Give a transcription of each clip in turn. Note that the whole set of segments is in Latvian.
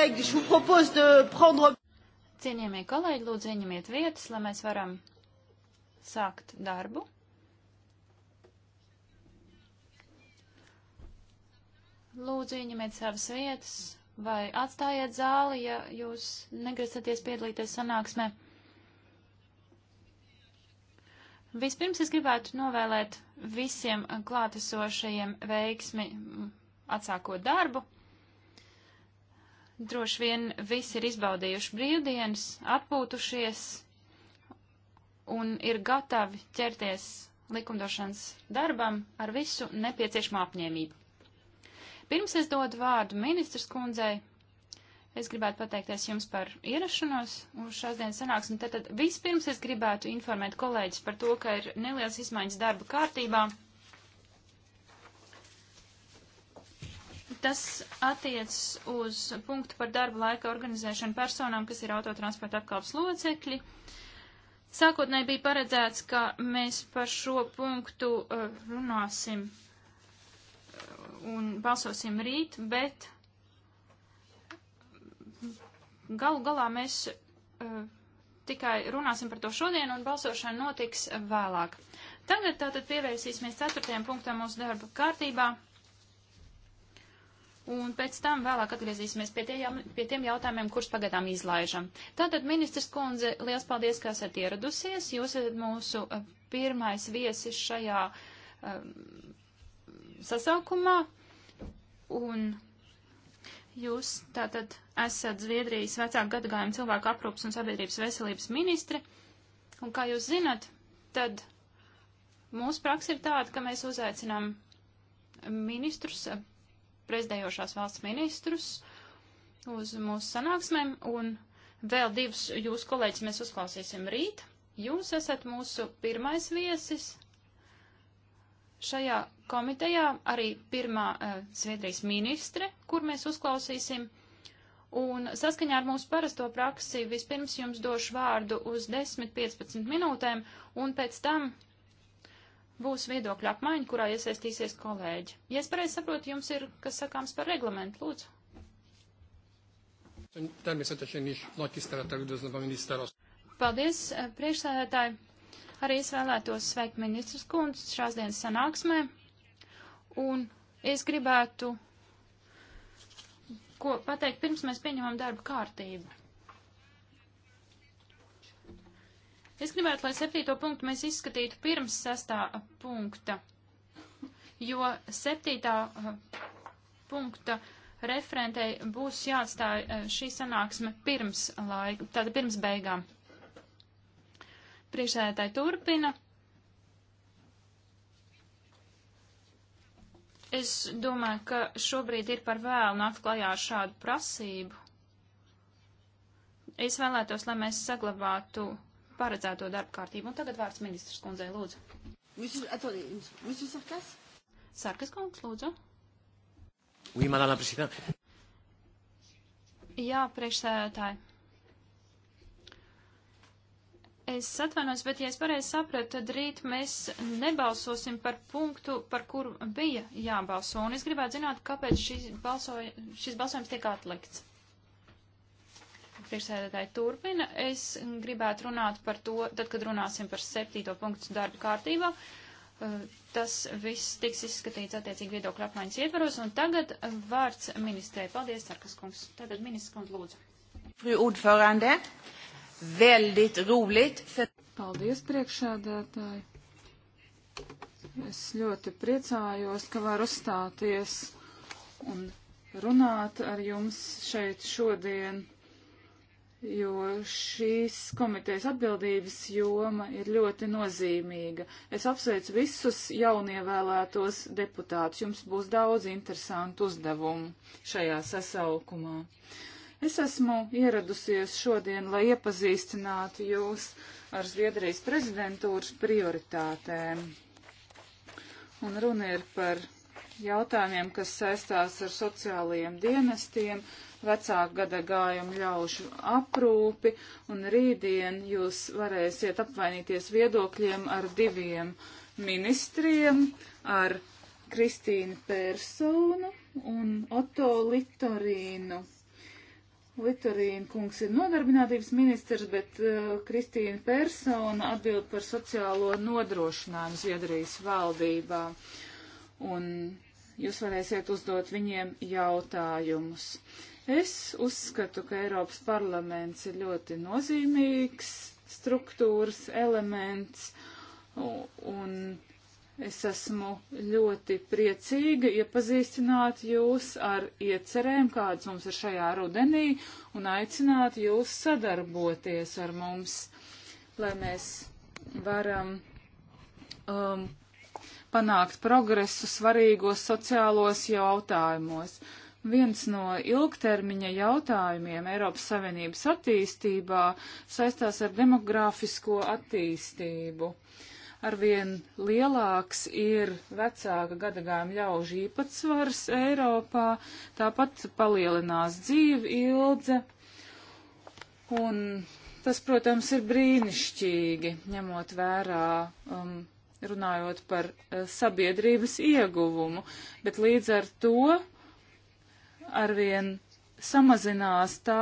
collègues, je vous propose de prendre. Cienījamie kolēģi, lūdzu, ieņemiet vietas, lai mēs varam sākt darbu. Lūdzu, ieņemiet savas vietas vai atstājiet zāli, ja jūs negrasaties piedalīties sanāksmē. Vispirms es gribētu novēlēt visiem klātesošajiem veiksmi atsākot darbu. Droši vien visi ir izbaudījuši brīvdienas, atpūtušies un ir gatavi ķerties likumdošanas darbam ar visu nepieciešamo apņēmību. Pirms es dodu vārdu ministrs kundzei, es gribētu pateikties jums par ierašanos uz šās dienas sanāksmi. Tātad vispirms es gribētu informēt kolēģis par to, ka ir nelielas izmaiņas darba kārtībā. Tas attiecas uz punktu par darba laika organizēšanu personām, kas ir autotransporta apkalps locekļi. Sākotnēji bija paredzēts, ka mēs par šo punktu uh, runāsim uh, un balsosim rīt, bet galu galā mēs uh, tikai runāsim par to šodien un balsošana notiks vēlāk. Tagad tātad pievērsīsimies ceturtajam punktam mūsu darba kārtībā. Un pēc tam vēlāk atgriezīsimies pie, tie, pie tiem jautājumiem, kurus pagaidām izlaižam. Tātad, ministrs kundze, liels paldies, ka esat ieradusies. Jūs esat mūsu eh, pirmais viesis šajā um, sasaukumā. Un jūs tātad esat Zviedrijas vecāku gadagājumu cilvēku aprūpas un sabiedrības veselības ministre. Un kā jūs zinat, tad mūsu praksa ir tāda, ka mēs uzaicinām ministrus eh, prezidējošās valsts ministrus uz mūsu sanāksmēm, un vēl divus jūsu kolēģis mēs uzklausīsim rīt. Jūs esat mūsu pirmais viesis šajā komitejā, arī pirmā uh, Zviedrijas ministre, kur mēs uzklausīsim. Un saskaņā ar mūsu parasto praksi vispirms jums došu vārdu uz 10-15 minūtēm, un pēc tam būs viedokļa apmaiņa, kurā iesaistīsies kolēģi. Ja es pareizi saprotu, jums ir kas sakāms par reglamentu, lūdzu. Természetesen is nagy tisztelettel üdvözlöm a miniszter Paldies, eh, priekšsēdētāji. Arī es vēlētos sveikt ministrs kundus šās dienas sanāksmē. Un es gribētu ko pateikt, pirms mēs pieņemam darba kārtību. Es gribētu, lai septīto punktu mēs izskatītu pirms sestā punkta, jo septītā eh, punkta referentei būs jāatstāj eh, šī sanāksme pirms laika, tāda pirms beigām. Priekšsēdētāji turpina. Es domāju, ka šobrīd ir par vēlu nākt klajā ar šādu prasību. Es vēlētos, lai mēs saglabātu paredzēto darbu kārtību. Un tagad vārds ministrs kundzei lūdzu. Sarkas kungs, lūdzu. Oui, madame la présidente. Jā, priekšsēdētāji. Es atvainos, bet, ja es pareizi sapratu, tad rīt mēs nebalsosim par punktu, par kuru bija jābalso. Un es gribētu zināt, kāpēc šis, balsoja, šis balsojums tiek atlikts. Priekšsēdētāji turpina. Es gribētu runāt par to, tad, kad runāsim par septīto punktu darba kārtībā. Eh, tas viss tiks izskatīts attiecīgi viedokļu apmaiņas ietvaros, un tagad vārds ministrē. Paldies, Tarkas kungs. Tātad ministrs kundz lūdzu. Fru ordförande, veldit rūlit. Paldies, priekšsēdētāji. Es ļoti priecājos, ka var uzstāties un runāt ar jums šeit šodien jo šīs komitejas atbildības joma ir ļoti nozīmīga. Es apsveicu visus jaunievēlētos deputātus. Jums būs daudz interesantu uzdevumu šajā sasaukumā. Es esmu ieradusies šodien, lai iepazīstinātu jūs ar Zviedrijas prezidentūras prioritātēm. Un runa ir par jautājumiem, kas saistās ar sociālajiem dienestiem vecāku gadagājumu ļaužu aprūpi, un rītdien jūs varēsiet apvainīties viedokļiem ar diviem ministriem, ar Kristīnu Personu un Oto Litorīnu. Litorīna kungs ir nodarbinātības ministrs, bet uh, Kristīna Persona atbild par sociālo nodrošinājumu Zviedrijas valdībā. Un jūs varēsiet uzdot viņiem jautājumus. Es uzskatu, ka Eiropas parlaments ir ļoti nozīmīgs struktūras elements, un es esmu ļoti priecīga iepazīstināt jūs ar iecerēm, kādas mums ir šajā rudenī, un aicināt jūs sadarboties ar mums, lai mēs varam um, panākt progresu svarīgos sociālos jautājumos. Viens no ilgtermiņa jautājumiem Eiropas Savienības attīstībā saistās ar demografisko attīstību. Arvien lielāks ir vecāka gadagājuma ļaužu īpatsvars Eiropā, tāpat palielinās dzīve ilga. Un tas, protams, ir brīnišķīgi, ņemot vērā um, runājot par uh, sabiedrības ieguvumu, bet līdz ar to arvien samazinās tā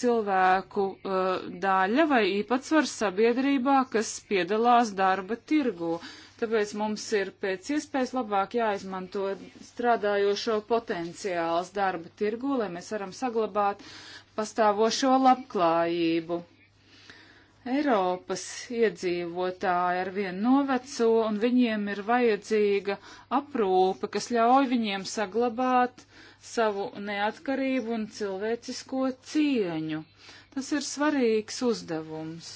cilvēku uh, daļa vai īpatsvars sabiedrībā, kas piedalās darba tirgu. Tāpēc mums ir pēc iespējas labāk jāizmanto strādājošo potenciāls darba tirgu, lai mēs varam saglabāt pastāvošo labklājību. Eiropas iedzīvotāji ar vien noveco, un viņiem ir vajadzīga aprūpe, kas ļauj viņiem saglabāt uh, savu neatkarību un cilvēcisko cieņu. Tas ir svarīgs uzdevums.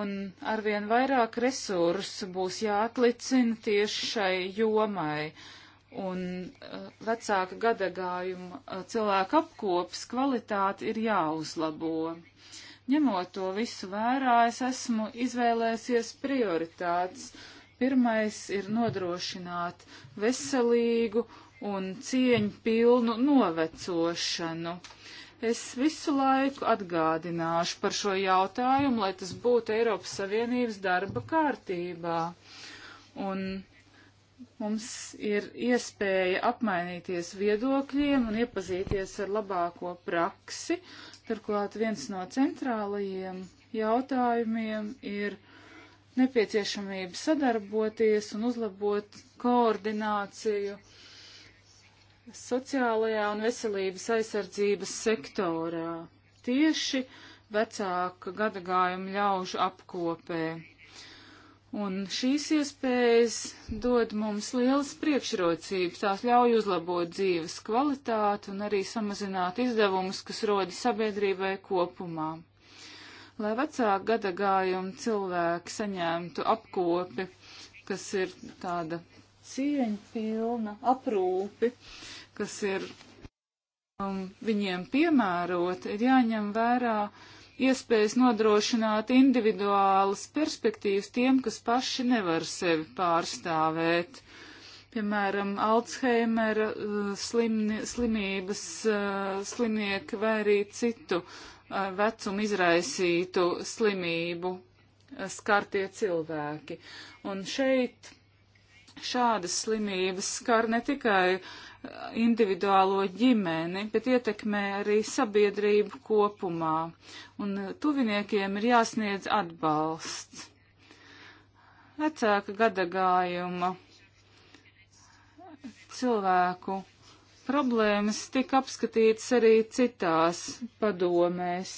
Un arvien vairāk resursu būs jāatlicina tieši šai jomai. Un uh, vecāka gadagājuma uh, cilvēka apkops kvalitāti ir jāuzlabo. Ņemot to visu vērā, es esmu izvēlēsies prioritātes. Pirmais ir nodrošināt veselīgu un cieņu pilnu novecošanu. Es visu laiku atgādināšu par šo jautājumu, lai tas būtu Eiropas Savienības darba kārtībā. Un mums ir iespēja apmainīties viedokļiem un iepazīties ar labāko praksi. Turklāt viens no centrālajiem jautājumiem ir nepieciešamība sadarboties un uzlabot koordināciju sociālajā un veselības aizsardzības sektorā, tieši vecāka gadagājuma ļaužu apkopē. Un šīs iespējas dod mums lielas priekšrocības, tās ļauj uzlabot dzīves kvalitāti un arī samazināt izdevumus, kas rodas sabiedrībai kopumā. Lai vecāka gadagājuma cilvēki saņemtu apkopi, kas ir tāda cieņpilna aprūpi, kas ir um, viņiem piemērota, ir jāņem vērā iespējas nodrošināt individuālas perspektīvas tiem, kas paši nevar sevi pārstāvēt. Piemēram, Alzheimera uh, slimni, slimības uh, slimnieki vai arī citu uh, vecumu izraisītu slimību skartie cilvēki. Un šeit šādas slimības skar ne tikai eh, individuālo ģimeni, bet ietekmē arī sabiedrību kopumā, un eh, tuviniekiem ir jāsniedz atbalsts. Vecāka gadagājuma cilvēku problēmas tika apskatītas arī citās padomēs,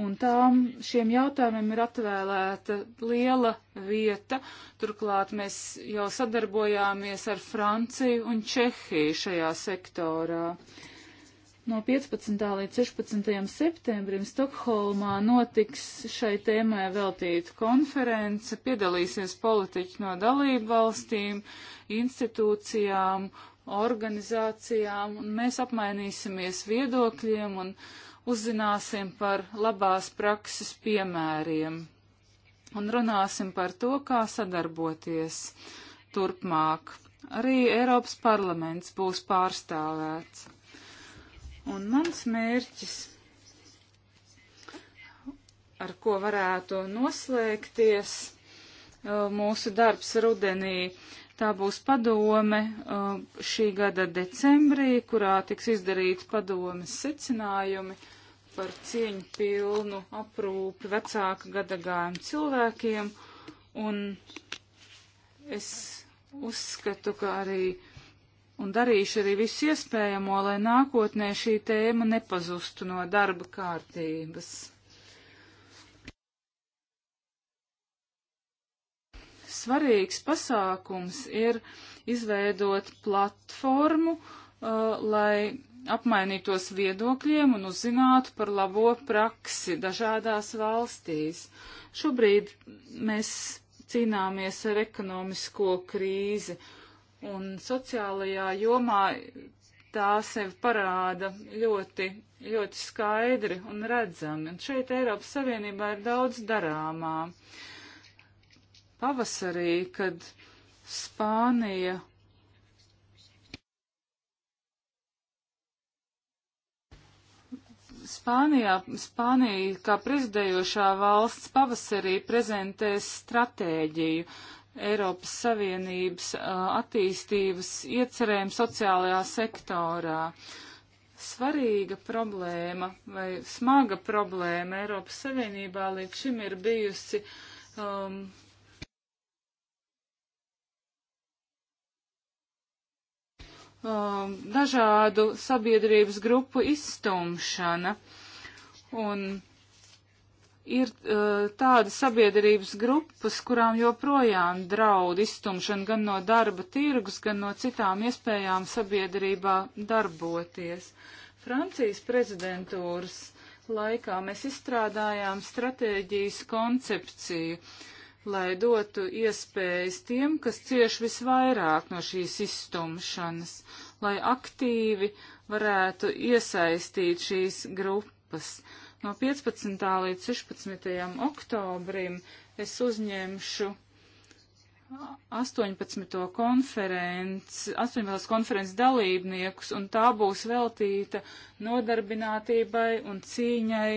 un tām šiem jautājumiem ir atvēlēta liela vieta. Turklāt mēs jau sadarbojāmies ar Franciju un Čehiju šajā sektorā. No 15. līdz 16. septembrim Stokholmā notiks šai tēmai veltīta konference, piedalīsies politiķi no dalību valstīm, institūcijām, organizācijām, un mēs apmainīsimies viedokļiem un uh, uzzināsim par labās prakses piemēriem un runāsim par to, kā sadarboties turpmāk. Arī Eiropas parlaments būs pārstāvēts. Un mans mērķis, ar ko varētu noslēgties uh, mūsu darbs rudenī, Tā būs padome uh, šī gada decembrī, kurā tiks izdarīti padomes secinājumi par cieņu pilnu aprūpi vecāka gadagājuma cilvēkiem, un es uzskatu, ka arī un darīšu arī visu iespējamo, lai nākotnē šī tēma nepazustu no darba kārtības. Svarīgs pasākums ir izveidot platformu, uh, lai apmainītos viedokļiem un uzzinātu par labo praksi dažādās valstīs. Šobrīd mēs cīnāmies ar ekonomisko krīzi un sociālajā jomā tā sevi parāda ļoti, ļoti skaidri un redzami. Un šeit Eiropas Savienībā ir daudz darāmā. Pavasarī, kad Spānija Spānijā, Spānija kā prezidējošā valsts pavasarī prezentēs stratēģiju Eiropas Savienības attīstības iecerēm sociālajā sektorā. Svarīga problēma vai smaga problēma Eiropas Savienībā līdz šim ir bijusi um, um, dažādu sabiedrības grupu izstumšana. Un ir uh, tādas sabiedrības grupas, kurām joprojām draud izstumšana gan no darba tirgus, gan no citām iespējām sabiedrībā darboties. Francijas prezidentūras laikā mēs izstrādājām stratēģijas koncepciju, lai dotu iespējas tiem, kas cieš visvairāk no šīs izstumšanas, lai aktīvi varētu iesaistīt šīs grupas. No 15. līdz 16. oktobrim es uzņemšu 18. konferences, 18. konferences dalībniekus, un tā būs veltīta nodarbinātībai un cīņai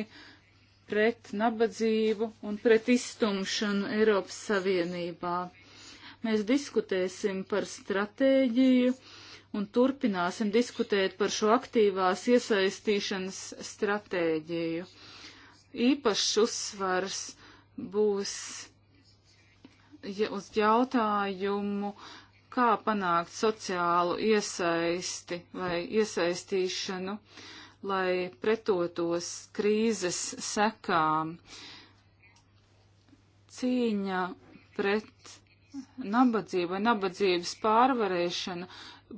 pret nabadzību un pret iztumšanu Eiropas Savienībā. Mēs diskutēsim par stratēģiju un turpināsim diskutēt par šo aktīvās iesaistīšanas stratēģiju. Īpašs uzsvars būs uz jautājumu, kā panākt sociālu iesaisti vai iesaistīšanu. Uh, lai pretotos krīzes sekām. Cīņa pret nabadzību vai nabadzības pārvarēšana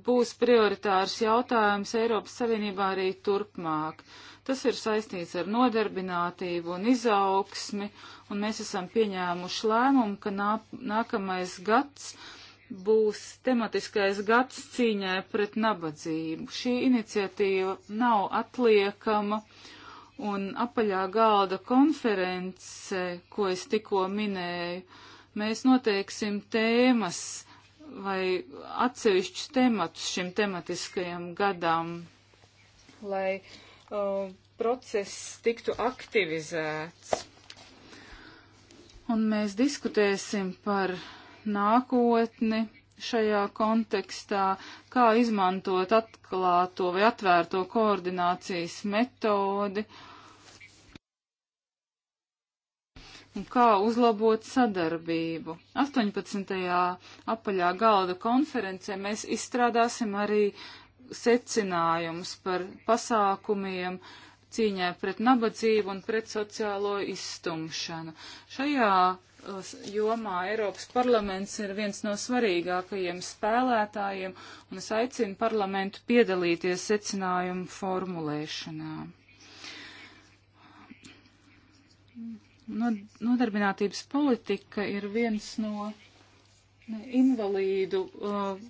būs prioritārs jautājums Eiropas Savienībā arī turpmāk. Tas ir saistīts ar nodarbinātību un izaugsmi, un mēs esam pieņēmuši lēmumu, ka nā, nākamais gads būs tematiskais gads cīņai pret nabadzību. Šī iniciatīva nav atliekama un apaļā galda konference, ko es tikko minēju, mēs noteiksim tēmas vai atsevišķus tematus šim tematiskajam gadam, lai uh, process tiktu aktivizēts. Un mēs diskutēsim par nākotni šajā kontekstā, kā izmantot atklāto vai atvērto koordinācijas metodi un kā uzlabot sadarbību. 18. apaļā galda konferencē mēs izstrādāsim arī secinājumus par pasākumiem cīņai pret nabadzību un pret sociālo izstumšanu. Šajā jomā Eiropas parlaments ir viens no svarīgākajiem spēlētājiem, un es aicinu parlamentu piedalīties secinājumu formulēšanā. Nodarbinātības politika ir viens no invalīdu uh,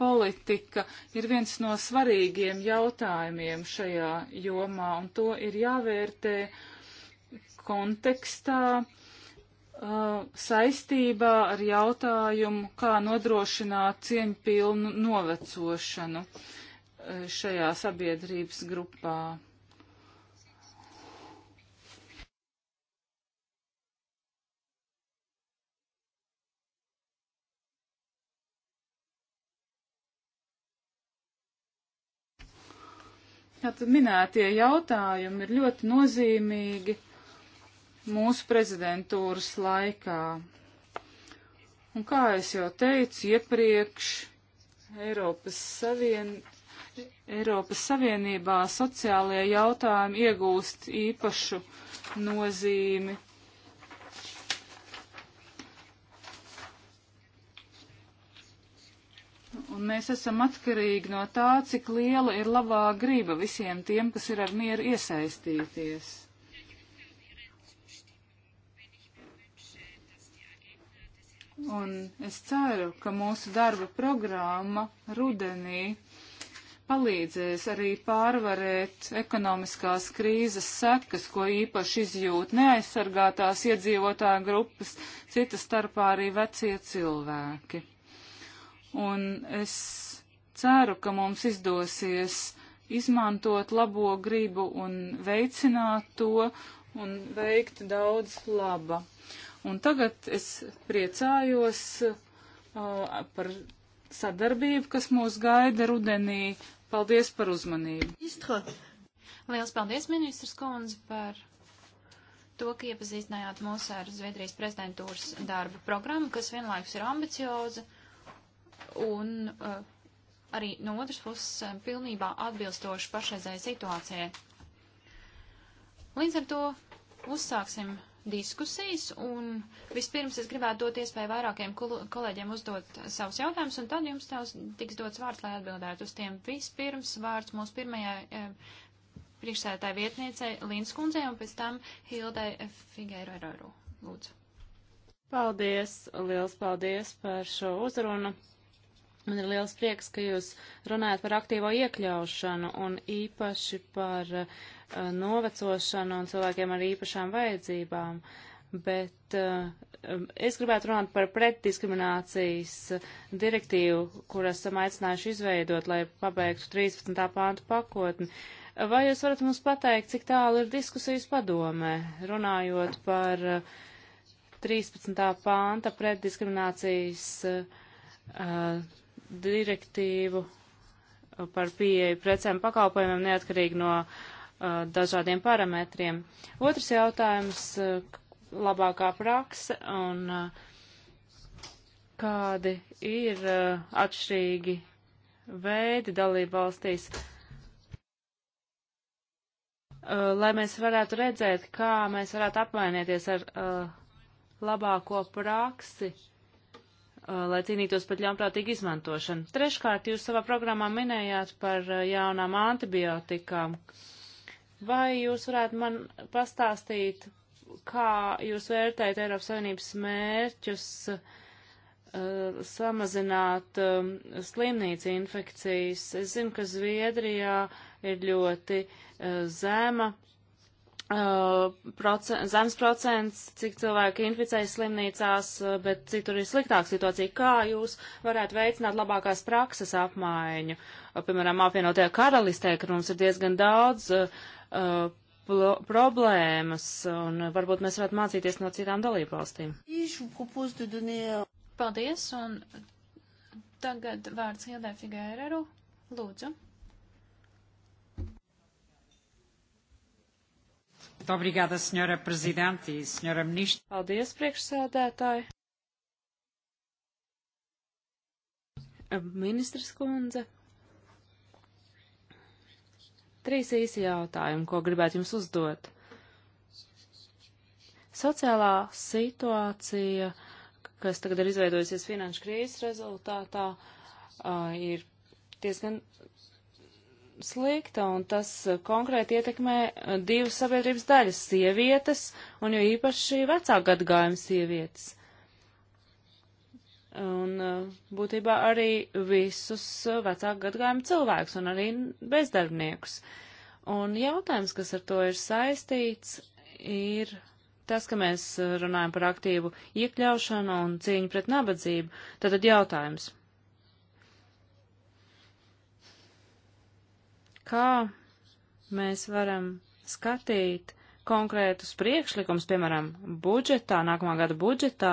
politika ir viens no svarīgiem jautājumiem šajā jomā, un to ir jāvērtē kontekstā, uh, Uh, saistībā ar jautājumu, kā nodrošināt cieņpilnu novecošanu uh, šajā sabiedrības grupā. Tātad minētie jautājumi ir ļoti nozīmīgi mūsu prezidentūras laikā. Un kā es jau teicu iepriekš, Eiropas, Savien... Eiropas Savienībā sociālajie jautājumi iegūst īpašu nozīmi. Un mēs esam atkarīgi no tā, cik liela ir labā grība visiem tiem, kas ir ar mieru iesaistīties. Un es ceru, ka mūsu darba programma rudenī palīdzēs arī pārvarēt ekonomiskās krīzes sekas, ko īpaši izjūt neaizsargātās iedzīvotāja grupas, citas starpā arī vecie cilvēki. Un es ceru, ka mums izdosies izmantot labo gribu un veicināt to un veikt daudz laba. Uh, Un tagad es priecājos uh, par sadarbību, kas mūs gaida rudenī. Paldies par uzmanību. Istra. Liels paldies, ministrs Kundze, par to, ka iepazīstinājāt mūs ar Zviedrijas prezidentūras darbu programmu, kas vienlaikus ir ambicioza un uh, arī no otras puses uh, pilnībā atbilstoši pašreizējai situācijai. Līdz ar to uzsāksim diskusijas, un vispirms es gribētu dot iespēju vairākiem kolēģiem uzdot savus jautājumus, un tad jums tās tiks dots vārds, lai atbildētu uz tiem. Vispirms vārds mūsu pirmajai e, eh, priekšsētāja vietniecei Līnas kundzei, un pēc tam Hildai Figeiroru. Lūdzu. Paldies, liels paldies par šo uzrunu. Man ir liels prieks, ka jūs runājat par aktīvo iekļaušanu un īpaši par uh, novecošanu un cilvēkiem ar īpašām vajadzībām. Bet uh, es gribētu runāt par pretdiskriminācijas direktīvu, kur esam aicinājuši izveidot, lai pabeigtu 13. pāntu pakotni. Vai jūs varat mums pateikt, cik tālu ir diskusijas padomē, runājot par uh, eh, 13. pānta pretdiskriminācijas uh, direktīvu par pieeju precēm pakalpojumiem neatkarīgi no uh, dažādiem parametriem. Otrs jautājums uh, - labākā praksa un uh, kādi ir uh, atšķirīgi veidi dalība valstīs, uh, lai mēs varētu redzēt, kā mēs varētu apmainieties ar uh, labāko praksi Uh, lai cīnītos pret ļaunprātīgu izmantošanu. Treškārt, jūs savā programmā minējāt par uh, jaunām antibiotikām. Vai jūs varētu man pastāstīt, kā jūs vērtējat Eiropas Savienības mērķus uh, samazināt um, slimnīcu infekcijas? Es zinu, ka Zviedrijā ir ļoti uh, zema Uh, procent, zems procents, cik cilvēki inficējas slimnīcās, uh, bet citur ir sliktāka situācija. Kā jūs varētu veicināt labākās prakses apmaiņu? Uh, piemēram, apvienotajā karalistē, kur mums ir diezgan daudz uh, problēmas, un varbūt mēs varētu mācīties no citām dalībvalstīm. Paldies, un tagad vārds Hildē Figēreru. Lūdzu. Obrigada, senhora prezidente e senhora ministra. Paldies, priekšsēdētāji. Ministrs kundze. Trīs īsi jautājumi, ko gribētu jums uzdot. Sociālā situācija, kas tagad ir izveidojusies finanšu krīzes rezultātā, ir diezgan slikta, un tas e, konkrēti ietekmē e, divas sabiedrības daļas - sievietes, un jo īpaši vecāku gadgājumu sievietes. Un e, būtībā arī visus vecāku gadgājumu cilvēkus, un arī bezdarbniekus. Un jautājums, kas ar to ir saistīts, ir tas, ka mēs runājam par aktīvu iekļaušanu un cīņu pret nabadzību. Tātad jautājums. kā mēs varam skatīt konkrētus priekšlikums, piemēram, budžetā, nākamā gada budžetā,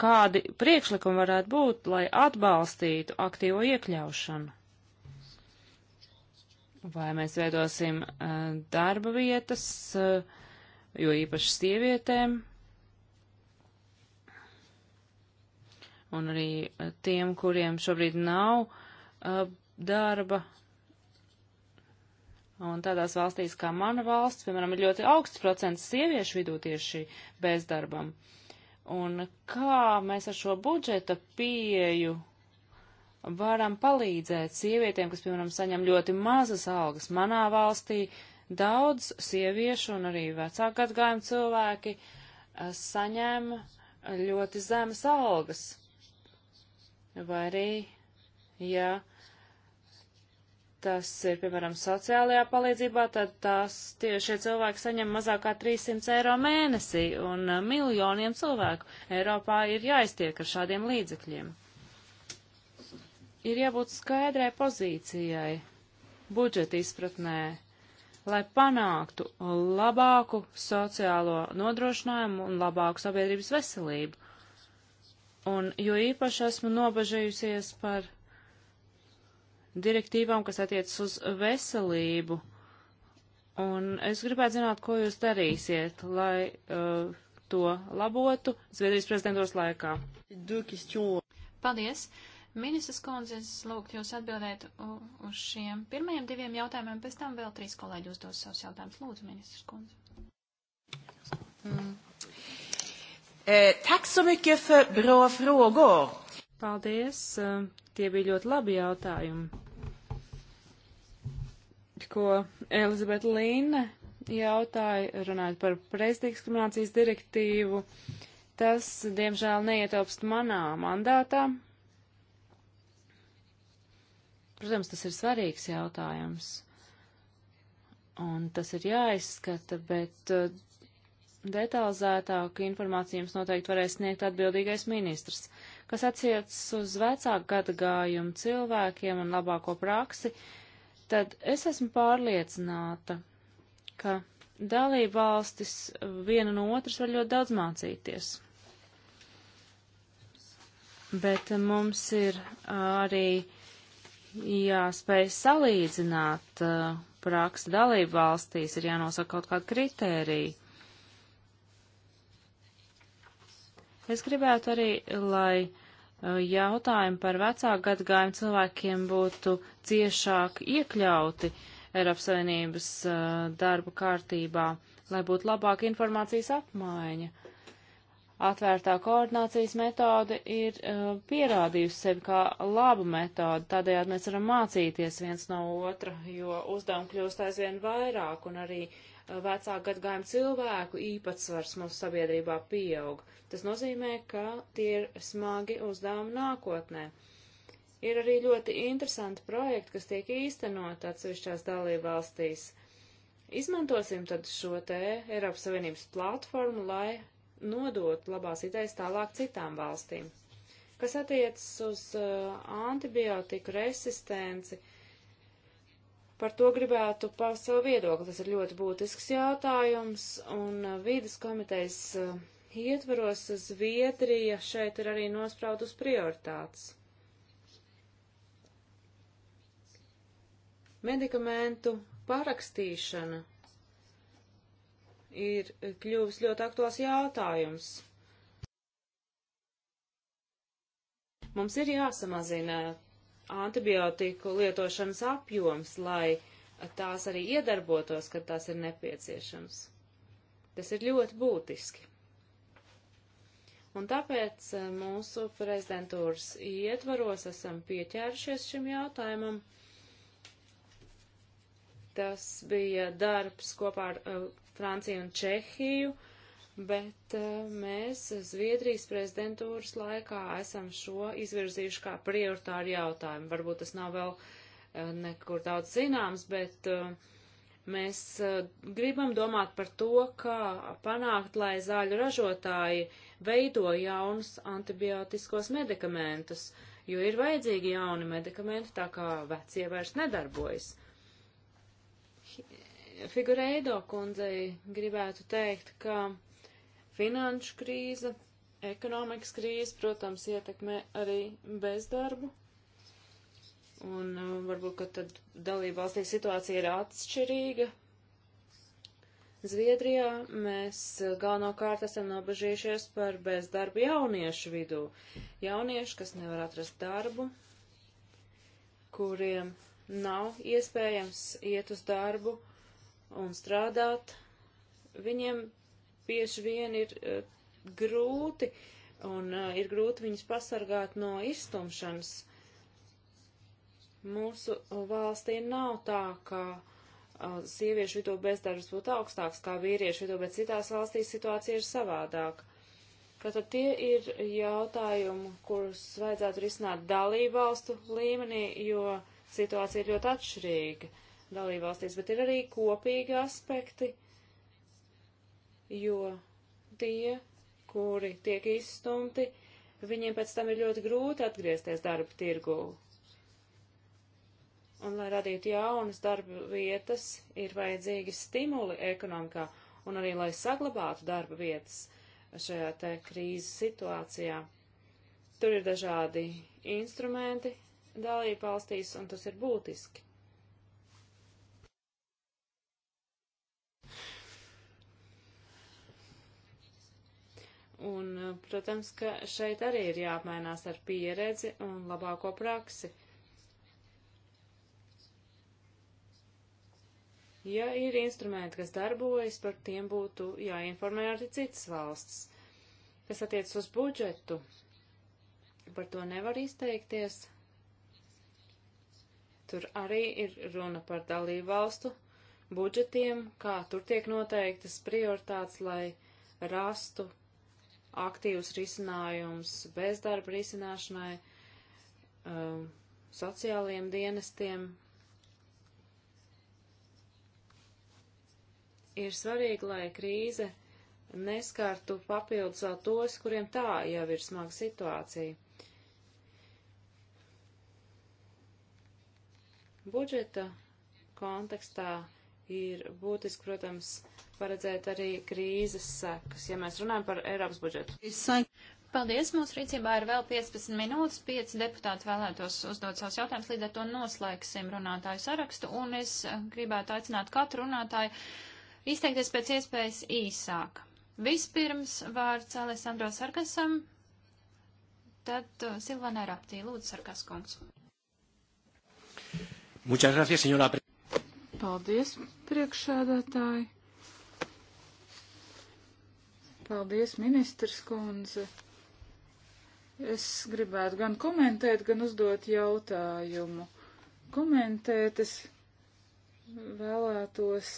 kādi priekšlikumi varētu būt, lai atbalstītu aktīvo iekļaušanu. Vai mēs veidosim uh, darba vietas, uh, jo īpaši sievietēm, un arī eh, tiem, kuriem šobrīd nav uh, darba, Un tādās valstīs kā mana valsts, piemēram, ir ļoti augsts procents sieviešu vidū tieši bezdarbam. Un kā mēs ar šo budžeta pieju varam palīdzēt sievietēm, kas, piemēram, saņem ļoti mazas algas manā valstī, daudz sieviešu un arī vecāku atgājumu cilvēki eh, saņem ļoti zemas algas. Vai arī, ja. Yeah tas ir, piemēram, sociālajā palīdzībā, tad tās šie cilvēki saņem mazāk kā 300 eiro mēnesī, un uh, miljoniem cilvēku Eiropā ir jāiztiek ar šādiem līdzekļiem. Ir jābūt skaidrai pozīcijai budžeta izpratnē, lai panāktu labāku sociālo nodrošinājumu un labāku sabiedrības veselību. Un jo īpaši esmu nobažījusies par direktīvām, kas attiecas uz veselību. Un es gribētu zināt, ko jūs darīsiet, lai uh, to labotu Zviedrijas prezidentūras laikā. Paldies! Ministrs kundze, es lūgtu jūs atbildēt uz šiem pirmajiem diviem jautājumiem, pēc tam vēl trīs kolēģi uzdos savus jautājumus. Lūdzu, ministrs kundze. Mm. Eh, tak so mycket för bra frågor. Paldies, eh, tie bija ļoti labi jautājumi ko Elizabete Līne jautāja, runājot par prezdiskriminācijas direktīvu. Tas, diemžēl, neietilpst manā mandātā. Protams, tas ir svarīgs jautājums, un tas ir jāizskata, bet uh, detalizētāku informāciju jums noteikti varēs sniegt atbildīgais ministrs. Kas atsiecas uz vecāku gadagājumu cilvēkiem un labāko praksi, uh, tad es esmu pārliecināta, ka dalība valstis viena no otras var ļoti daudz mācīties. Bet mums ir arī jāspēj salīdzināt praksa dalību valstīs, ir jānosaka kaut kāda kritērija. Es gribētu arī, lai Eh, jautājumi par vecāku gadgājumu cilvēkiem būtu ciešāk iekļauti Eiropas Savienības eh, darba kārtībā, lai būtu labāka informācijas apmaiņa. Atvērtā koordinācijas metode ir eh, pierādījusi sevi kā labu metodi, tādējādi mēs varam mācīties viens no otra, jo uzdevumi kļūst aizvien vairāk un arī uh, vecāku gadgājumu cilvēku īpatsvars mūsu sabiedrībā pieaug. Tas nozīmē, ka tie ir smagi uzdevumi nākotnē. Ir arī ļoti interesanti projekti, kas tiek īstenot atsevišķās dalībvalstīs. Izmantosim tad šo te Eiropas Savienības platformu, lai nodot labās idejas tālāk citām valstīm. Kas attiecas uz uh, antibiotiku resistenci, uh, Par to gribētu paust savu viedokli. Tas ir ļoti būtisks jautājums, un uh, vīdes komitejas uh, ietvaros Zviedrija šeit ir arī nospraudus prioritātes. Medikamentu parakstīšana ir kļuvis ļoti aktuāls jautājums. Mums ir jāsamazina antibiotiku lietošanas apjoms, lai tās arī iedarbotos, kad tās ir nepieciešams. Tas ir ļoti būtiski. Un tāpēc eh, mūsu prezidentūras ietvaros esam pieķērušies šim jautājumam. Tas bija darbs kopā ar uh, Franciju un Čehiju. Uh, bet eh, mēs Zviedrijas prezidentūras laikā esam šo izvirzījuši kā prioritāru jautājumu. Varbūt tas nav vēl eh, nekur daudz zināms, bet eh, mēs gribam domāt par to, kā panākt, lai zāļu ražotāji veido jaunus antibiotiskos medikamentus, jo ir vajadzīgi jauni medikamenti, tā kā vecie vairs nedarbojas. Figureido kundzei gribētu teikt, ka Finanšu krīze, ekonomikas krīze, protams, ietekmē arī bezdarbu. Un uh, varbūt, ka tad dalība valstī situācija ir atšķirīga. Zviedrijā mēs uh, galvenokārt esam nobežījušies par bezdarbu jauniešu vidū. Jaunieši, kas nevar atrast darbu, kuriem nav iespējams iet uz darbu un strādāt, viņiem bieži vien ir eh, grūti un eh, ir grūti viņus pasargāt no iztumšanas. Mūsu valstī nav tā, ka eh, sieviešu vidū bezdarbs būtu augstāks kā vīriešu vidū, bet citās valstīs situācija ir savādāka. Tātad tie ir jautājumi, kurus vajadzētu risināt dalībvalstu līmenī, jo situācija ir ļoti atšķirīga dalībvalstīs, bet ir arī kopīgi aspekti, uh, jo tie, kuri tiek izstumti, viņiem pēc tam ir ļoti grūti atgriezties darba tirgū. Un, lai radītu jaunas darba vietas, ir vajadzīgi stimuli ekonomikā un arī, lai saglabātu darba vietas šajā te krīzes situācijā. Tur ir dažādi instrumenti dalība valstīs, un tas ir būtiski. Un, eh, protams, ka šeit arī ir jāapmainās ar pieredzi un labāko praksi. Ja ir instrumenti, kas darbojas, par tiem būtu jāinformē arī citas valsts. Kas attiec uz budžetu, par to nevar izteikties. Tur arī ir runa par dalību valstu budžetiem, kā tur tiek noteiktas prioritātes, lai rastu aktīvs risinājums bezdarba risināšanai, um, sociālajiem dienestiem. Ir svarīgi, lai krīze neskartu papildus vēl tos, kuriem tā jau ir smaga situācija. Budžeta kontekstā ir būtiski, protams, paredzēt arī krīzes sekas, ja mēs runājam par Eiropas budžetu. Paldies, mūsu rīcībā ir vēl 15 minūtes, 5 deputāti vēlētos uzdot savus jautājumus, līdz ar to noslēgsim runātāju sarakstu, un es gribētu aicināt katru runātāju izteikties pēc iespējas īsāk. Vispirms vārds Alessandro Sarkasam, tad uh, Silvana Raptī, lūdzu, Sarkas kungs. Muchas gracias, señora. Paldies, priekšsēdētāji. Paldies, ministrs kundze. Es gribētu gan komentēt, gan uzdot jautājumu. Komentēt es vēlētos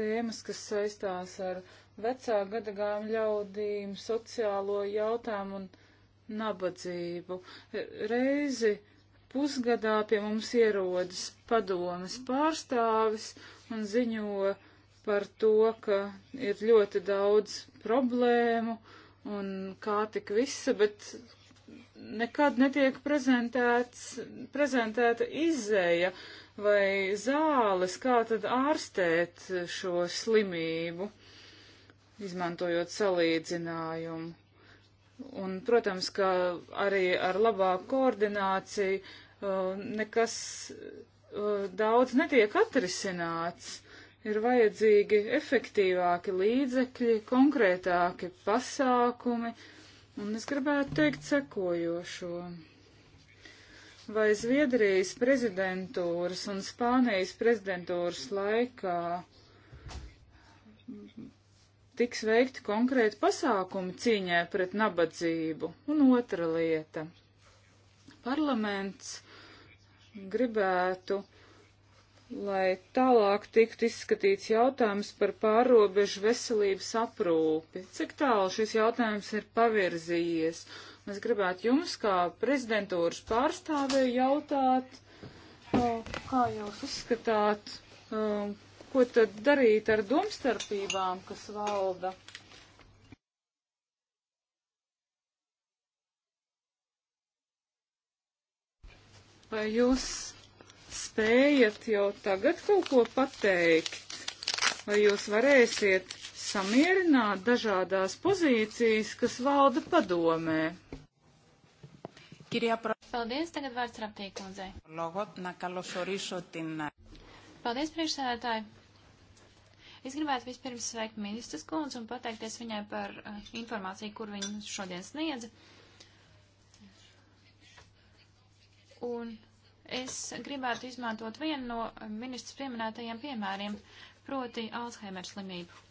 tēmas, kas saistās ar vecā gadagām ļaudīm, sociālo jautājumu un nabadzību. Reizi pusgadā pie mums ierodas padomas pārstāvis un ziņo par to, ka ir ļoti daudz problēmu un kā tik visa, bet nekad netiek prezentēta izēja vai zāles, kā tad ārstēt šo slimību, izmantojot salīdzinājumu. Un, protams, ka arī ar labāku koordināciju uh, nekas uh, daudz netiek atrisināts. Ir vajadzīgi efektīvāki līdzekļi, konkrētāki pasākumi, un es gribētu teikt sekojošo. Vai Zviedrijas prezidentūras un Spānijas prezidentūras laikā tiks veikti konkrēti pasākumi cīņai pret nabadzību. Un otra lieta. Parlaments gribētu, lai tālāk tiktu izskatīts jautājums par pārobežu veselības aprūpi. Cik tālu šis jautājums ir pavirzījies? Mēs gribētu jums, kā prezidentūras pārstāvēju, jautāt, kā jūs uzskatāt, um, Ko tad darīt ar domstarpībām, kas valda? Vai jūs spējat jau tagad kaut ko pateikt? Vai jūs varēsiet samierināt dažādās pozīcijas, kas valda padomē? Κυρία Πρόεδρε. Paldies, tagad vārds Raptīkundzei. Logot, na kalosoriso την... Paldies, priekšsēdētāji. Es gribētu vispirms sveikt ministras kundzi un pateikties viņai par uh, informāciju, kur viņa šodien sniedza. Un es gribētu izmantot vienu no uh, ministras pieminētajiem piemēriem, proti Alzheimer slimību.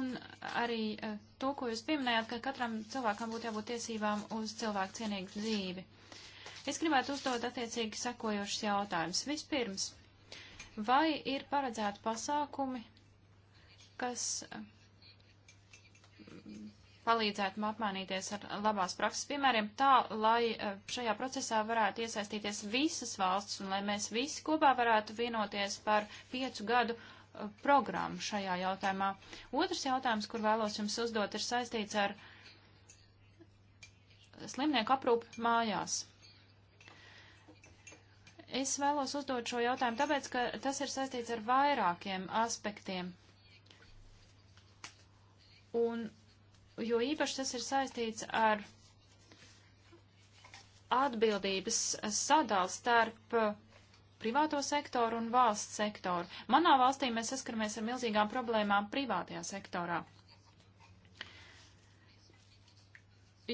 Un arī uh, to, ko jūs pieminējāt, ka katram cilvēkam būtu jābūt tiesībām uz cilvēku cienīgu dzīvi. Es gribētu uzdot attiecīgi sekojošus jautājumus. Vispirms, vai ir paredzēti pasākumi, kas mm, palīdzētu apmainīties ar labās prakses piemēriem tā, lai eh, šajā procesā varētu iesaistīties visas valsts un lai mēs visi kopā varētu vienoties par piecu gadu eh, programmu šajā jautājumā. Otrs jautājums, kur vēlos jums uzdot, ir saistīts ar slimnieku aprūpi mājās. Es vēlos uzdot šo jautājumu, tāpēc, ka tas ir saistīts ar vairākiem aspektiem. Un, jo īpaši tas ir saistīts ar atbildības sadali starp privāto sektoru un valsts sektoru. Manā valstī mēs saskaramies ar milzīgām problēmām privātajā sektorā.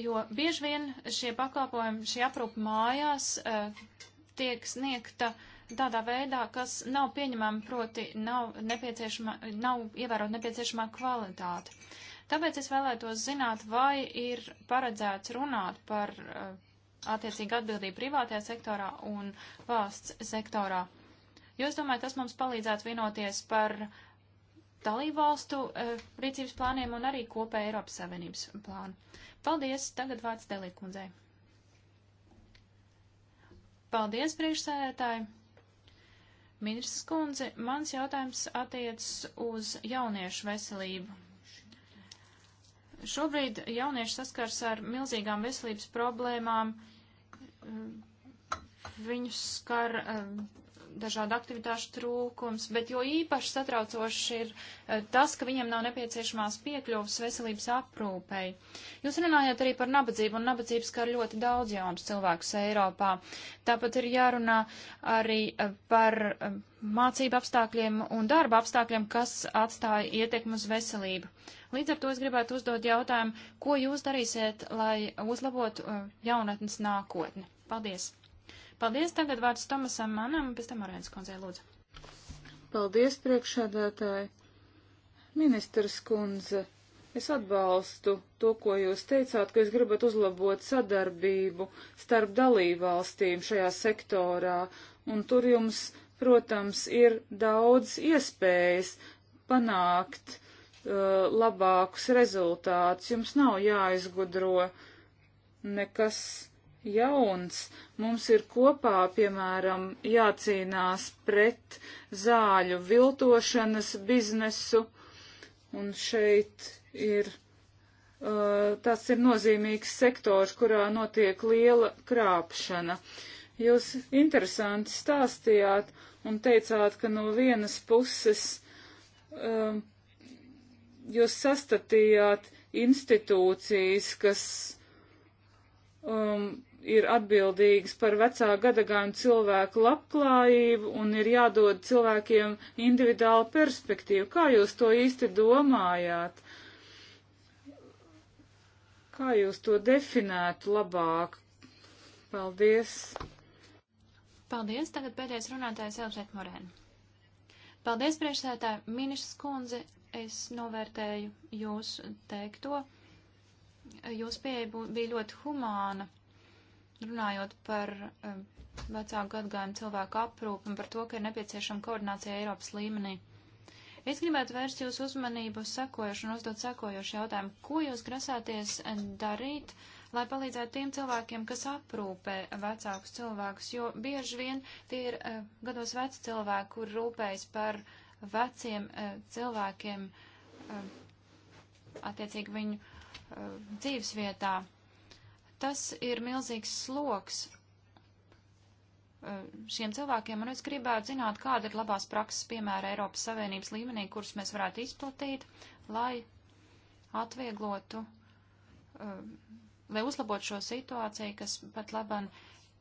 Jo bieži vien šie pakalpojumi, šie aprūpa mājās, eh, tiek sniegta tādā veidā, kas nav pieņemama, proti nav, nav ievērot nepieciešamā kvalitāte. Tāpēc es vēlētos zināt, vai ir paredzēts runāt par uh, eh, attiecīgu atbildību privātajā sektorā un valsts sektorā. Jūs domājat, tas mums palīdzētu vienoties par dalību valstu uh, rīcības plāniem un arī kopēju Eiropas Savienības plānu. Paldies, tagad vārds Delīkundzei. Paldies, priekšsēdētāji! Ministrs kundze, mans jautājums attiecas uz jauniešu veselību. Šobrīd jaunieši saskars ar milzīgām veselības problēmām. Viņus skar eh, dažādu aktivitāšu trūkums, bet jo īpaši satraucoši ir eh, tas, ka viņiem nav nepieciešamās piekļuvas veselības aprūpei. Jūs runājat arī par nabadzību, un nabadzības kā ļoti daudz jaunus cilvēkus Eiropā. Tāpat ir jārunā arī eh, par eh, mācību apstākļiem un darba apstākļiem, kas atstāja ietekmu uz veselību. Līdz ar to es gribētu uzdot jautājumu, ko jūs darīsiet, lai uzlabotu jaunatnes nākotni? Paldies! Paldies, tagad vārds Tomasam Manam, pēc tam Arēnas kundzei lūdzu. Paldies, priekšādātāji. Ministrs kundze, es atbalstu to, ko jūs teicāt, ka jūs gribat uzlabot sadarbību starp dalībvalstīm šajā sektorā, un tur jums, protams, ir daudz iespējas panākt uh, labākus rezultātus. Jums nav jāizgudro nekas jauns. Mums ir kopā, piemēram, jācīnās pret zāļu viltošanas biznesu, un šeit ir, uh, tas ir nozīmīgs sektors, kurā notiek liela krāpšana. Jūs interesanti stāstījāt un teicāt, ka no vienas puses uh, jūs sastatījāt institūcijas, kas um, ir atbildīgs par vecā gadagājumu cilvēku labklājību un ir jādod cilvēkiem individuāla perspektīva. Kā jūs to īsti domājāt? Kā jūs to definētu labāk? Paldies! Paldies! Tagad pēdējais runātājs Elžēt Morēna. Paldies, priekšsētāji! Ministrs kundze, es novērtēju jūsu teikto. Jūsu pieeja bija ļoti humāna runājot par um, vecāku gadgājumu cilvēku aprūpu un par to, ka ir nepieciešama koordinācija Eiropas līmenī. Es gribētu vērst jūsu uzmanību uz sekojošu un uzdot sekojošu jautājumu. Ko jūs grasāties eh, darīt, lai palīdzētu tiem cilvēkiem, kas aprūpē vecākus cilvēkus, jo bieži vien tie ir uh, gados veci cilvēki, kur rūpējas par veciem uh, cilvēkiem, uh, attiecīgi viņu dzīvesvietā. vietā. Tas ir milzīgs sloks eh, šiem cilvēkiem, un es gribētu zināt, kāda ir labās prakses, piemēra Eiropas Savienības līmenī, kurus mēs varētu izplatīt, lai atvieglotu, eh, lai uzlabotu šo situāciju, kas pat laban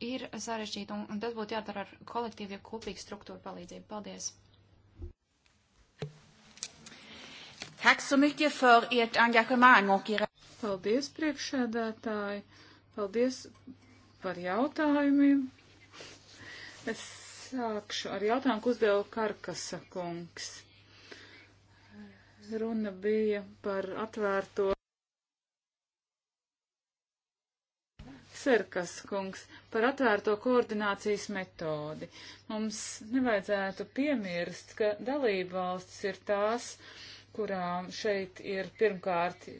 ir sarežģīta, un, un tas būtu jādara ar kolektīvu, ja kopīgu struktūru palīdzību. Paldies! Tack så mycket för ert engagemang och era... Paldies, priekšsēdētāji! Paldies par jautājumiem. Es sākšu ar jautājumu, ko uzdeva Karkasa kungs. Runa bija par atvērto. Serkas kungs par atvērto koordinācijas metodi. Mums nevajadzētu piemirst, ka dalībvalstis ir tās, kurām šeit ir pirmkārt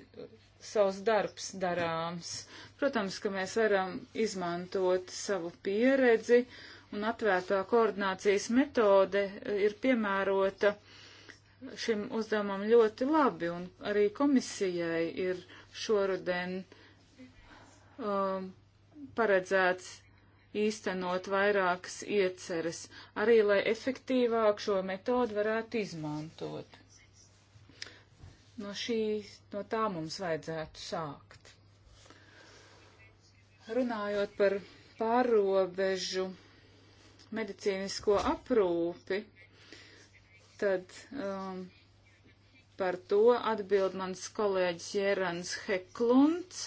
savs darbs darāms. Protams, ka mēs varam izmantot savu pieredzi un atvērtā koordinācijas metode e, ir piemērota šim uzdevumam ļoti labi un arī komisijai ir šoruden um, paredzēts īstenot vairākas ieceres, arī lai efektīvāk šo metodu varētu izmantot. No, šī, no tā mums vajadzētu sākt. Runājot par pārobežu medicīnisko aprūpi, tad um, par to atbild mans kolēģis Jērans Heklunds,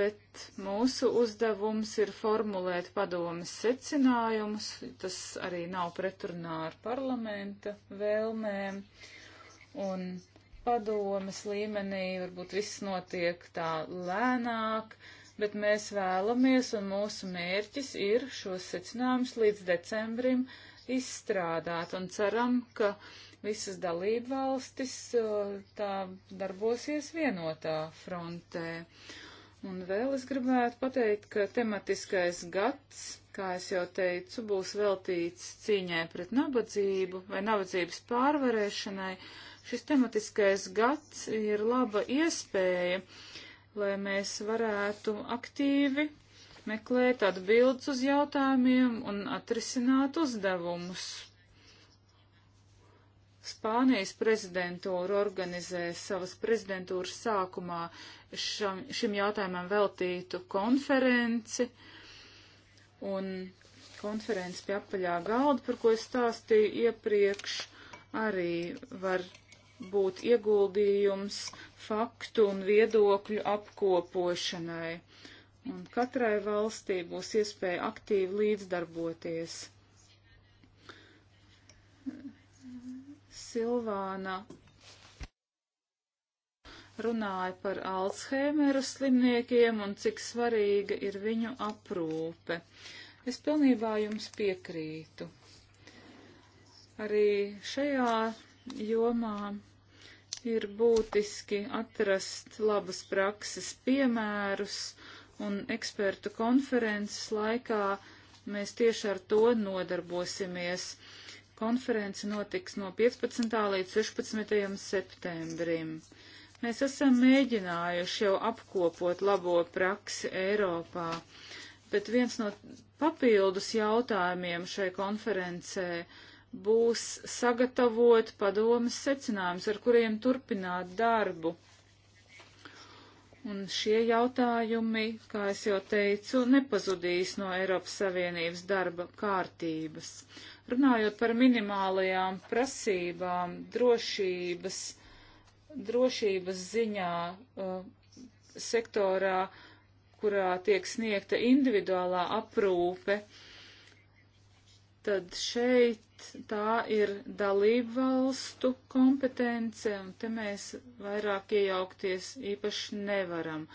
bet mūsu uzdevums ir formulēt padomas secinājumus, tas arī nav pretrunā ar parlamenta vēlmēm. Un padomas līmenī, varbūt viss notiek tā lēnāk, bet mēs vēlamies un mūsu mērķis ir šos secinājumus līdz decembrim izstrādāt un ceram, ka visas dalību valstis tā darbosies vienotā frontē. Un vēl es gribētu pateikt, ka tematiskais gads, kā es jau teicu, būs veltīts cīņai pret nabadzību vai nabadzības pārvarēšanai Šis tematiskais gads ir laba iespēja, lai mēs varētu aktīvi meklēt atbildes uz jautājumiem un atrisināt uzdevumus. Spānijas prezidentūra organizē savas prezidentūras sākumā šam, šim jautājumam veltītu konferenci, un konferences pie apaļā galda, par ko es stāstīju iepriekš, arī var būt ieguldījums faktu un viedokļu apkopošanai, un katrai valstī būs iespēja aktīvi līdzdarboties. Silvāna runāja par Alzheimeru slimniekiem un cik svarīga ir viņu aprūpe. Es pilnībā jums piekrītu. Arī šajā jomā ir būtiski atrast labas prakses piemērus, un ekspertu konferences laikā mēs tieši ar to nodarbosimies. Konference notiks no 15. līdz 16. septembrim. Mēs esam mēģinājuši jau apkopot labo praksi Eiropā, bet viens no papildus jautājumiem šai konferencē būs sagatavot padomas secinājumus, ar kuriem turpināt darbu. Un šie jautājumi, kā es jau teicu, nepazudīs no Eiropas Savienības darba kārtības. Runājot par minimālajām prasībām drošības, drošības ziņā uh, sektorā, kurā tiek sniegta individuālā aprūpe, tad šeit tā ir dalību valstu kompetence, un te mēs vairāk iejaukties īpaši nevaram.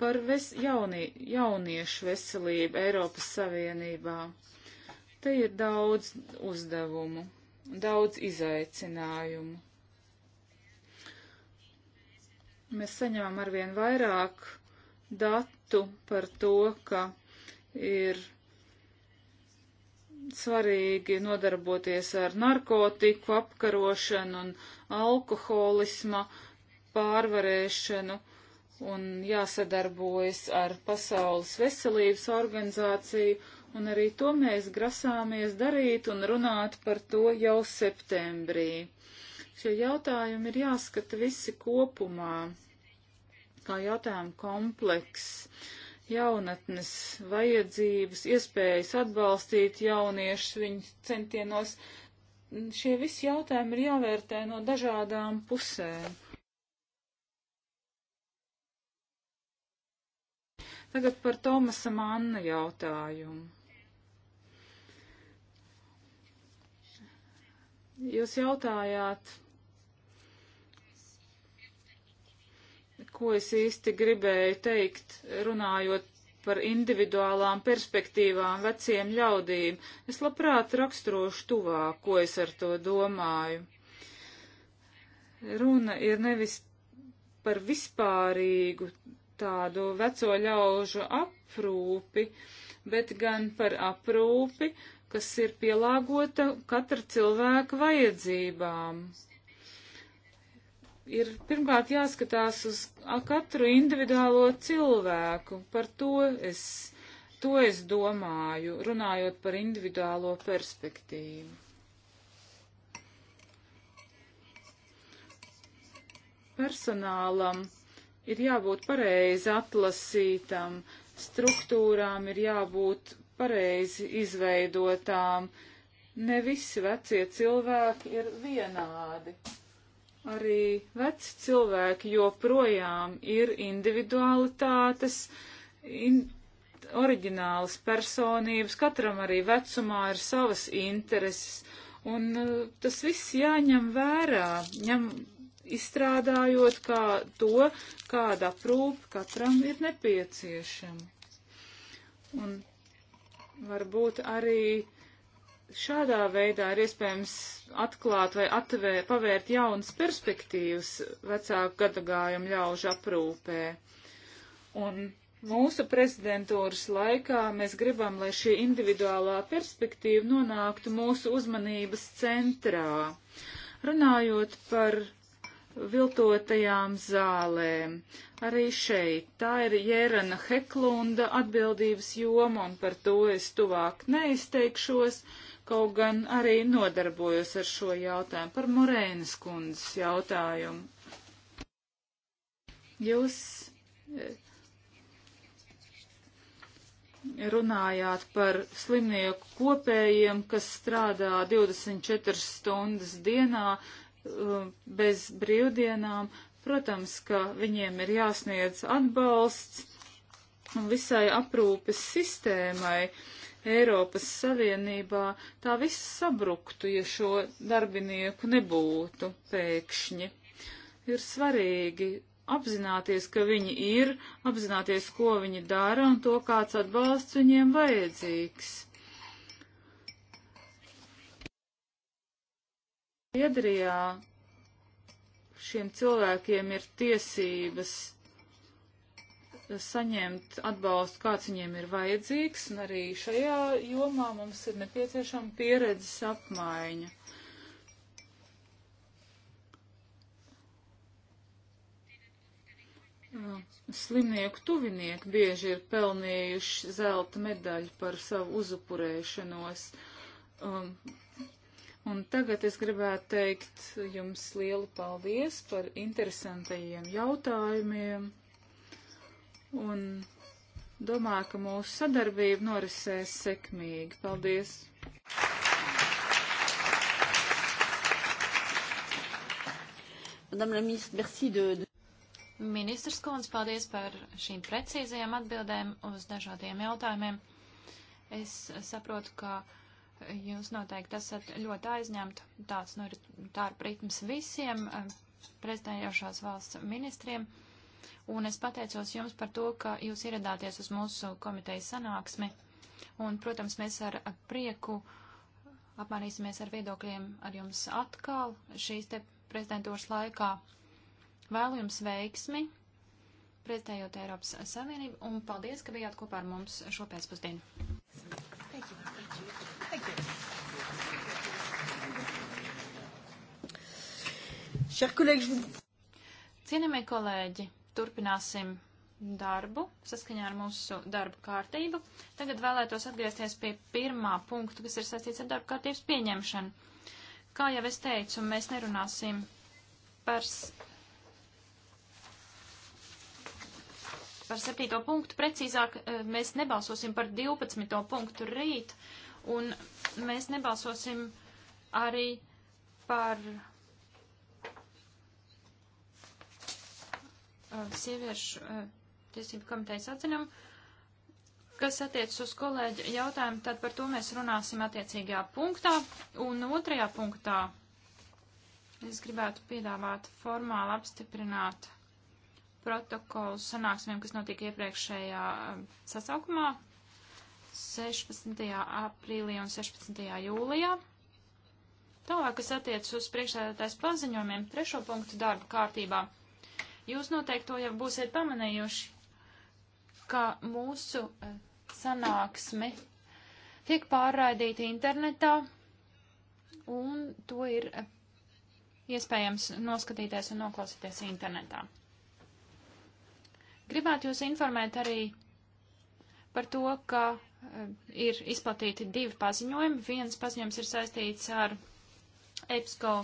Par ves, jauni, jauniešu veselību Eiropas Savienībā. Te ir daudz uzdevumu, daudz izaicinājumu. Mēs saņemam arvien vairāk datu par to, ka ir svarīgi nodarboties ar narkotiku apkarošanu un alkoholisma pārvarēšanu un jāsadarbojas ar Pasaules veselības organizāciju, un arī to mēs grasāmies darīt un runāt par to jau septembrī. Šie jautājumi ir jāskata visi kopumā, kā jautājumu komplekss jaunatnes vajadzības, iespējas atbalstīt jauniešus viņu centienos. Šie visi jautājumi ir jāvērtē no dažādām pusēm. Tagad par Tomasa Manna jautājumu. Jūs jautājāt ko es īsti gribēju teikt, runājot par individuālām perspektīvām veciem ļaudīm. Es labprāt raksturošu tuvāk, ko es ar to domāju. Runa ir nevis par vispārīgu tādu veco ļaužu aprūpi, bet gan par aprūpi, kas ir pielāgota katra cilvēka vajadzībām ir pirmkārt jāskatās uz katru individuālo cilvēku. Par to es, to es domāju, runājot par individuālo perspektīvu. Personālam ir jābūt pareizi atlasītam, struktūrām ir jābūt pareizi izveidotām. Ne visi vecie cilvēki ir vienādi arī veci cilvēki joprojām ir individualitātes, in, oriģinālas personības, katram arī vecumā ir savas intereses, un uh, tas viss jāņem vērā, ņem, izstrādājot kā to, kāda aprūpe katram ir nepieciešama. Un varbūt arī Šādā veidā ir iespējams atklāt vai atvē, pavērt jaunas perspektīvas vecāku gadagājumu ļaužu aprūpē. Un mūsu prezidentūras laikā mēs gribam, lai šī individuālā perspektīva nonāktu mūsu uzmanības centrā. Runājot par viltotajām zālēm. Arī šeit tā ir Jērana Heklunda atbildības joma, un par to es tuvāk neizteikšos, kaut gan arī nodarbojos ar šo jautājumu par Morēnas kundzes jautājumu. Jūs eh, runājāt par slimnieku kopējiem, kas strādā 24 stundas dienā eh, bez brīvdienām. Protams, ka viņiem ir jāsniedz atbalsts visai aprūpes sistēmai, Eiropas Savienībā tā viss sabruktu, ja šo darbinieku nebūtu pēkšņi. Ir svarīgi apzināties, ka viņi ir, apzināties, ko viņi dara un to, kāds atbalsts viņiem vajadzīgs. Piedrijā šiem cilvēkiem ir tiesības saņemt atbalstu, kāds viņiem ir vajadzīgs, un arī šajā jomā mums ir nepieciešama pieredzes apmaiņa. Slimnieku tuvinieki bieži ir pelnījuši zelta medaļu par savu uzupurēšanos. Um, un tagad es gribētu teikt jums lielu paldies par interesantajiem jautājumiem un domāju, ka mūsu sadarbība norisēs sekmīgi. Paldies! Madame la ministre, merci de, de... Ministrs Kons, paldies par šīm precīzajām atbildēm uz dažādiem jautājumiem. Es saprotu, ka jūs noteikti esat ļoti aizņemti. Tāds nu ir tā ir pritms visiem eh, prezidējošās valsts ministriem un es pateicos jums par to, ka jūs ieradāties uz mūsu komitejas sanāksmi, un, protams, mēs ar prieku apmainīsimies ar viedokļiem ar jums atkal šīs te prezidentūras laikā. Vēlu jums veiksmi, prezidējot Eiropas Savienību, un paldies, ka bijāt kopā ar mums šo pēcpusdienu. Thank you. Thank you. Thank you. Cienījamie kolēģi, Turpināsim darbu saskaņā ar mūsu darbu kārtību. Tagad vēlētos atgriezties pie pirmā punkta, kas ir saistīts ar darbu kārtības pieņemšanu. Kā jau es teicu, mēs nerunāsim par, par septīto punktu. Precīzāk, eh, mēs nebalsosim par 12. punktu rīt, un mēs nebalsosim arī par Uh, sieviešu uh, tiesību komitejas atzinumu. Kas attiecas uz kolēģi jautājumu, tad par to mēs runāsim attiecīgajā punktā. Un otrajā punktā es gribētu piedāvāt formāli apstiprināt protokolu sanāksmēm, kas notika iepriekšējā um, sasaukumā 16. aprīlī un 16. jūlijā. Tālāk, kas attiecas uz priekšsēdētājs paziņojumiem, trešo punktu darba kārtībā. Jūs noteikti to jau būsiet pamanījuši, ka mūsu eh, sanāksme tiek pārraidīta internetā, un to ir eh, iespējams noskatīties un noklausīties internetā. Gribētu jūs informēt arī par to, ka eh, ir izplatīti divi paziņojumi. Viens paziņojums ir saistīts ar EPSCO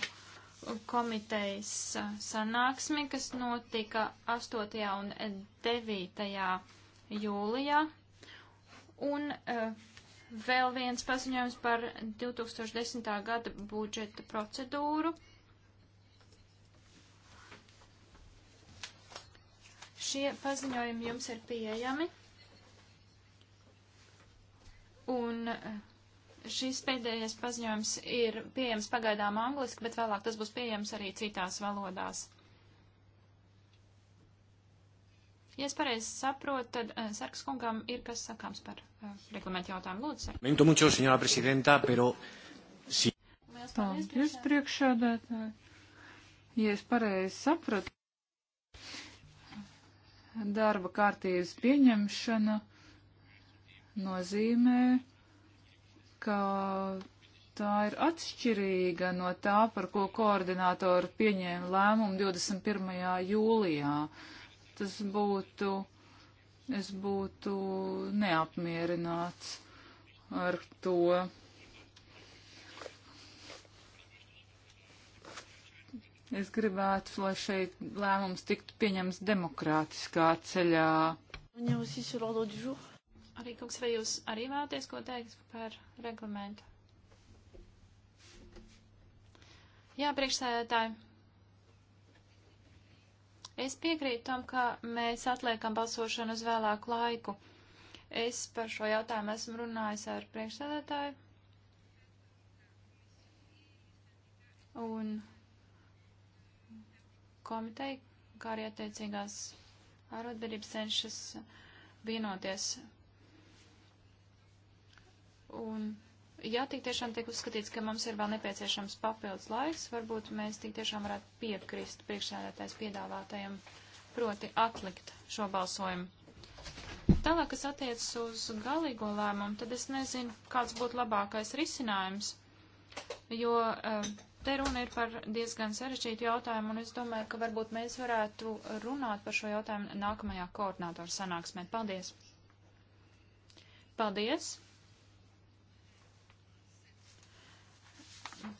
komitejas uh, sanāksmi, kas notika 8. un 9. jūlijā. Un uh, vēl viens paziņojums par 2010. gada budžeta procedūru. Šie paziņojumi jums ir pieejami. Un uh, Šis pēdējais paziņojums ir pieejams pagaidām angliski, bet vēlāk tas būs pieejams arī citās valodās. Ja es pareizi saprotu, tad uh, Sarkas kungam ir kas sakāms par uh, reglamentu jautājumu. Lūdzu, Sarkas. Mintu mucho, senjora prezidenta, pero... Si... Paldies, priekšādātāji. Ja es pareizi sapratu, darba kārtības pieņemšana nozīmē ka tā ir atšķirīga no tā, par ko koordinātori pieņēma lēmumu 21. jūlijā. Tas būtu, es būtu neapmierināts ar to. Es gribētu, lai šeit lēmums tiktu pieņems demokrātiskā ceļā. Un ir aussi sur l'ordre du jour. Arī kungs, vai jūs arī vēlaties ko teikt par reglamentu? Jā, priekšsēdētāji. Es piekrītu tam, ka mēs atliekam balsošanu uz vēlāku laiku. Es par šo jautājumu esmu runājis ar priekšsēdētāju. Un komiteja, kā arī attiecīgās arotbiedrības cenšas vienoties Un, ja tik tiešām tiek uzskatīts, ka mums ir vēl nepieciešams papildus laiks, varbūt mēs tik tiešām varētu piekrist priekšsēdētājs piedāvātajam, proti atlikt šo balsojumu. Tālāk, kas attiecas uz galīgo lēmumu, tad es nezinu, kāds būtu labākais risinājums, jo eh, te runa ir par diezgan sarežģītu jautājumu, un es domāju, ka varbūt mēs varētu runāt par šo jautājumu nākamajā koordinātoru sanāksmē. Paldies! Paldies!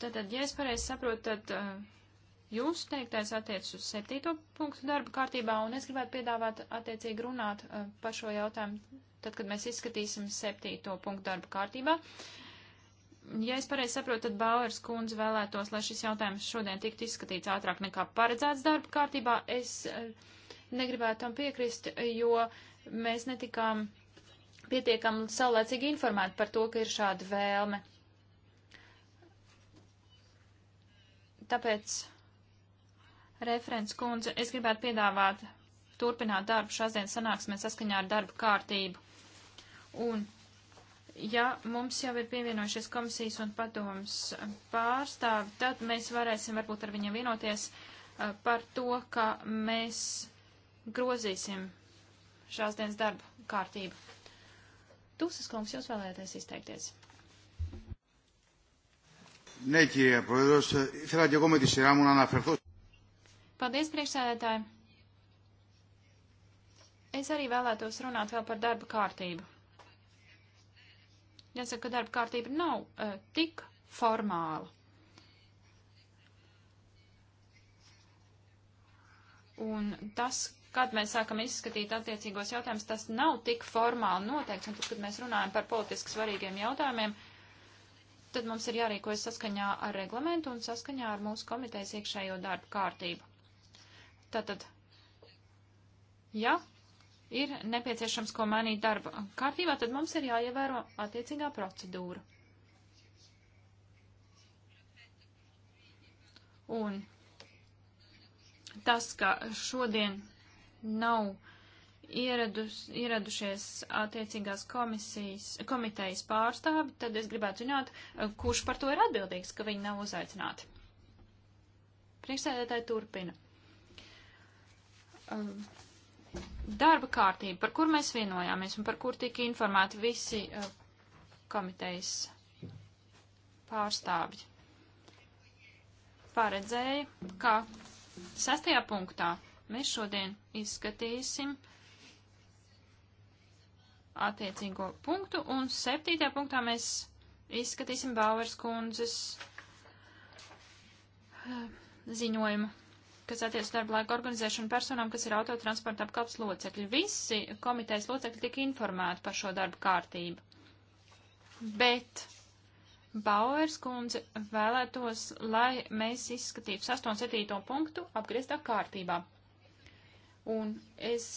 Tātad, ja es pareizi saprotu, tad uh, eh, jūsu teiktais attiec uz septīto punktu darba kārtībā, un es gribētu piedāvāt attiecīgi runāt uh, par šo jautājumu, tad, kad mēs izskatīsim septīto punktu darba kārtībā. Ja es pareizi saprotu, tad Bauers kundze vēlētos, lai šis jautājums šodien tiktu izskatīts ātrāk nekā paredzēts darba kārtībā. Es uh, negribētu tam piekrist, jo mēs netikām pietiekami saulēcīgi informēti par to, ka ir šāda vēlme. Tāpēc, referents kundze, es gribētu piedāvāt turpināt darbu šādien sanāksmē saskaņā ar darbu kārtību. Un, ja mums jau ir pievienojušies komisijas un padomas pārstāvi, tad mēs varēsim varbūt ar viņiem vienoties eh, par to, ka mēs grozīsim šās dienas darbu kārtību. Tūsas kungs, jūs vēlēties izteikties? Ναι, κύριε Πρόεδρος, ήθελα και εγώ με τη σειρά μου να αναφερθώ. Paldies, priekšsēdētāji. Es arī vēlētos runāt vēl par darba kārtību. Jāsaka, ka darba kārtība nav uh, tik formāla. Un tas, kad mēs sākam izskatīt attiecīgos jautājumus, tas nav tik formāli noteikts. Un tad, kad mēs runājam par politiski svarīgiem jautājumiem, uh, tad mums ir jārīkojas saskaņā ar reglamentu un saskaņā ar mūsu komitejas iekšējo darbu kārtību. Tātad, ja ir nepieciešams ko mainīt darba kārtībā, tad mums ir jāievēro attiecīgā procedūra. Un tas, ka šodien nav ieradus, ieradušies attiecīgās komisijas, komitejas pārstāvi, tad es gribētu zināt, eh, kurš par to ir atbildīgs, ka viņi nav uzaicināti. Priekšsēdētāji turpina. Ehm, darba kārtība, par kur mēs vienojāmies un par kur tika informēti visi eh, komitejas pārstāvji, paredzēja, ka sastajā punktā mēs šodien izskatīsim uh, attiecīgo punktu, un septītajā punktā mēs izskatīsim Bauers kundzes eh, ziņojumu, kas attiec darba laika organizēšanu personām, kas ir autotransporta apkalps locekļi. Visi komitejas locekļi tika informēti par šo darbu kārtību. Bet Bauers kundze vēlētos, lai mēs izskatītu 8.7. punktu apgrieztā kārtībā. Un es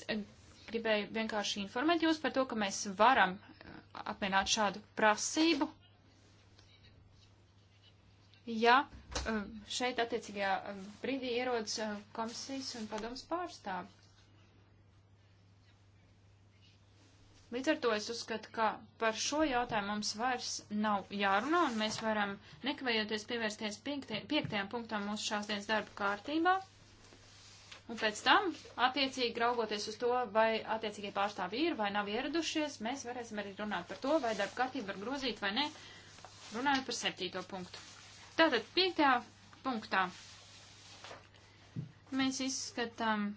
gribēju vienkārši informēt jūs par to, ka mēs varam uh, apmienāt šādu prasību, ja uh, šeit attiecīgajā uh, brīdī ierodas komisijas un padomas pārstāvi. Līdz ar to es uzskatu, ka par šo jautājumu mums vairs nav jārunā, un mēs varam nekavējoties pievērsties piektajam punktam mūsu šās dienas darba kārtībā. Un pēc tam, attiecīgi raugoties uz to, vai attiecīgie pārstāvji ir vai nav ieradušies, mēs varēsim arī runāt par to, vai darba kārtība var grozīt vai nē, runājot par septīto punktu. Tātad piektajā punktā mēs izskatām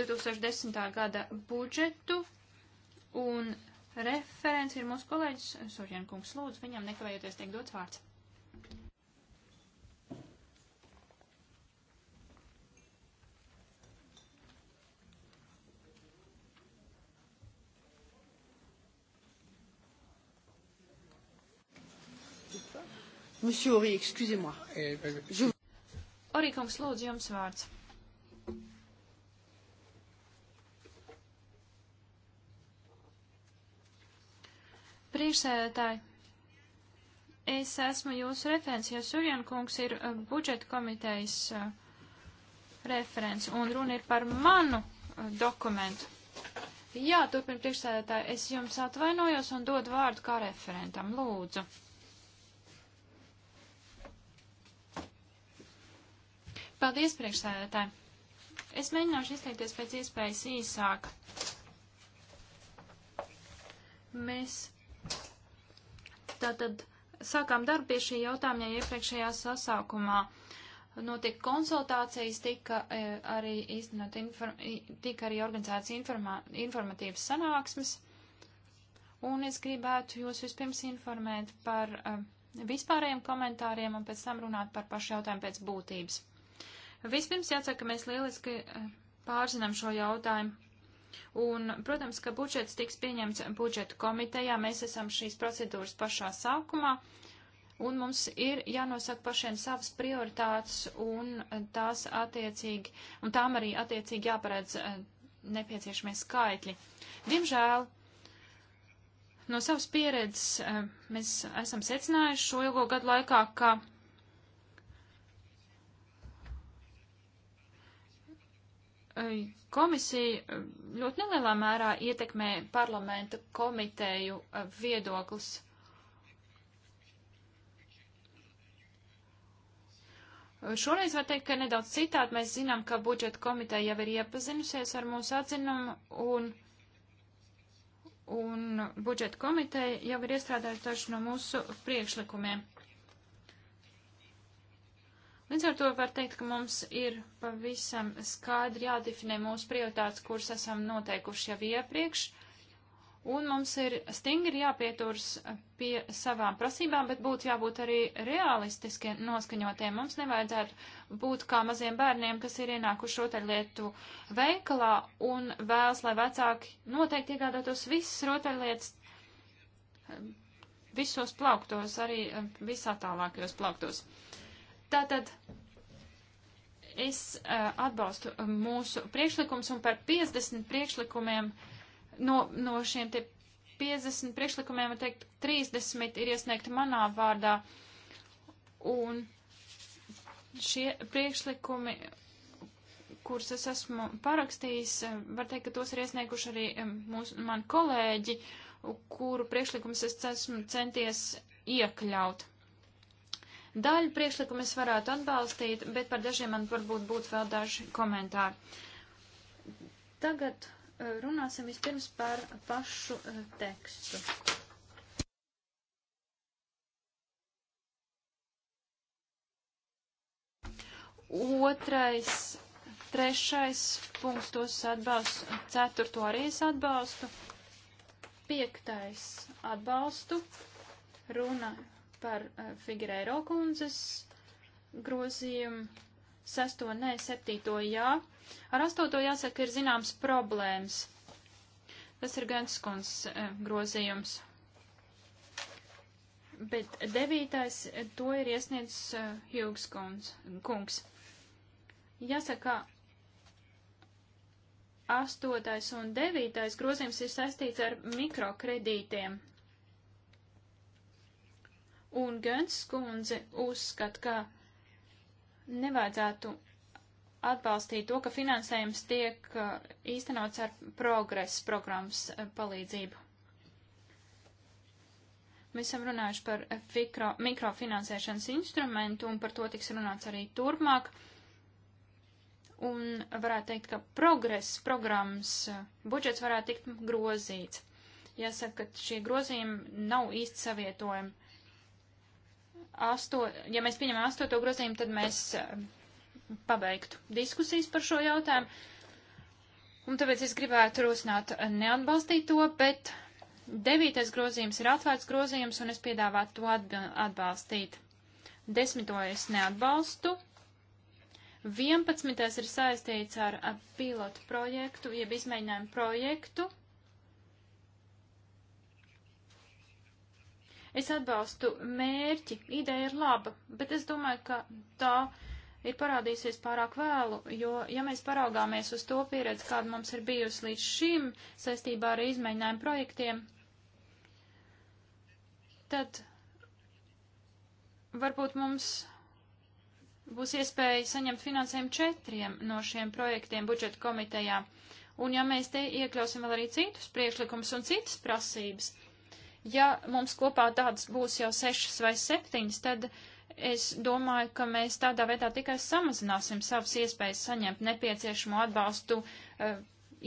2010. gada budžetu un referents ir mūsu kolēģis Soģēnkungs. Lūdzu, viņam nekavējoties tiek dots vārds. Monsieur Ori, excusez-moi. Eh, eh, eh. Je... Ori, kungs, lūdzu, jums vārds. Priekšsēdētāji, es esmu jūsu referents, jo Surjan kungs ir uh, budžeta komitejas uh, referents, un runa ir par manu uh, dokumentu. Jā, turpin priekšsēdētāji, es jums atvainojos un dodu vārdu kā referentam, lūdzu. Paldies, priekšsēdētāji. Es mēģināšu izteikties pēc iespējas īsāk. Mēs tātad sākām darbu pie šī jautājuma jau iepriekšējā sasaukumā. Notika konsultācijas, tika e, arī īstenot, tika arī organizētas informā, informatīvas sanāksmes. Un es gribētu jūs vispirms informēt par e, vispārējiem komentāriem un pēc tam runāt par pašu jautājumu pēc būtības. Vispirms jāsaka, ka mēs lieliski eh, pārzinām šo jautājumu. Un, protams, ka budžets tiks pieņemts budžetu komitejā. Mēs esam šīs procedūras pašā sākumā. Un mums ir jānosaka pašiem savas prioritātes un eh, tās attiecīgi, un tām arī attiecīgi jāparedz eh, nepieciešamie skaitļi. Diemžēl no savas pieredzes mēs esam secinājuši šo ilgo gadu laikā, ka komisija eh, ļoti nelielā mērā ietekmē parlamenta komiteju eh, viedoklis. Eh, šoreiz var teikt, ka nedaudz citādi mēs zinām, ka budžeta komiteja jau ir iepazinusies ar mūsu atzinumu un, un budžeta komiteja jau ir iestrādājusi dažu no mūsu priekšlikumiem. Līdz ar to var teikt, ka mums ir pavisam skaidri jādefinē mūsu prioritātes, kuras esam noteikuši jau iepriekš, un mums ir stingri jāpieturas pie savām prasībām, bet būtu jābūt arī realistiski noskaņotiem. Mums nevajadzētu būt kā maziem bērniem, kas ir ienākuši rotaļlietu veikalā un vēlas, lai vecāki noteikti iegādātos visas rotaļlietas visos plauktos, arī visā tālākajos plauktos. Tātad es uh, atbalstu mūsu priekšlikums un par 50 priekšlikumiem no, no šiem te 50 priekšlikumiem, var teikt, 30 ir iesniegti manā vārdā. Un šie priekšlikumi, kurus es esmu parakstījis, eh, var teikt, ka tos ir iesnieguši arī eh, mūsu, mani kolēģi, kuru priekšlikumus es esmu centies iekļaut. Daļu priekšlikumu es varētu atbalstīt, bet par dažiem man varbūt būtu vēl daži komentāri. Tagad eh, runāsim vispirms par pašu eh, tekstu. Otrais, trešais punkts tos atbalstu, ceturto arī es atbalstu, piektais atbalstu, runa par uh, eh, Figurēro kundzes grozījumu. Sesto, nē, septīto jā. Ar astoto jāsaka, ir zināms problēmas. Tas ir Genskunds uh, eh, grozījums. Bet devītais, eh, to ir iesniedzis uh, Hughes kungs. kungs. Jāsaka, astotais un devītais grozījums ir saistīts ar mikrokredītiem, Un Gönts kundze uzskat, ka nevajadzētu atbalstīt to, ka finansējums tiek uh, īstenots ar progress programmas uh, palīdzību. Mēs esam runājuši par fikro, mikrofinansēšanas instrumentu un par to tiks runāts arī turpmāk. Un varētu teikt, ka progress programmas uh, budžets varētu tikt grozīts. Jāsaka, ka šie grozījumi nav īsti savietojami asto, ja mēs pieņemam astoto grozījumu, tad mēs eh, pabeigtu diskusijas par šo jautājumu. Un tāpēc es gribētu rosināt eh, neatbalstīt to, bet devītais grozījums ir atvērts grozījums, un es piedāvātu to atbalstīt. Desmito es neatbalstu. Vienpadsmitais ir saistīts ar, ar eh, pilotu projektu, jeb izmēģinājumu projektu. Es atbalstu mērķi, ideja ir laba, bet es domāju, ka tā ir parādījusies pārāk vēlu, jo, ja mēs paraugāmies uz to pieredzi, kāda mums ir bijusi līdz šim saistībā ar izmēģinājumu projektiem, tad varbūt mums būs iespēja saņemt finansējumu četriem no šiem projektiem budžeta komitejā. Un ja mēs te iekļausim vēl arī citus priekšlikumus un citas prasības, Ja mums kopā tādas būs jau sešas vai septiņas, tad es domāju, ka mēs tādā veidā tikai samazināsim savas iespējas saņemt nepieciešamo atbalstu uh,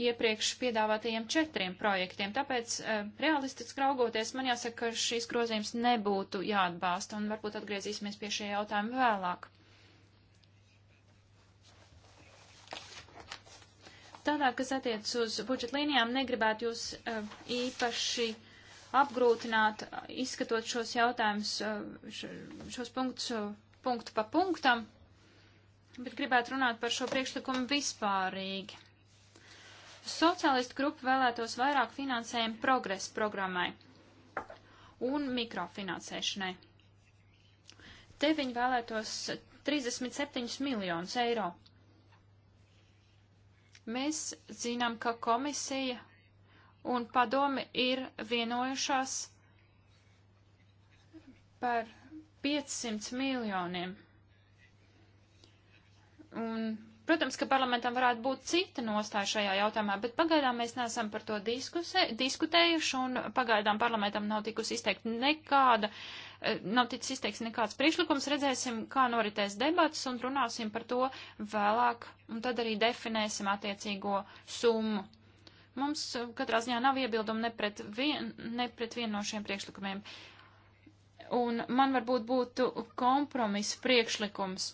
iepriekš piedāvātajiem četriem projektiem. Tāpēc, uh, realistiski raugoties, man jāsaka, ka šīs grozījums nebūtu jāatbalsta, un varbūt atgriezīsimies pie šie jautājumi vēlāk. Tālāk, kas attiec uz budžetlīnijām, negribētu jūs uh, īpaši uh, apgrūtināt, izskatot šos jautājumus, eh, šos punktus eh, punktu pa punktam, bet gribētu runāt par šo priekšlikumu vispārīgi. Sociālistu grupa vēlētos vairāk finansējumu progresa programmai un mikrofinansēšanai. Te viņi vēlētos 37 miljonus eiro. Mēs zinām, ka komisija un padome ir vienojušās par 500 miljoniem. Un, protams, ka parlamentam varētu būt cita nostāja šajā jautājumā, bet pagaidām mēs neesam par to diskusē, diskutējuši un pagaidām parlamentam nav tikus izteikt nekāda, eh, nav ticis izteikts nekāds priekšlikums. Redzēsim, kā noritēs debats un runāsim par to vēlāk un tad arī definēsim attiecīgo summu. Mums eh, katrā ziņā nav iebildumi ne pret, vien, ne pret vienu no šiem priekšlikumiem. Un man varbūt būtu kompromiss priekšlikums.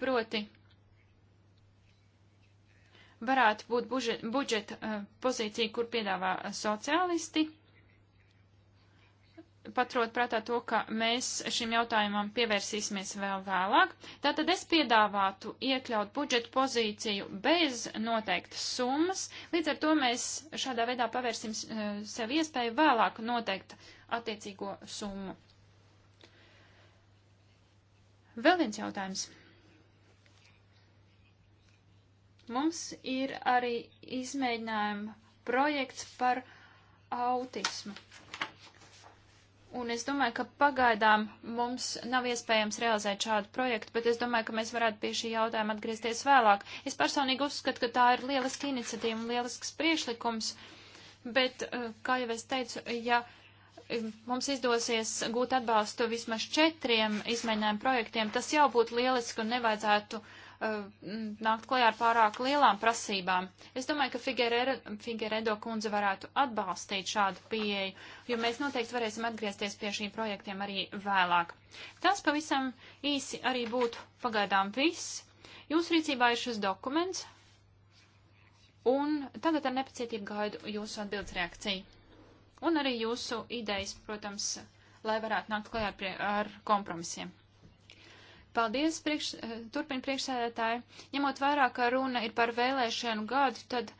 Proti, varētu būt budžeta eh, pozīcija, kur piedāvā eh, sociālisti paturot prātā to, ka mēs šim jautājumam pievērsīsimies vēl vēlāk. Tātad es piedāvātu iekļaut budžetu pozīciju bez noteiktas summas, līdz ar to mēs šādā veidā pavērsim eh, sev iespēju vēlāk noteikt attiecīgo summu. Vēl viens jautājums. Mums ir arī izmēģinājuma projekts par autismu. Un es domāju, ka pagaidām mums nav iespējams realizēt šādu projektu, bet es domāju, ka mēs varētu pie šī jautājuma atgriezties vēlāk. Es personīgi uzskatu, ka tā ir lieliska iniciatīva un lielisks priešlikums, bet, eh, kā jau es teicu, ja eh, mums izdosies gūt atbalstu vismaz četriem izmaiņām projektiem, tas jau būtu lieliski un nevajadzētu uh, Uh, mm, nākt klajā ar pārāk lielām prasībām. Es domāju, ka Figueredo kundze varētu atbalstīt šādu pieeju, jo mēs noteikti varēsim atgriezties pie šīm projektiem arī vēlāk. Tas pavisam īsi arī būtu pagaidām viss. Jūsu rīcībā ir šis dokuments, un tagad ar nepacietību gaidu jūsu atbildes reakciju. Un arī jūsu idejas, protams, lai varētu nākt klajā ar kompromisiem. Paldies, priekš, eh, turpina priekšsēdētāji. Ņemot vērā, ka runa ir par vēlēšanu gadu, tad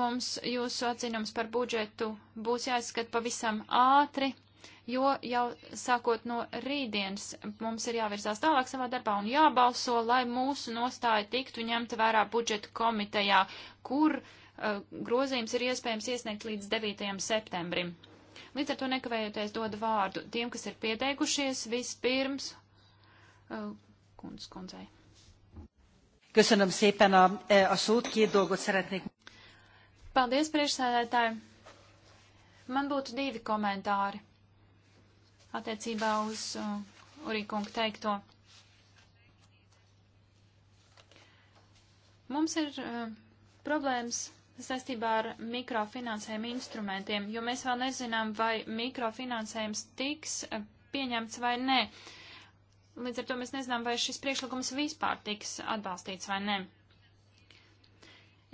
mums jūsu atzinums par budžetu būs jāizskat pavisam ātri, jo jau sākot no rītdienas mums ir jāvirzās tālāk savā darbā un jābalso, lai mūsu nostāja tiktu ņemta vērā budžeta komitejā, kur uh, grozījums ir iespējams iesniegt līdz 9. septembrim. Līdz ar to nekavējoties dodu vārdu tiem, kas ir pieteikušies vispirms Kunz kundzei. Köszönöm szépen a, e, a szót, két dolgot szeretnék. Paldies, priekšsēdētāji. Man būtu divi komentāri attiecībā uz uh, Urikunga teikto. Mums ir uh, problēmas saistībā ar mikrofinansējumu instrumentiem, jo mēs vēl nezinām, vai mikrofinansējums tiks uh, pieņemts vai nē. Uh, Līdz ar to mēs nezinām, vai šis priekšlikums vispār tiks atbalstīts vai nē.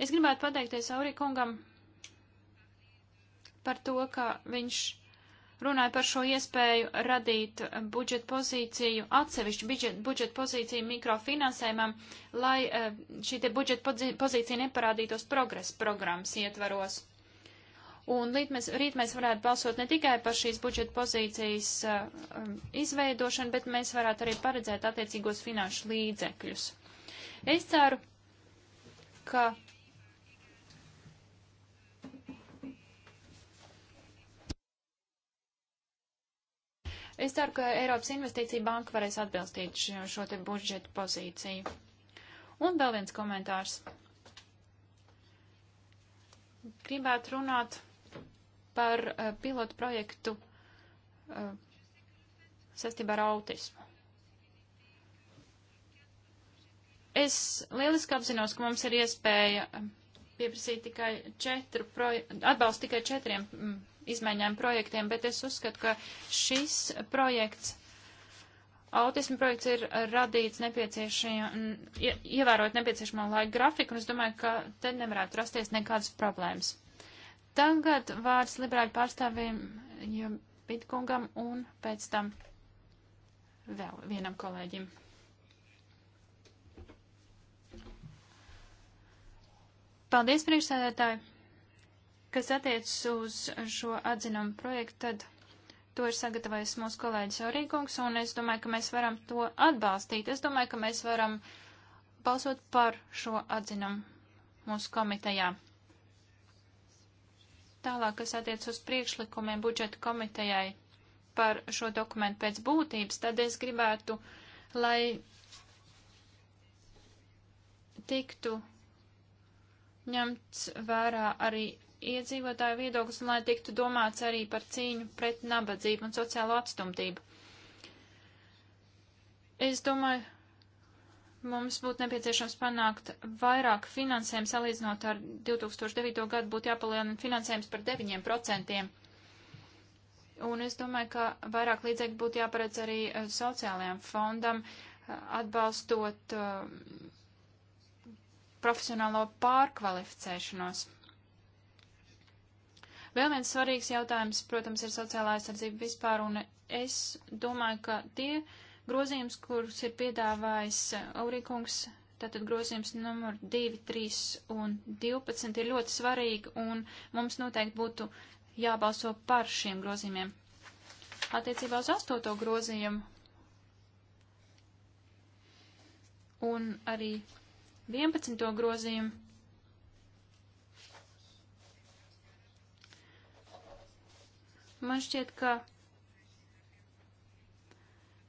Es gribētu pateikties Aurikungam par to, ka viņš runāja par šo iespēju radīt budžeta pozīciju, atsevišķu budžeta pozīciju mikrofinansējumam, lai eh, šī te budžeta pozīcija neparādītos progresa programmas ietvaros. Un rīt mēs, rīt mēs varētu balsot ne tikai par šīs budžeta pozīcijas uh, um, izveidošanu, bet mēs varētu arī paredzēt attiecīgos finanšu līdzekļus. Es ceru, ka. Es ceru, ka Eiropas Investīcija Banka varēs atbilstīt šo, šo te budžeta pozīciju. Un vēl viens komentārs. Gribētu runāt par uh, pilotu projektu uh, saistībā ar autismu. Es lieliski apzinos, ka mums ir iespēja eh, pieprasīt tikai četru, atbalstu tikai četriem mm, izmaiņām projektiem, bet es uzskatu, ka šis projekts autismu projekts ir radīts nepieciešamā, ievērot nepieciešamo laika grafiku, un es domāju, ka te nevarētu rasties nekādas problēmas. Tagad vārds liberāļu pārstāvjiem, jo Bitkungam un pēc tam vēl vienam kolēģim. Paldies, priekšsēdētāji! Kas attiecas uz šo atzinumu projektu, tad to ir sagatavojis mūsu kolēģis Orīgungs, un es domāju, ka mēs varam to atbalstīt. Es domāju, ka mēs varam balsot par šo atzinumu mūsu komitejā. Tālāk, kas attiec uz priekšlikumiem budžeta komitejai par šo dokumentu pēc būtības, tad es gribētu, lai tiktu ņemts vērā arī iedzīvotāju viedoklis un lai tiktu domāts arī par cīņu pret nabadzību un sociālo atstumtību. Es domāju, mums būtu nepieciešams panākt vairāk finansējumu salīdzinot ar 2009. gadu, būtu jāpalielina finansējums par 9%. Un es domāju, ka vairāk līdzekļu būtu jāparedz arī e, sociālajām fondam, e, atbalstot uh, profesionālo pārkvalificēšanos. Vēl viens svarīgs jautājums, protams, ir sociālā aizsardzība vispār, un es domāju, ka tie, uh, grozījums, kurus ir piedāvājis Aurikungs, tātad grozījums numur 2, 3 un 12 ir ļoti svarīgi, un mums noteikti būtu jābalso par šiem grozījumiem. Attiecībā uz 8. grozījumu un arī 11. grozījumu man šķiet, ka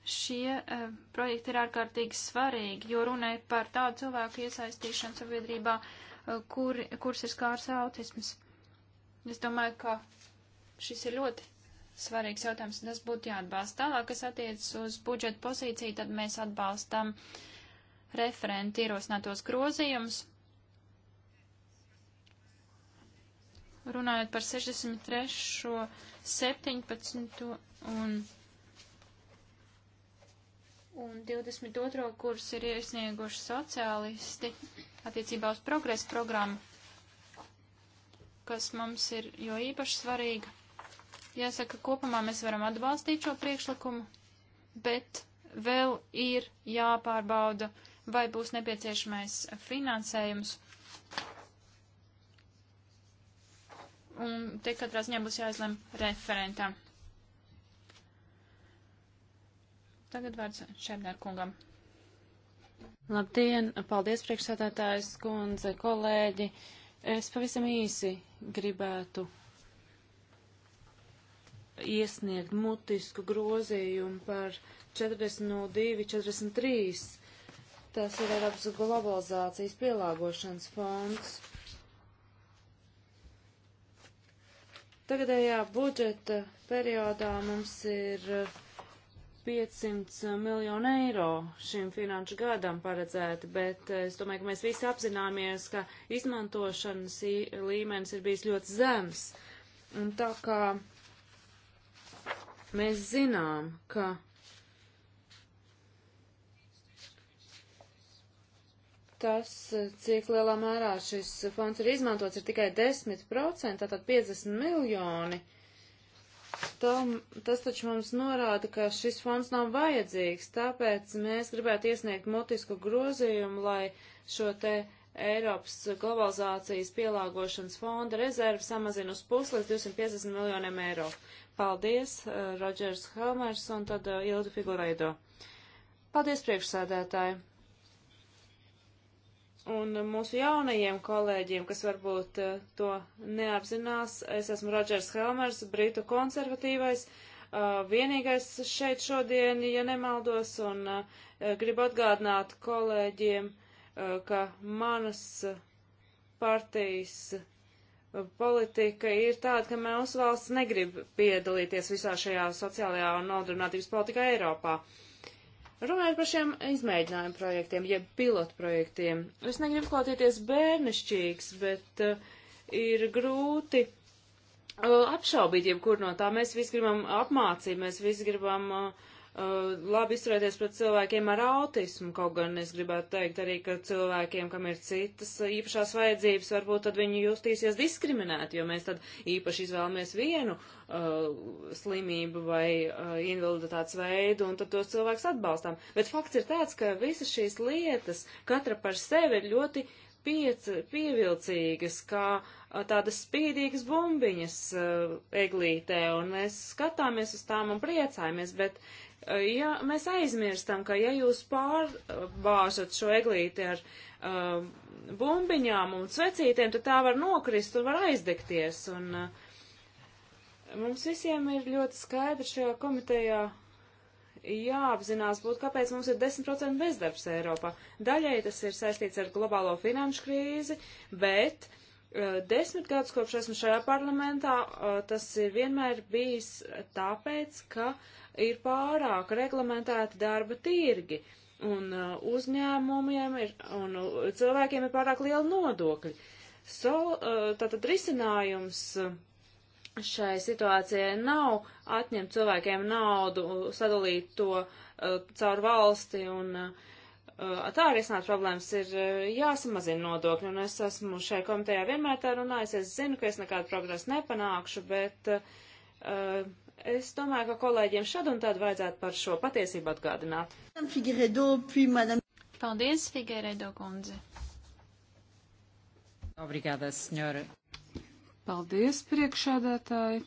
Šie uh, projekti ir ārkārtīgi svarīgi, jo runai par tādu cilvēku iesaistīšanu sabiedrībā, uh, kur, kurus ir skārs autisms. Es domāju, ka šis ir ļoti svarīgs jautājums, un tas būtu jāatbalsta. Tālāk, kas attiecas uz budžeta pozīciju, tad mēs atbalstam referenti ierosinātos grozījumus. Runājot par 63., 17 un un 22. kurs ir iesnieguši sociālisti attiecībā uz progresa programmu, kas mums ir jo īpaši svarīga. Jāsaka, kopumā mēs varam atbalstīt šo priekšlikumu, bet vēl ir jāpārbauda, vai būs nepieciešamais finansējums. Un te katrā ziņā būs jāizlem referentam. Tagad vārds Šemner kungam. Labdien, paldies priekšsādātājs kundze, kolēģi. Es pavisam īsi gribētu iesniegt mutisku grozījumu par 40.02.43. Tas ir Eiropas globalizācijas pielāgošanas fonds. Tagadējā budžeta periodā mums ir uh, 500 miljonu eiro šim finanšu gadam paredzēti, bet eh, es domāju, ka mēs visi apzināmies, ka izmantošanas līmenis ir bijis ļoti zems. Un tā kā mēs zinām, ka tas, eh, cik lielā mērā šis fonds ir izmantots, ir tikai 10%, tātad 50 miljoni. Tom, tas taču mums norāda, ka šis fonds nav vajadzīgs, tāpēc mēs gribētu iesniegt mutisku grozījumu, lai šo te Eiropas globalizācijas pielāgošanas fonda rezervu samazina uz pusi līdz 250 miljoniem eiro. Paldies, uh, Rodžers Helmers un tad uh, Ildu Figuraido. Paldies, priekšsēdētāji! Un mūsu jaunajiem kolēģiem, kas varbūt eh, to neapzinās, es esmu Rodžers Helmers, britu konservatīvais, eh, vienīgais šeit šodien, ja nemaldos, un eh, gribu atgādināt kolēģiem, ka manas partijas politika ir tāda, ka mūsu valsts negrib piedalīties visā šajā sociālajā un nodarbinātības politikā Eiropā. Uh, Runājot par šiem izmēģinājumu projektiem, jeb pilotu projektiem, es negribu klausīties bērnišķīgs, bet uh, ir grūti uh, apšaubīt jebkur no tā. Mēs visi gribam apmācību, mēs visi gribam uh, Uh, labi izturēties pret cilvēkiem ar autismu, kaut gan es gribētu teikt arī, ka cilvēkiem, kam ir citas īpašās vajadzības, varbūt tad viņi justīsies diskriminēti, jo mēs tad īpaši izvēlamies vienu uh, slimību vai uh, invaliditātes veidu un tad tos cilvēkus atbalstām. Bet fakts ir tāds, ka visas šīs lietas katra par sevi ir ļoti piec, pievilcīgas, kā uh, tādas spīdīgas bumbiņas uh, eglītē, un mēs skatāmies uz tām un priecājamies, bet uh, ja mēs aizmirstam, ka ja jūs pārbāžat šo eglīti ar uh, bumbiņām un svecītēm, tad tā var nokrist un var aizdegties. Un, uh, mums visiem ir ļoti skaidri šajā komitejā jāapzinās būt, kāpēc mums ir 10% bezdarbs Eiropā. Daļai tas ir saistīts ar globālo finanšu krīzi, bet uh, desmit gadus kopš esmu šajā parlamentā, uh, tas ir vienmēr bijis tāpēc, ka uh, ir pārāk reglamentēti darba tirgi, un uh, uzņēmumiem ir, un uh, cilvēkiem ir pārāk liela nodokļa. So, uh, tātad risinājums šai situācijai nav atņemt cilvēkiem naudu, sadalīt to caur valsti un uh, tā risināt problēmas ir jāsamazina nodokļi, un es esmu šai komitejā vienmēr tā runājis, es zinu, ka es nekādu progresu nepanākšu, bet uh, Es domāju, ka kolēģiem šad un tad vajadzētu par šo patiesību atgādināt. Paldies, Figueiredo kundze. Obrigāda, senjora. Paldies, priekšādātāji.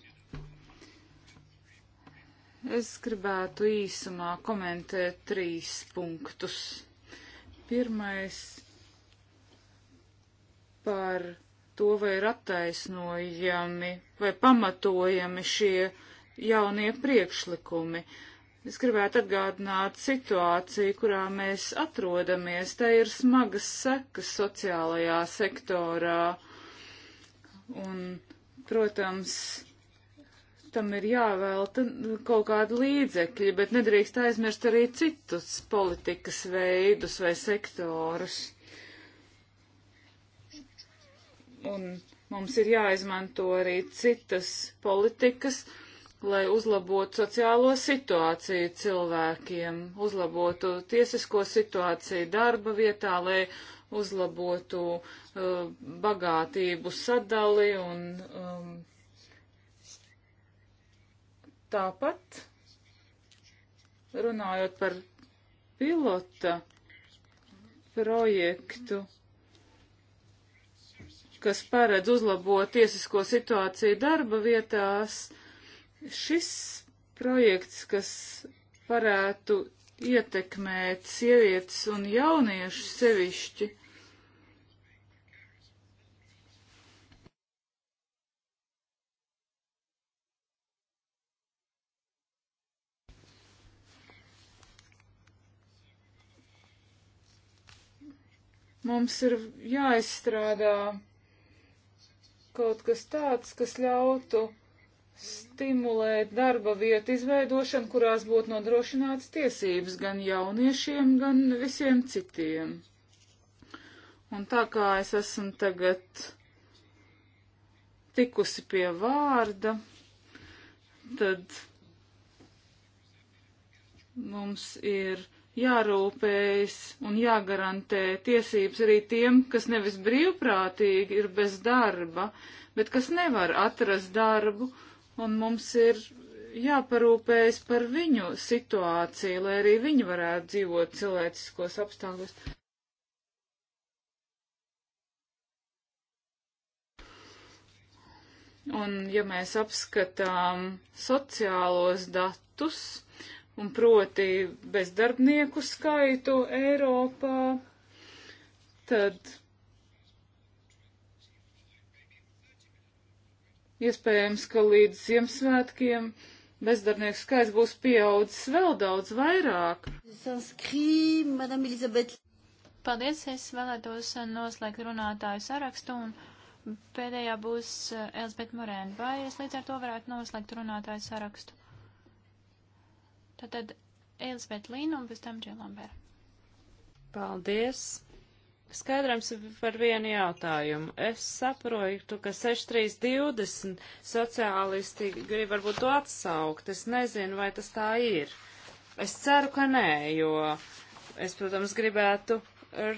Es gribētu īsumā komentēt trīs punktus. Pirmais par to, vai ir attaisnojami vai pamatojami šie jaunie priekšlikumi. Es gribētu atgādināt situāciju, kurā mēs atrodamies. Tā ir smagas sekas sociālajā sektorā. Un, protams, tam ir jāvēlta kaut kāda līdzekļa, bet nedrīkst aizmirst arī citus politikas veidus vai sektorus. Un mums ir jāizmanto arī citas politikas lai uzlabotu sociālo situāciju cilvēkiem, uzlabotu tiesisko situāciju darba vietā, lai uzlabotu uh, bagātību sadali un um, tāpat runājot par pilota projektu kas paredz uzlabot tiesisko situāciju darba vietās, uh, Šis projekts, kas varētu ietekmēt sievietes un jauniešu sevišķi. Mums ir jāizstrādā kaut kas tāds, kas ļautu stimulēt darba vietu izveidošanu, kurās būtu nodrošināts tiesības gan jauniešiem, gan visiem citiem. Un tā kā es esmu tagad tikusi pie vārda, tad mums ir jārūpējas un jāgarantē tiesības arī tiem, kas nevis brīvprātīgi ir bez darba, bet kas nevar atrast darbu, un mums ir jāparūpējas par viņu situāciju, lai arī viņi varētu dzīvot cilvēciskos apstākļos. Un ja mēs apskatām sociālos datus, un proti bezdarbnieku skaitu Eiropā, tad Iespējams, ka līdz Ziemassvētkiem bezdarnieku skaits būs pieaudzis vēl daudz vairāk. Paldies, es vēlētos noslēgt runātāju sarakstu un pēdējā būs eh, Elzbeta Morēna. Vai es līdz ar to varētu noslēgt runātāju sarakstu? Tātad Elzbeta Līna un pēc tam Džilambera. Paldies! Skaidrams par vienu jautājumu. Es saprotu, ka 6320 sociālisti grib varbūt to atsaukt. Es nezinu, vai tas tā ir. Es ceru, ka nē, jo es, protams, gribētu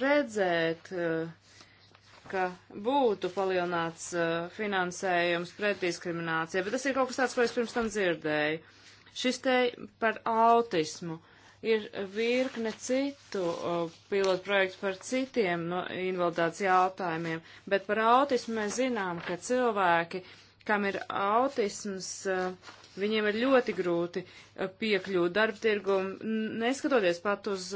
redzēt, eh, ka būtu palielināts eh, finansējums pret diskriminācijai, bet tas ir kaut kas tāds, ko es pirms tam dzirdēju. Šis te par autismu ir virkne citu pilotu projektu par citiem no invaliditātes jautājumiem, bet par autismu mēs zinām, ka cilvēki, kam ir autisms, viņiem ir ļoti grūti piekļūt darbtirgumu, neskatoties pat uz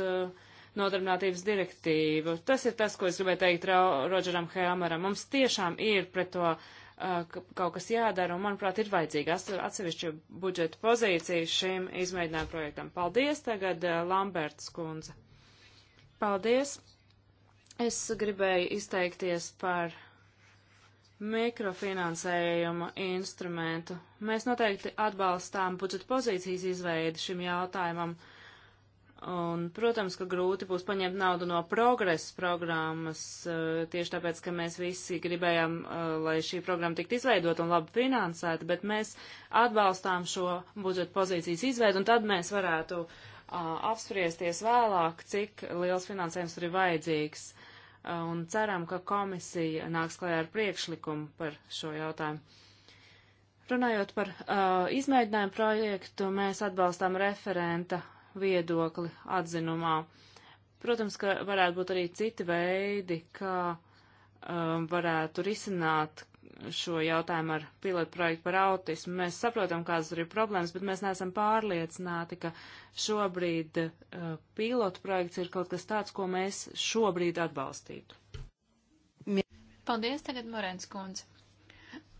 nodarbinātības direktīvu. Tas ir tas, ko es gribēju teikt Ro Rodžeram Helmeram. Mums tiešām ir pret to Uh, kaut kas jādara, un, manuprāt, ir vajadzīga atsevišķa budžeta pozīcija šim izmēģinājuma projektam. Paldies, tagad uh, Lamberts kundze. Paldies. Es gribēju izteikties par mikrofinansējuma instrumentu. Mēs noteikti atbalstām budžeta pozīcijas izveidi šim jautājumam. Uh, Un, protams, ka grūti būs paņemt naudu no progresa programmas, eh, tieši tāpēc, ka mēs visi gribējām, eh, lai šī programma tiktu izveidot un labi finansēta, bet mēs atbalstām šo budžeta pozīcijas izveidu, un tad mēs varētu eh, apspriesties vēlāk, cik liels finansējums tur ir vajadzīgs. Un ceram, ka komisija nāks klajā ar priekšlikumu par šo jautājumu. Runājot par uh, izmēģinājumu projektu, mēs atbalstām referenta viedokli atzinumā. Protams, ka varētu būt arī citi veidi, kā um, varētu risināt šo jautājumu ar pilotprojektu par autismu. Mēs saprotam, kādas ir problēmas, bet mēs neesam pārliecināti, ka šobrīd uh, pilotprojekts ir kaut kas tāds, ko mēs šobrīd atbalstītu. Paldies, tagad Morēns kundze.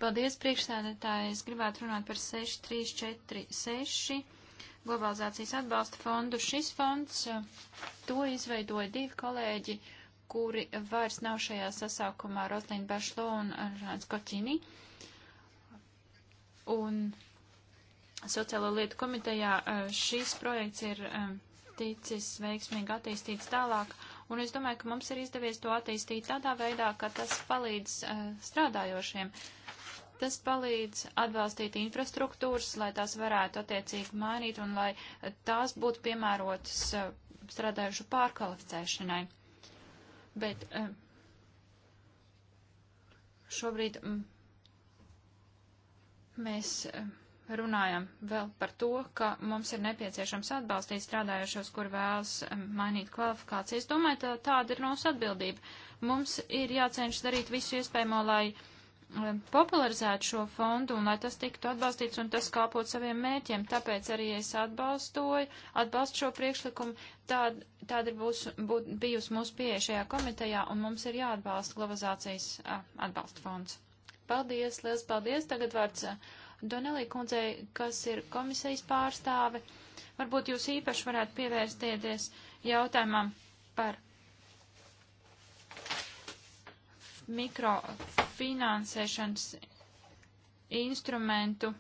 Paldies, priekšsēdētāji. Es gribētu runāt par 6, 3, 4, 6 globalizācijas atbalsta fondu. Šis fonds, eh, to izveidoja divi kolēģi, kuri vairs nav šajā sasākumā, Roslīna Bašlo un eh, Žāns Koķini. Un sociālo lietu komitejā eh, šis projekts ir ticis veiksmīgi attīstīts tālāk, un es domāju, ka mums ir izdevies to attīstīt tādā veidā, ka tas palīdz strādājošiem. Tas palīdz atbalstīt infrastruktūras, lai tās varētu attiecīgi mainīt un lai tās būtu piemērotas eh, strādājušu pārkvalificēšanai. Bet eh, šobrīd mm, mēs eh, runājam vēl par to, ka mums ir nepieciešams atbalstīt strādājušos, kur vēlas mainīt kvalifikāciju. Es domāju, tā, tāda ir mūsu atbildība. Mums ir jācenšas darīt visu iespējamo, lai Um, popularizētu šo fondu un lai tas tiktu atbalstīts un tas kalpot saviem mērķiem. Tāpēc arī es atbalstoju, atbalstu šo priekšlikumu. Tād, tāda ir būs, būt, bijusi mūsu pieeja šajā komitejā un mums ir jāatbalsta globalizācijas atbalsta fonds. Paldies, liels paldies. Tagad vārds Donelī kundzei, kas ir komisijas pārstāve. Varbūt jūs īpaši varētu pievērsties jautājumam par mikrofinansēšanas instrumentu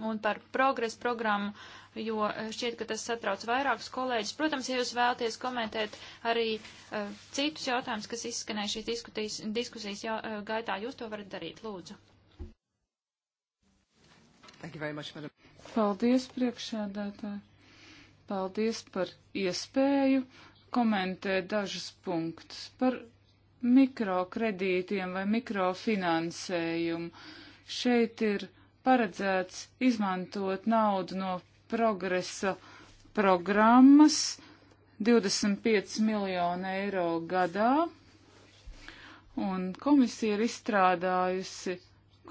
un par progresu programmu, jo eh, šķiet, ka tas satrauc vairākus kolēģis. Protams, ja jūs vēlaties komentēt arī uh, citus jautājumus, kas izskanēja šīs diskusijas, diskusijas jau, uh, gaitā, jūs to varat darīt, lūdzu. Much, Paldies, priekšēdētāji. Paldies par iespēju komentēt dažus punktus par mikrokredītiem vai mikrofinansējumu. Šeit ir paredzēts izmantot naudu no progresa programmas 25 miljonu eiro gadā, un komisija ir izstrādājusi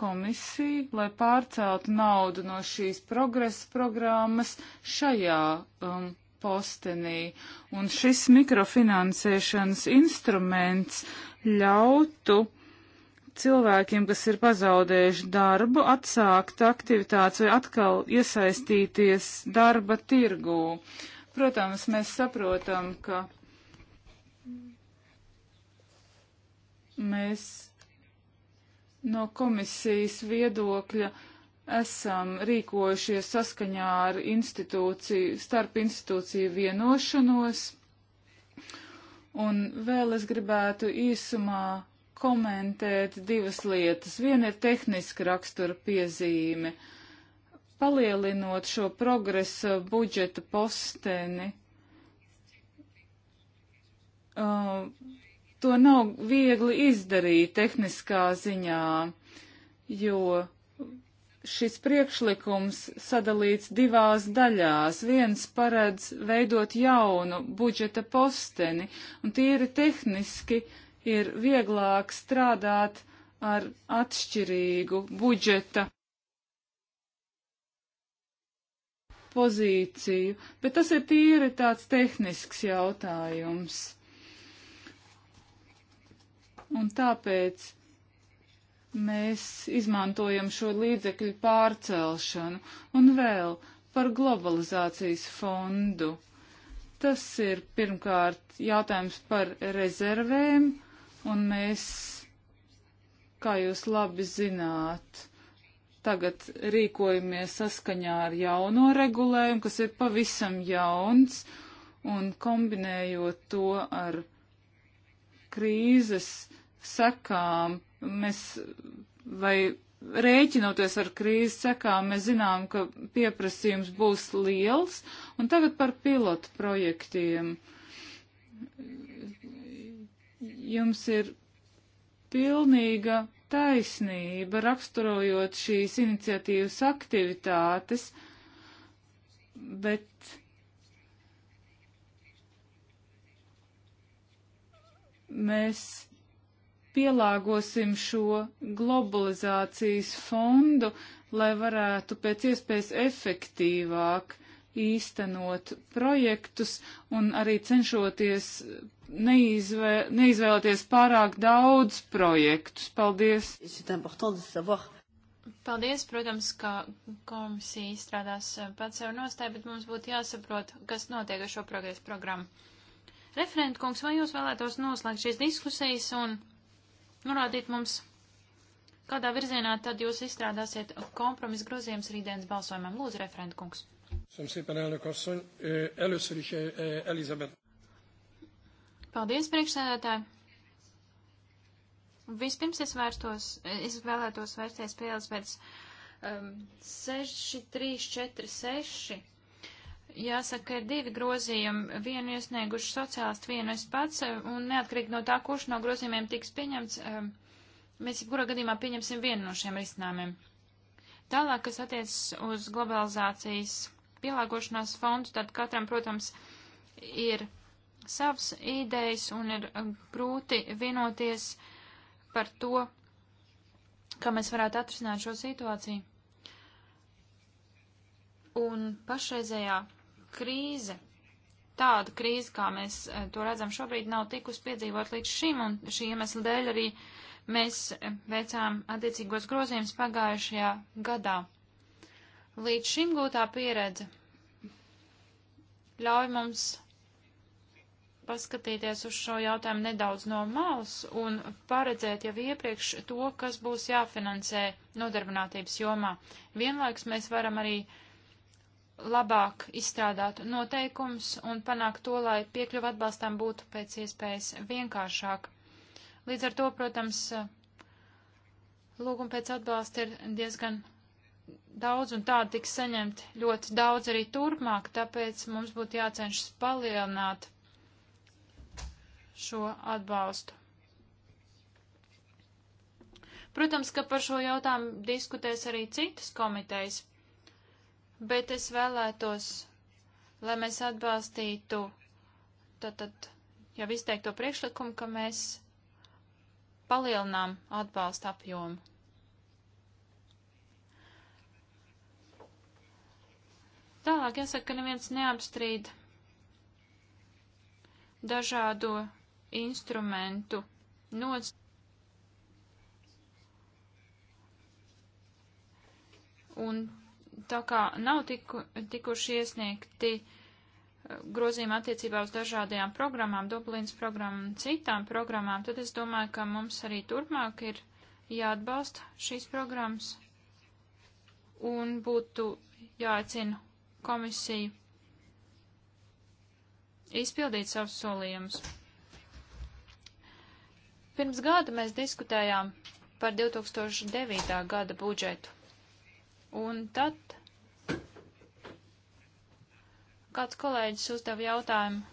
komisiju, lai pārceltu naudu no šīs progresa programmas šajā um, postenī. Un šis mikrofinansēšanas instruments ļautu cilvēkiem, kas ir pazaudējuši darbu, atsākt aktivitātes vai atkal iesaistīties darba tirgū. Protams, mēs saprotam, ka mēs no komisijas viedokļa esam rīkojušies saskaņā ar institūciju, starp institūciju vienošanos. Un vēl es gribētu īsumā komentēt divas lietas. Viena ir tehniska rakstura piezīme. Palielinot šo progresa budžeta posteni, uh, to nav viegli izdarīt tehniskā ziņā, jo šis priekšlikums sadalīts divās daļās. Viens paredz veidot jaunu budžeta posteni, un tīri tehniski ir vieglāk strādāt ar atšķirīgu budžeta pozīciju, bet tas ir tīri tāds tehnisks jautājums. Un tāpēc mēs izmantojam šo līdzekļu pārcelšanu un vēl par globalizācijas fondu. Tas ir pirmkārt jautājums par rezervēm, un mēs, kā jūs labi zināt, tagad rīkojamies saskaņā ar jauno regulējumu, kas ir pavisam jauns, un kombinējot to ar krīzes sekām Mēs vai rēķinoties ar krīzes sekām, mēs zinām, ka pieprasījums būs liels. Un tagad par pilotu projektiem. Jums ir pilnīga taisnība raksturojot šīs iniciatīvas aktivitātes, bet. Mēs pielāgosim šo globalizācijas fondu, lai varētu pēc iespējas efektīvāk īstenot projektus un arī cenšoties neizvē, neizvēlēties pārāk daudz projektus. Paldies! Paldies, protams, ka komisija izstrādās eh, pats sev nostāju, bet mums būtu jāsaprot, kas notiek ar šo progresu programmu. Referent kungs, vai jūs vēlētos noslēgt šīs diskusijas un norādīt mums, kādā virzienā tad jūs izstrādāsiet kompromisu grozījums rītdienas balsojumam. Lūdzu, referenta kungs. Eh, eh, eh, Paldies, priekšsēdētāji. Vispirms es, vērstos, es vēlētos vērsties pie Elizabetes um, 6346 Jāsaka, ir divi grozījumi, vienu iesnieguši sociālisti, vienu es pats, un neatkarīgi no tā, kurš no grozījumiem tiks pieņemts, mēs jebkurā gadījumā pieņemsim vienu no šiem risinājumiem. Tālāk, kas attiecas uz globalizācijas pielāgošanās fondu, tad katram, protams, ir savas idejas un ir grūti vienoties par to, kā mēs varētu atrisināt šo situāciju. Un pašreizējā krīze, tāda krīze, kā mēs eh, to redzam šobrīd, nav tikus piedzīvot līdz šim, un šī iemesla dēļ arī mēs eh, veicām attiecīgos grozījumus pagājušajā gadā. Līdz šim gūtā pieredze ļauj mums paskatīties uz šo jautājumu nedaudz no malas un paredzēt jau iepriekš to, kas būs jāfinansē nodarbinātības jomā. Vienlaiks mēs varam arī uh, labāk izstrādātu noteikumus un panākt to, lai piekļuva atbalstam būtu pēc iespējas vienkāršāk. Līdz ar to, protams, lūguma pēc atbalsta ir diezgan daudz un tādu tiks saņemt ļoti daudz arī turpmāk, tāpēc mums būtu jācenšas palielināt šo atbalstu. Protams, ka par šo jautājumu diskutēs arī citas komitejas, bet es vēlētos, lai mēs atbalstītu tātad jau izteikto priekšlikumu, ka mēs palielinām atbalsta apjomu. Tālāk jāsaka, ka neviens neapstrīd dažādo instrumentu nots. Un tā kā nav tiku, tikuši iesniegti eh, grozījumi attiecībā uz dažādajām programmām, Dublīnas programmu un citām programmām, tad es domāju, ka mums arī turpmāk ir jāatbalsta šīs programmas un būtu jāaicina komisiju izpildīt savus solījumus. Pirms gada mēs diskutējām par 2009. gada budžetu. Un tad kāds kolēģis uzdeva jautājumu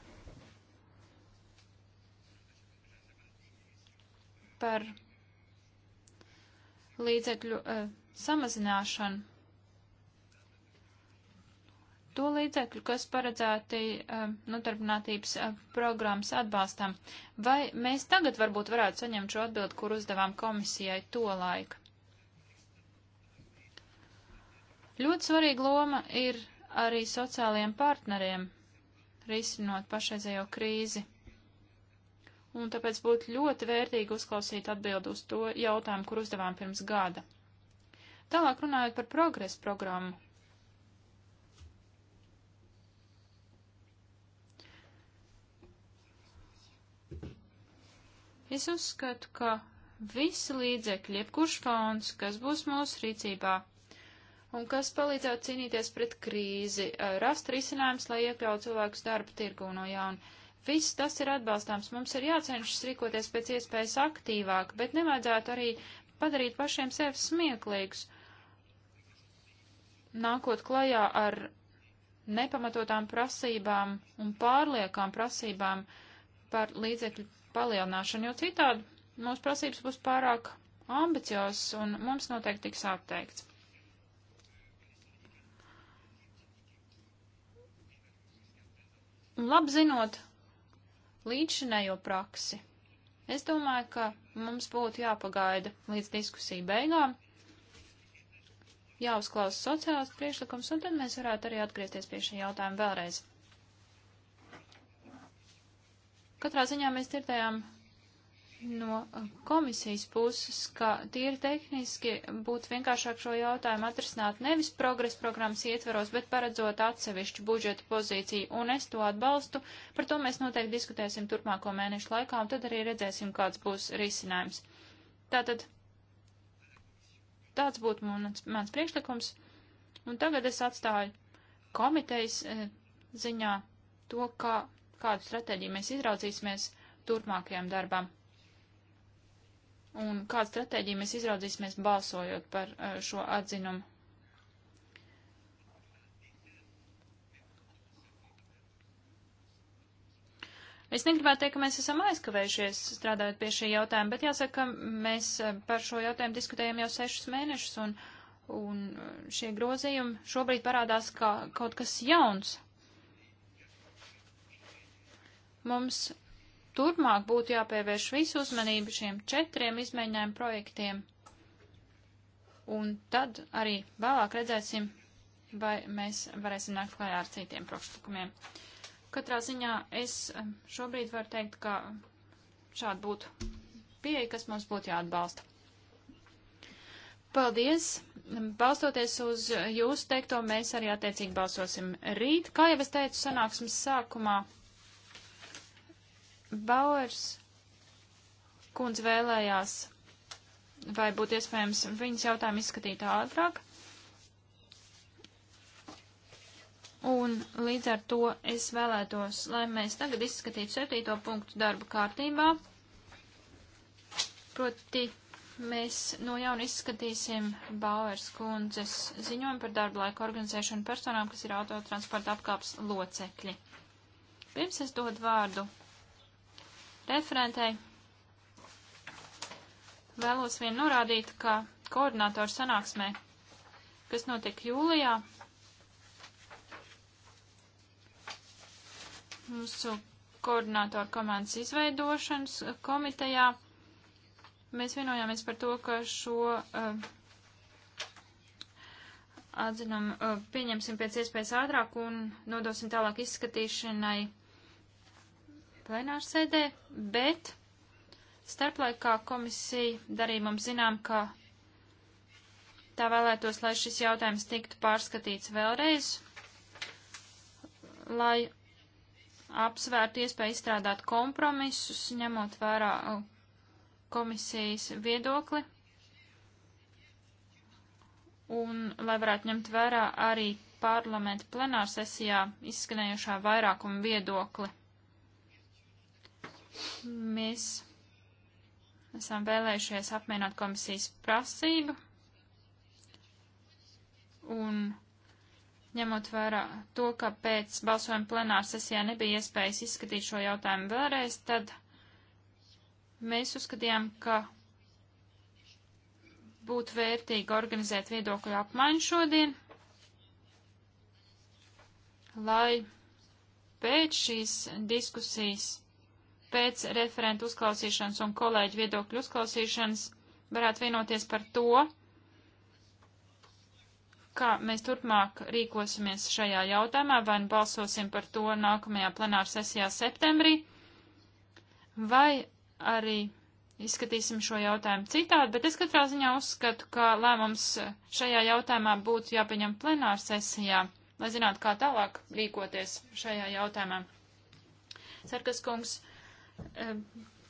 par līdzekļu uh, samazināšanu. To līdzekļu, kas paredzēti uh, nodarbinātības uh, programmas atbalstam. Vai mēs tagad varbūt varētu saņemt šo atbildi, kur uzdevām komisijai to laiku? Ļoti svarīga loma ir arī sociālajiem partneriem risinot pašreizējo krīzi. Un tāpēc būtu ļoti vērtīgi uzklausīt atbildi uz to jautājumu, kur uzdevām pirms gada. Tālāk runājot par progresu programmu. Es uzskatu, ka visi līdzekļi, jebkurš fonds, kas būs mūsu rīcībā, un kas palīdzētu cīnīties pret krīzi, eh, rast risinājums, lai iekļautu cilvēkus darba tirgu no jauna. Viss tas ir atbalstāms, mums ir jācenšas rīkoties pēc iespējas aktīvāk, bet nevajadzētu arī padarīt pašiem sevi smieklīgus, nākot klajā ar nepamatotām prasībām un pārliekām prasībām par līdzekļu palielināšanu, jo citādi mūsu prasības būs pārāk ambiciozas un mums noteikti tiks atteikts. Un labi zinot līdzšinējo praksi, es domāju, ka mums būtu jāpagaida līdz diskusiju beigām, jāuzklausa sociālās priekšlikums, un tad mēs varētu arī atgriezties pie šī jautājuma vēlreiz. Katrā ziņā mēs dzirdējām no uh, komisijas puses, ka tīri tehniski būtu vienkāršāk šo jautājumu atrisināt nevis progresa programmas ietveros, bet paredzot atsevišķu budžeta pozīciju, un es to atbalstu. Par to mēs noteikti diskutēsim turpmāko mēnešu laikā, un tad arī redzēsim, kāds būs risinājums. Tātad tāds būtu mans, mans priekšlikums, un tagad es atstāju komitejas e, ziņā to, kā, kādu stratēģiju mēs izraudzīsimies turpmākajam darbam un kādu stratēģiju mēs izraudzīsimies balsojot par e, šo atzinumu. Es negribētu teikt, ka mēs esam aizkavējušies strādājot pie šī jautājuma, bet jāsaka, ka mēs e, par šo jautājumu diskutējam jau sešus mēnešus, un, un e, šie grozījumi šobrīd parādās kā kaut kas jauns. Mums turpmāk būtu jāpievērš visu uzmanību šiem četriem izmēģinājumu projektiem. Un tad arī vēlāk redzēsim, vai mēs varēsim nākt klājā ar citiem priekšlikumiem. Katrā ziņā es eh, šobrīd varu teikt, ka šāda būtu pieeja, kas mums būtu jāatbalsta. Paldies! Balstoties uz jūsu teikto, mēs arī attiecīgi balsosim rīt. Kā jau es teicu sanāksmes sākumā, Bauers kundze vēlējās, vai būtu iespējams viņas jautājumu izskatīt ātrāk. Un līdz ar to es vēlētos, lai mēs tagad izskatītu septīto punktu darba kārtībā. Proti mēs no jauna izskatīsim Bauers kundzes ziņojumu par darba laika organizēšanu personām, kas ir autotransporta apkāps locekļi. Pirms es dodu vārdu referentei. Vēlos vien norādīt, ka koordinātoru sanāksmē, kas notiek jūlijā, mūsu koordinātoru komandas izveidošanas komitejā, mēs vienojāmies par to, ka šo uh, atzinumu uh, pieņemsim pēc iespējas ātrāk un nodosim tālāk izskatīšanai plenārsēdē, bet starplaikā komisija darīja mums zinām, ka tā vēlētos, lai šis jautājums tiktu pārskatīts vēlreiz, lai apsvērtu iespēju izstrādāt kompromisus, ņemot vērā uh, komisijas viedokli, un lai varētu ņemt vērā arī parlamenta plenārsesijā izskanējušā vairākuma viedokli. Mēs esam vēlējušies apmienot komisijas prasību un ņemot vērā to, ka pēc balsojuma plenāra sesijā nebija iespējas izskatīt šo jautājumu vēlreiz, tad mēs uzskatījām, ka būtu vērtīgi organizēt viedokļu apmaiņu šodien, lai pēc šīs diskusijas pēc referentu uzklausīšanas un kolēģu viedokļu uzklausīšanas varētu vienoties par to, kā mēs turpmāk rīkosimies šajā jautājumā, vai nu balsosim par to nākamajā plenāra sesijā septembrī, vai arī izskatīsim šo jautājumu citādi, bet es katrā ziņā uzskatu, ka lēmums šajā jautājumā būtu jāpieņem plenāra sesijā, lai zinātu, kā tālāk rīkoties šajā jautājumā. Sarkas kungs Ehm,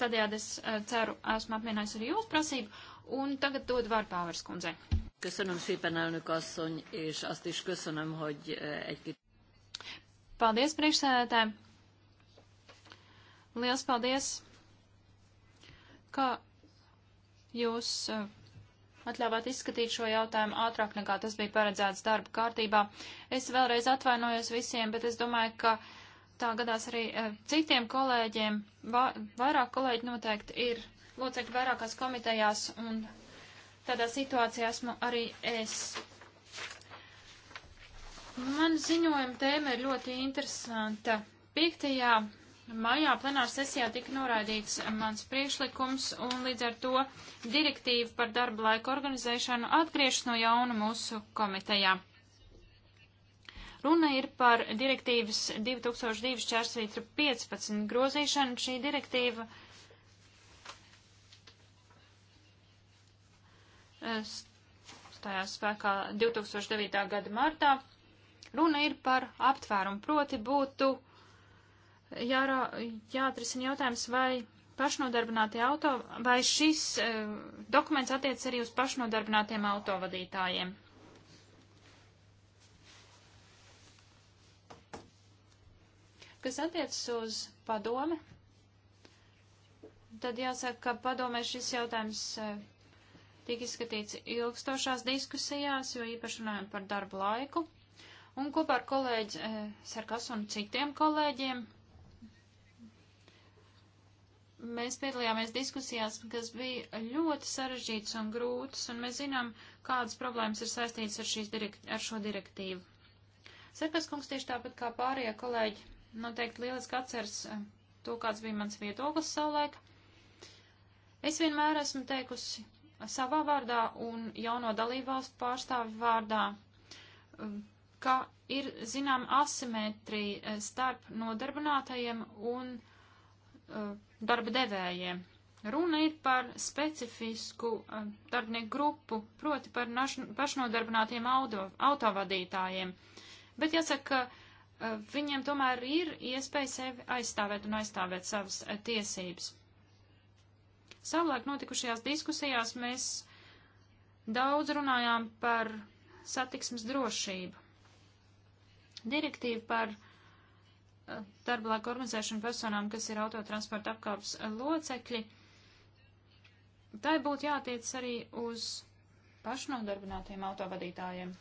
tādējādi es eh, ceru, esmu apmienājis arī jūsu prasību, un tagad dod vārdu Pāvers kundzei. Köszönöm szépen, elnök asszony, és azt is köszönöm, hogy eh, egy kicsit. Paldies, priekšsēdētāji! Liels paldies, ka jūs eh, atļāvāt izskatīt šo jautājumu ātrāk nekā tas bija paredzēts darba kārtībā. Es vēlreiz atvainojos visiem, bet es domāju, ka tā gadās arī eh, citiem kolēģiem. Va, vairāk kolēģi noteikti ir locekļi vairākās komitejās, un tādā situācijā esmu arī es. Man ziņojuma tēma ir ļoti interesanta. 5. maijā plenāra sesijā tika noraidīts mans priekšlikums, un līdz ar to direktīva par darba laika organizēšanu atgriežas no jauna mūsu komitejā. Runa ir par direktīvas 2002.4.15 grozīšanu. Šī direktīva eh, stājās spēkā 2009. gada martā. Runa ir par aptvērumu, proti būtu jārā, jāatrisina jautājums, vai pašnodarbinātie auto, vai šis eh, dokuments attiec arī uz pašnodarbinātiem autovadītājiem. Kas attiecas uz padome, tad jāsaka, ka padomē šis jautājums e, tika izskatīts ilgstošās diskusijās, jo īpaši runājam par darbu laiku. Un kopā ar kolēģi e, Sarkas un citiem kolēģiem mēs piedalījāmies diskusijās, kas bija ļoti sarežģītas un grūtas, un mēs zinām, kādas problēmas ir saistītas ar, direkt, ar šo direktīvu. Sarkas kungs tieši tāpat kā pārējie kolēģi noteikti lieliski atceras eh, to, kāds bija mans viedoklis savulaik. Es vienmēr esmu teikusi savā vārdā un jauno dalībvalstu pārstāvi vārdā, eh, ka ir zinām asimetrija eh, starp nodarbinātajiem un uh, darba devējiem. Runa ir par specifisku uh, darbinieku grupu, proti par naš, pašnodarbinātiem auto, autovadītājiem. Bet jāsaka, ka Eh, viņiem tomēr ir iespēja sevi aizstāvēt un aizstāvēt savas eh, tiesības. Savulaik notikušajās diskusijās mēs daudz runājām par satiksmes drošību. Direktīva par eh, darba laika organizēšanu personām, kas ir autotransporta apkalpas locekļi, tai būtu jātiec arī uz pašnodarbinātiem autovadītājiem.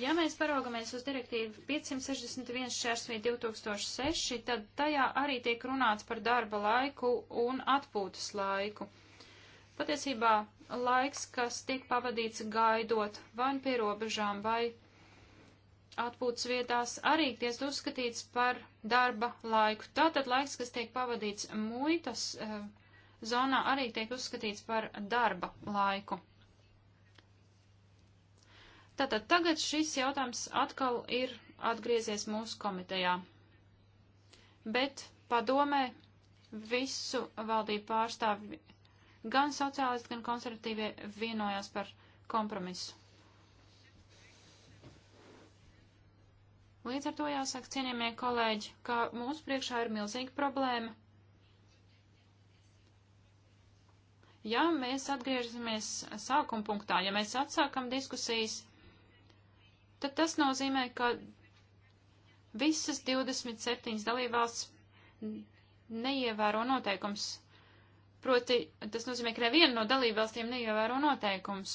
Ja mēs paraugamies uz direktīvu 561 šķērsvī 2006, tad tajā arī tiek runāts par darba laiku un atpūtas laiku. Patiesībā laiks, kas tiek pavadīts gaidot vai nu pie robežām vai atpūtas vietās, arī tiek uzskatīts par darba laiku. Tātad laiks, kas tiek pavadīts muitas eh, zonā, arī tiek uzskatīts par darba laiku. Tātad tagad šis jautājums atkal ir atgriezies mūsu komitejā. Bet padomē visu valdību pārstāvi, gan sociālisti, gan konservatīvie vienojās par kompromisu. Līdz ar to jāsaka, cienījamie kolēģi, ka mūsu priekšā ir milzīga problēma. Ja mēs atgriežamies sākuma punktā, ja mēs atsākam diskusijas, tad tas nozīmē, ka visas 27 dalībvalsts neievēro noteikums. Proti, tas nozīmē, ka neviena no dalībvalstīm neievēro noteikums.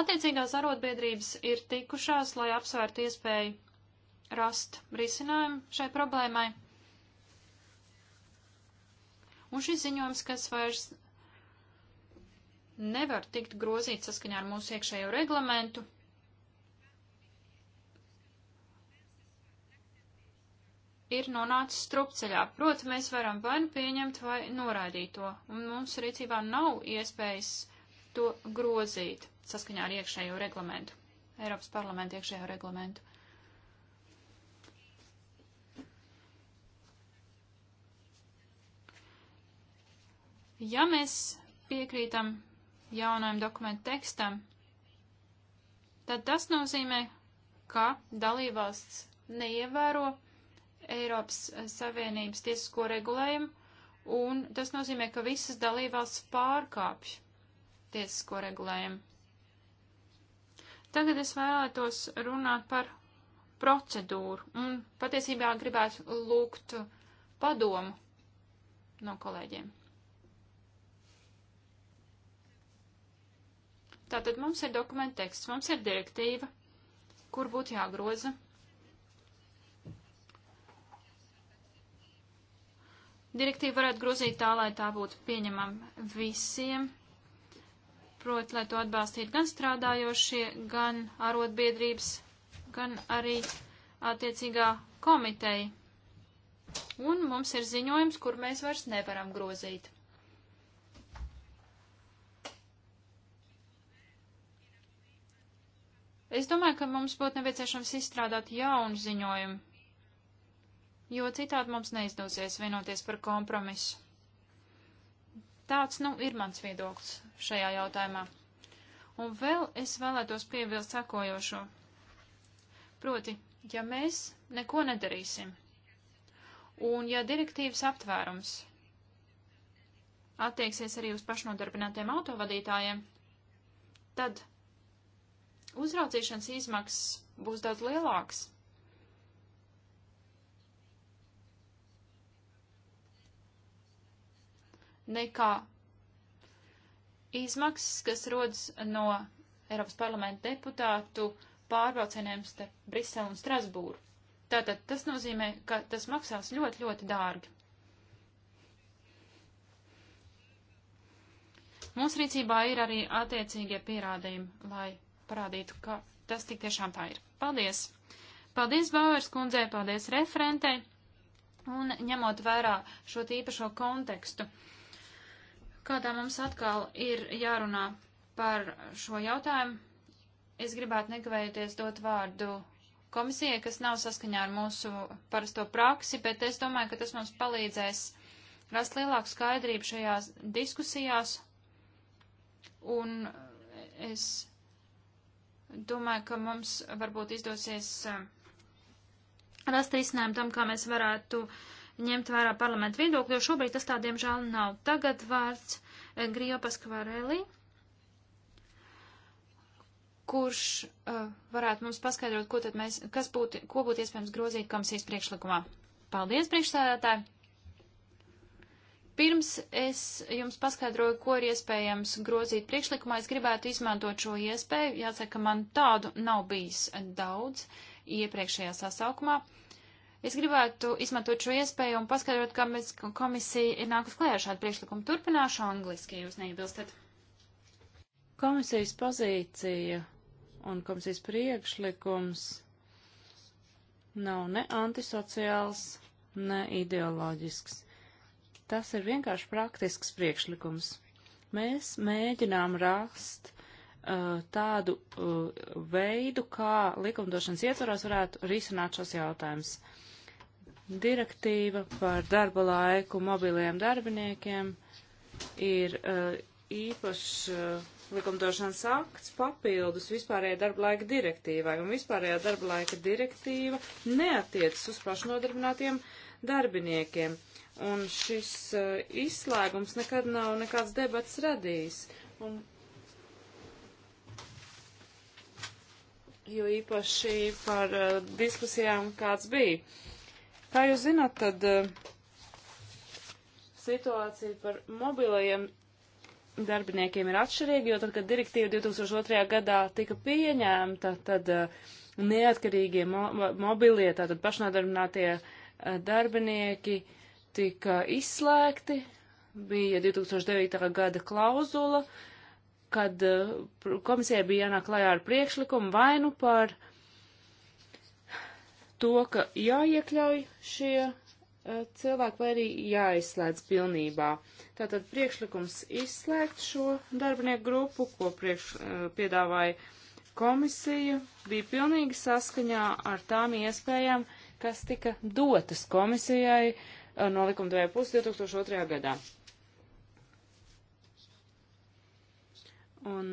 Attiecīgās arotbiedrības ir tikušās, lai apsvērtu iespēju rast risinājumu šai problēmai. Un šis ziņojums, kas vairs nevar tikt grozīts saskaņā ar mūsu iekšējo reglamentu. Ir nonācis strupceļā. Proti, mēs varam vai nu pieņemt, vai noraidīt to, un mums rīcībā nav iespējas to grozīt saskaņā ar iekšējo reglamentu, Eiropas parlamenta iekšējo reglamentu. Ja mēs piekrītam jaunajam dokumentu tekstam, tad tas nozīmē, ka dalībvalsts neievēro Eiropas Savienības tiesisko regulējumu, un tas nozīmē, ka visas dalībvalsts pārkāpj tiesisko regulējumu. Tagad es vēlētos runāt par procedūru, un patiesībā gribētu lūgt padomu no kolēģiem. Tātad mums ir dokumenta teksts, mums ir direktīva, kur būtu jāgroza. Direktīvu varētu grozīt tā, lai tā būtu pieņemama visiem, proti, lai to atbalstītu gan strādājošie, gan arotbiedrības, gan arī attiecīgā komiteja. Un mums ir ziņojums, kur mēs vairs nevaram grozīt. Es domāju, ka mums būtu nepieciešams izstrādāt jaunu ziņojumu, jo citādi mums neizdosies vienoties par kompromisu. Tāds, nu, ir mans viedoklis šajā jautājumā. Un vēl es vēlētos piebilst sakojošo. Proti, ja mēs neko nedarīsim, un ja direktīvas aptvērums attieksies arī uz pašnodarbinātiem autovadītājiem, tad uzraudzīšanas izmaksas būs daudz lielākas. nekā izmaksas, kas rodas no Eiropas parlamenta deputātu pārbraucieniem starp Briselu un Strasbūru. Tātad tas nozīmē, ka tas maksās ļoti, ļoti dārgi. Mūsu rīcībā ir arī attiecīgie pierādījumi, lai parādītu, ka tas tik tiešām tā ir. Paldies! Paldies Bauers kundzei, paldies referentei un ņemot vērā šo īpašo kontekstu, kādā mums atkal ir jārunā par šo jautājumu, es gribētu nekavējoties dot vārdu komisijai, kas nav saskaņā ar mūsu parasto praksi, bet es domāju, ka tas mums palīdzēs rast lielāku skaidrību šajās diskusijās. Un es Domāju, ka mums varbūt izdosies eh, rast risinājumu tam, kā mēs varētu ņemt vērā parlamentu viedokli, jo šobrīd tas tā diemžēl nav. Tagad vārds eh, Griopas Kvarelī, kurš uh, varētu mums paskaidrot, ko tad mēs, kas būtu, ko būtu iespējams grozīt komisijas priekšlikumā. Paldies, priekšsēdētāji! Pirms es jums paskaidroju, ko ir iespējams grozīt priekšlikumā, es gribētu izmantot šo iespēju. Jāsaka, man tādu nav bijis daudz iepriekšējā sasaukumā. Es gribētu izmantot šo iespēju un paskaidrot, kā mēs komisija ir nākus klējā šādu priekšlikumu. Turpināšu angliski, ja jūs neiebilstat. Komisijas pozīcija un komisijas priekšlikums nav ne antisociāls, ne ideoloģisks Tas ir vienkārši praktisks priekšlikums. Mēs mēģinām rast uh, tādu uh, veidu, kā likumdošanas ietvaros varētu risināt šos jautājumus. Direktīva par darba laiku mobiliem darbiniekiem ir uh, īpašs uh, likumdošanas akts papildus vispārējai darba laika direktīvai, un vispārējā darba laika direktīva neatiecas uz pašnodarbinātiem darbiniekiem. Uh, Un šis uh, izslēgums nekad nav nekāds debats radījis. Un, jo īpaši par uh, diskusijām kāds bija. Kā jūs zināt, tad uh, situācija par mobilajiem darbiniekiem ir atšķirīga, jo tad, kad direktīva 2002. gadā tika pieņēmta, tad uh, neatkarīgie mo mobilie, tātad pašnodarbinātie uh, darbinieki uh, tika izslēgti, bija 2009. gada klauzula, kad eh, komisijai bija jānāk klajā ar priekšlikumu vainu par to, ka jāiekļauj šie eh, cilvēki vai arī jāizslēdz pilnībā. Tātad priekšlikums izslēgt šo darbinieku grupu, ko priekš, eh, piedāvāja komisija, bija pilnīgi saskaņā ar tām iespējām, kas tika dotas komisijai uh, no likumdevēja puses 2002. gadā. Un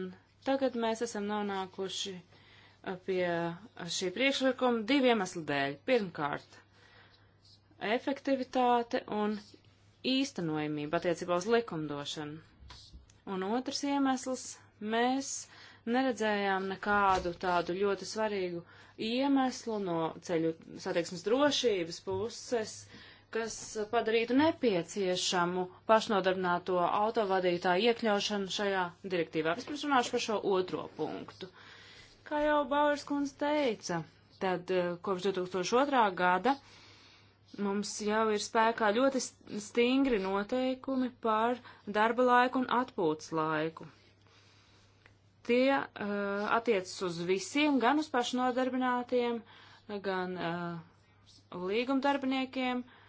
tagad mēs esam nonākuši uh, pie uh, šī priekšlikuma divi iemesli dēļ. Pirmkārt, efektivitāte un īstenojamība attiecībā uz likumdošanu. Un otrs iemesls - mēs neredzējām nekādu tādu ļoti svarīgu iemeslu no ceļu satiksmes drošības puses, uh, kas padarītu nepieciešamu pašnodarbināto autovadītāju iekļaušanu šajā direktīvā. Vispirms runāšu par šo otro punktu. Kā jau Bauers kundze teica, tad eh, kopš 2002. gada mums jau ir spēkā ļoti stingri noteikumi par darba laiku un atpūtas laiku. Tie uh, attiecas uz visiem, gan uz pašnodarbinātiem, gan uh, līgumdarbiniekiem, uh,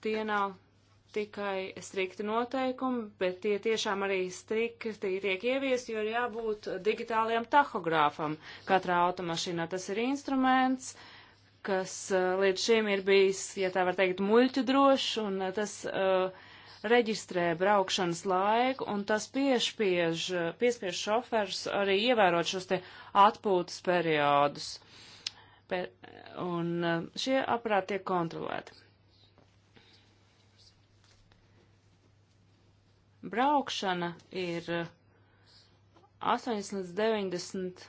tie nav tikai strikti noteikumi, bet tie tiešām arī strikti tiek ieviesti, jo ir jābūt digitālajam tahogrāfam katrā automašīnā. Tas ir instruments, kas uh, līdz šim ir bijis, ja tā var teikt, muļķu drošs, un uh, tas uh, reģistrē braukšanas laiku, un tas piespiež, uh, piespiež šoferus arī ievērot šos te atpūtas periodus. Pe un šie aparāti tiek kontrolēti. braukšana ir 80 eh, līdz 90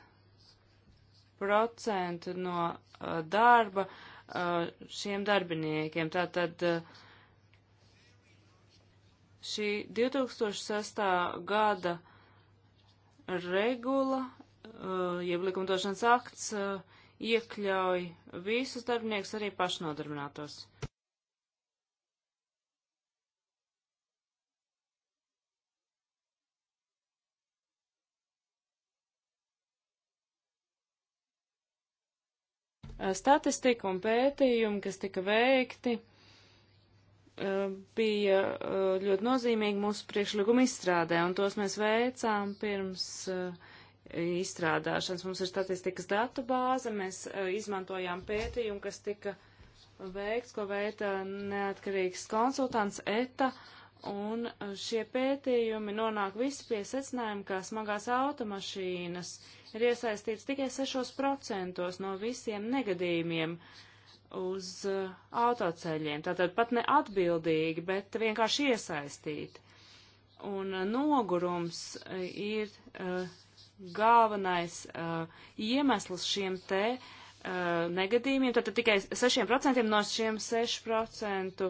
procentu no uh, darba uh, šiem darbiniekiem. Tātad uh, šī 2006. gada regula, jeb likumdošanas akts, iekļauj visus darbiniekus, arī pašnodarbinātos. Eh, Statistika un pētījumi, kas tika veikti, eh, bija eh, ļoti nozīmīgi mūsu priekšlikuma izstrādē, un tos mēs veicām pirms izstrādāšanas. Mums ir statistikas datu bāze, mēs izmantojām pētījumu, kas tika veikts, ko veita neatkarīgs konsultants ETA, uh, Un e, šie pētījumi nonāk visi pie secinājuma, ka smagās automašīnas ir iesaistīts tikai 6% no visiem negadījumiem uz uh, autoceļiem. Tātad pat ne atbildīgi, bet vienkārši iesaistīti. Un uh, nogurums uh, ir galvenais iemesls šiem te negadījumiem. Tātad tikai 6% no šiem 6%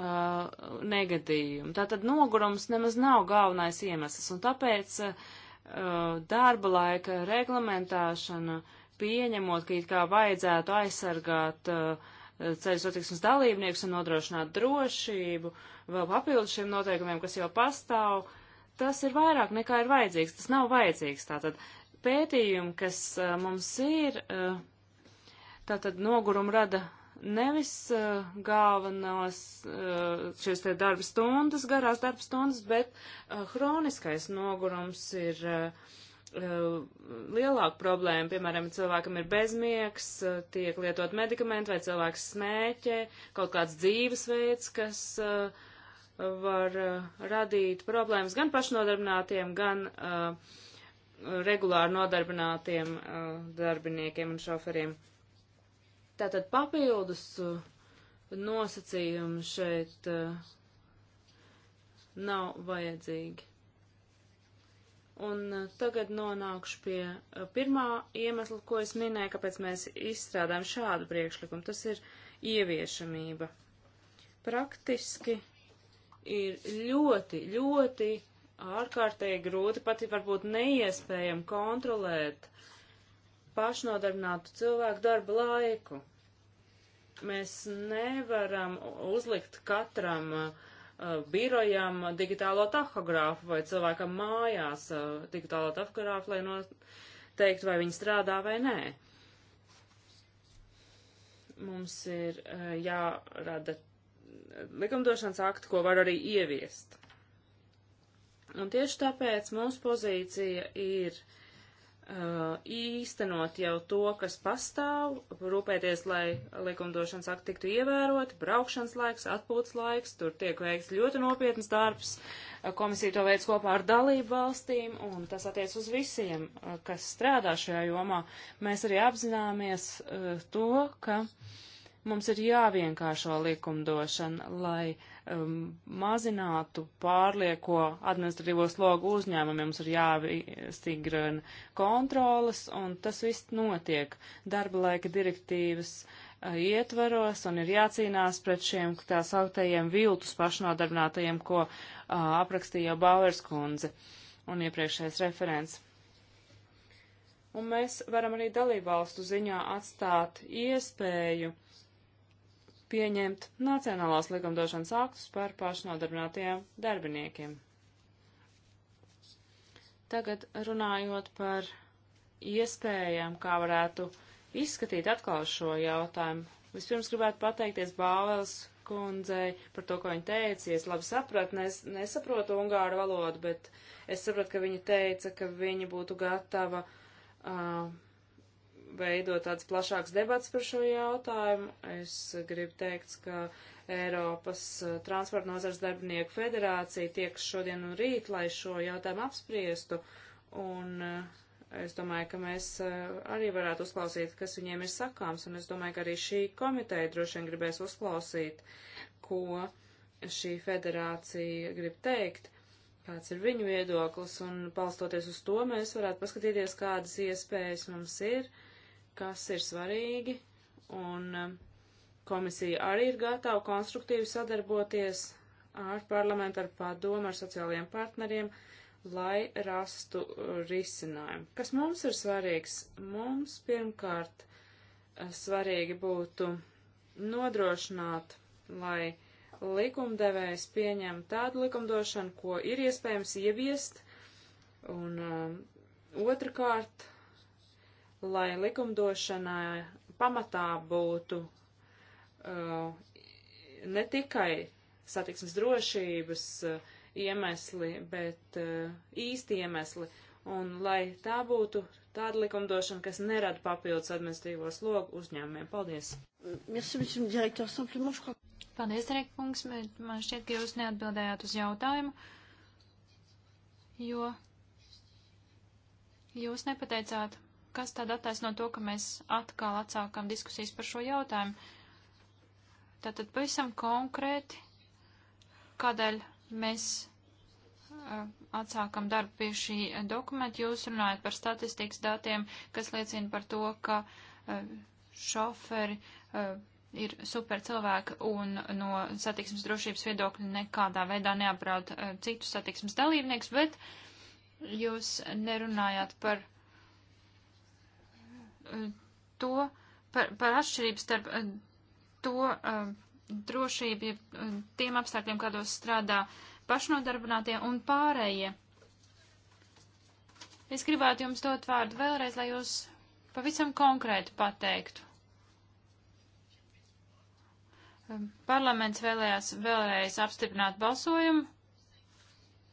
Uh, negadījumu. Tātad nogurums nemaz nav galvenais iemesls, un tāpēc uh, darba laika reglamentāšana, pieņemot, ka it kā vajadzētu aizsargāt uh, ceļu satiksmes dalībniekus un nodrošināt drošību, vēl papildus šiem noteikumiem, kas jau pastāv, tas ir vairāk nekā ir vajadzīgs. Tas nav vajadzīgs. Tātad pētījumi, kas uh, mums ir, uh, tātad nogurumu rada nevis uh, galvenās uh, šīs te darba stundas, garās darba stundas, bet uh, hroniskais nogurums ir lielāka problēma. Piemēram, cilvēkam ir bezmiegs, tiek lietot medikamenti vai cilvēks smēķē, kaut kāds dzīvesveids, kas var radīt problēmas gan pašnodarbinātiem, gan regulāri nodarbinātiem darbiniekiem un šoferiem. Tātad papildus uh, nosacījumi šeit uh, nav vajadzīgi. Un uh, tagad nonākšu pie pirmā iemesla, ko es minēju, kāpēc mēs izstrādājam šādu priekšlikumu. Tas ir ieviešamība. Praktiski ir ļoti, ļoti ārkārtīgi grūti, pat varbūt neiespējami kontrolēt pašnodarbinātu cilvēku darba laiku. Mēs nevaram uzlikt katram uh, uh birojam digitālo tahogrāfu vai cilvēkam mājās uh, digitālo tahogrāfu, lai noteiktu, vai viņi strādā vai nē. Mums ir uh, jārada uh, likumdošanas akti, ko var arī ieviest. Un tieši tāpēc mūsu pozīcija ir uh, Uh, īstenot jau to, kas pastāv, rūpēties, lai likumdošanas akti tiktu ievēroti, braukšanas laiks, atpūtas laiks, tur tiek veikts ļoti nopietnas darbs, uh, komisija to veids kopā ar dalību valstīm, un tas attiec uz visiem, uh, kas strādā šajā jomā. Mēs arī apzināmies to, ka mums ir jāvienkāršo likumdošana, lai uh, um, mazinātu pārlieko administratīvo slogu uzņēmumiem, mums ir jāstigrina kontrolas, un tas viss notiek darba laika direktīvas uh, ietvaros, un ir jācīnās pret šiem tā sauktajiem viltus pašnodarbinātajiem, ko uh, aprakstīja Bauers kundze un iepriekšējais referents. Un mēs varam arī dalībvalstu ziņā atstāt iespēju uh, pieņemt nacionālās likumdošanas aktus par pašnodarbinātajiem darbiniekiem. Tagad runājot par iespējām, kā varētu izskatīt atkal šo jautājumu. Vispirms gribētu pateikties Bāvēls kundzei par to, ko viņa teica. Es labi sapratu, nes, nesaprotu ungāru valodu, bet es sapratu, ka viņa teica, ka viņa būtu gatava uh, veidot tāds plašāks debats par šo jautājumu. Es gribu teikt, ka Eiropas eh, transporta nozars darbinieku federācija tiek šodien un rīt, lai šo jautājumu apspriestu. Un eh, es domāju, ka mēs eh, arī varētu uzklausīt, kas viņiem ir sakāms. Un es domāju, ka arī šī komiteja droši vien gribēs uzklausīt, ko šī federācija grib teikt kāds ir viņu viedoklis, un balstoties uz to mēs varētu paskatīties, kādas iespējas mums ir, kas ir svarīgi, un um, komisija arī ir gatava konstruktīvi sadarboties ar parlamentu, ar padomu, ar sociālajiem partneriem, lai rastu uh, risinājumu. Kas mums ir svarīgs? Mums pirmkārt uh, svarīgi būtu nodrošināt, lai likumdevējs pieņem tādu likumdošanu, ko ir iespējams ieviest, un um, otrkārt lai likumdošanā pamatā būtu uh, ne tikai satiksmes drošības uh, iemesli, bet uh, īsti iemesli, un lai tā būtu tāda likumdošana, kas nerada papildus administratīvo slogu uzņēmumiem. Paldies! Paldies, direktkungs, bet man šķiet, ka jūs neatbildējāt uz jautājumu, jo jūs nepateicāt kas tad attaisno to, ka mēs atkal atsākam diskusijas par šo jautājumu. Tātad pavisam konkrēti, kādēļ mēs uh, atsākam darbu pie šī dokumenta, jūs runājat par statistikas datiem, kas liecina par to, ka uh, šoferi uh, ir super cilvēki un no satiksmes drošības viedokļa nekādā veidā neapdraud citus satiksmes dalībniekus, bet jūs nerunājāt par to, par, par atšķirību starp eh, to eh, drošību, eh, tiem apstākļiem, kādos strādā pašnodarbinātie un pārējie. Es gribētu jums dot vārdu vēlreiz, lai jūs pavisam konkrēti pateiktu. Parlaments vēlējās vēlreiz apstiprināt balsojumu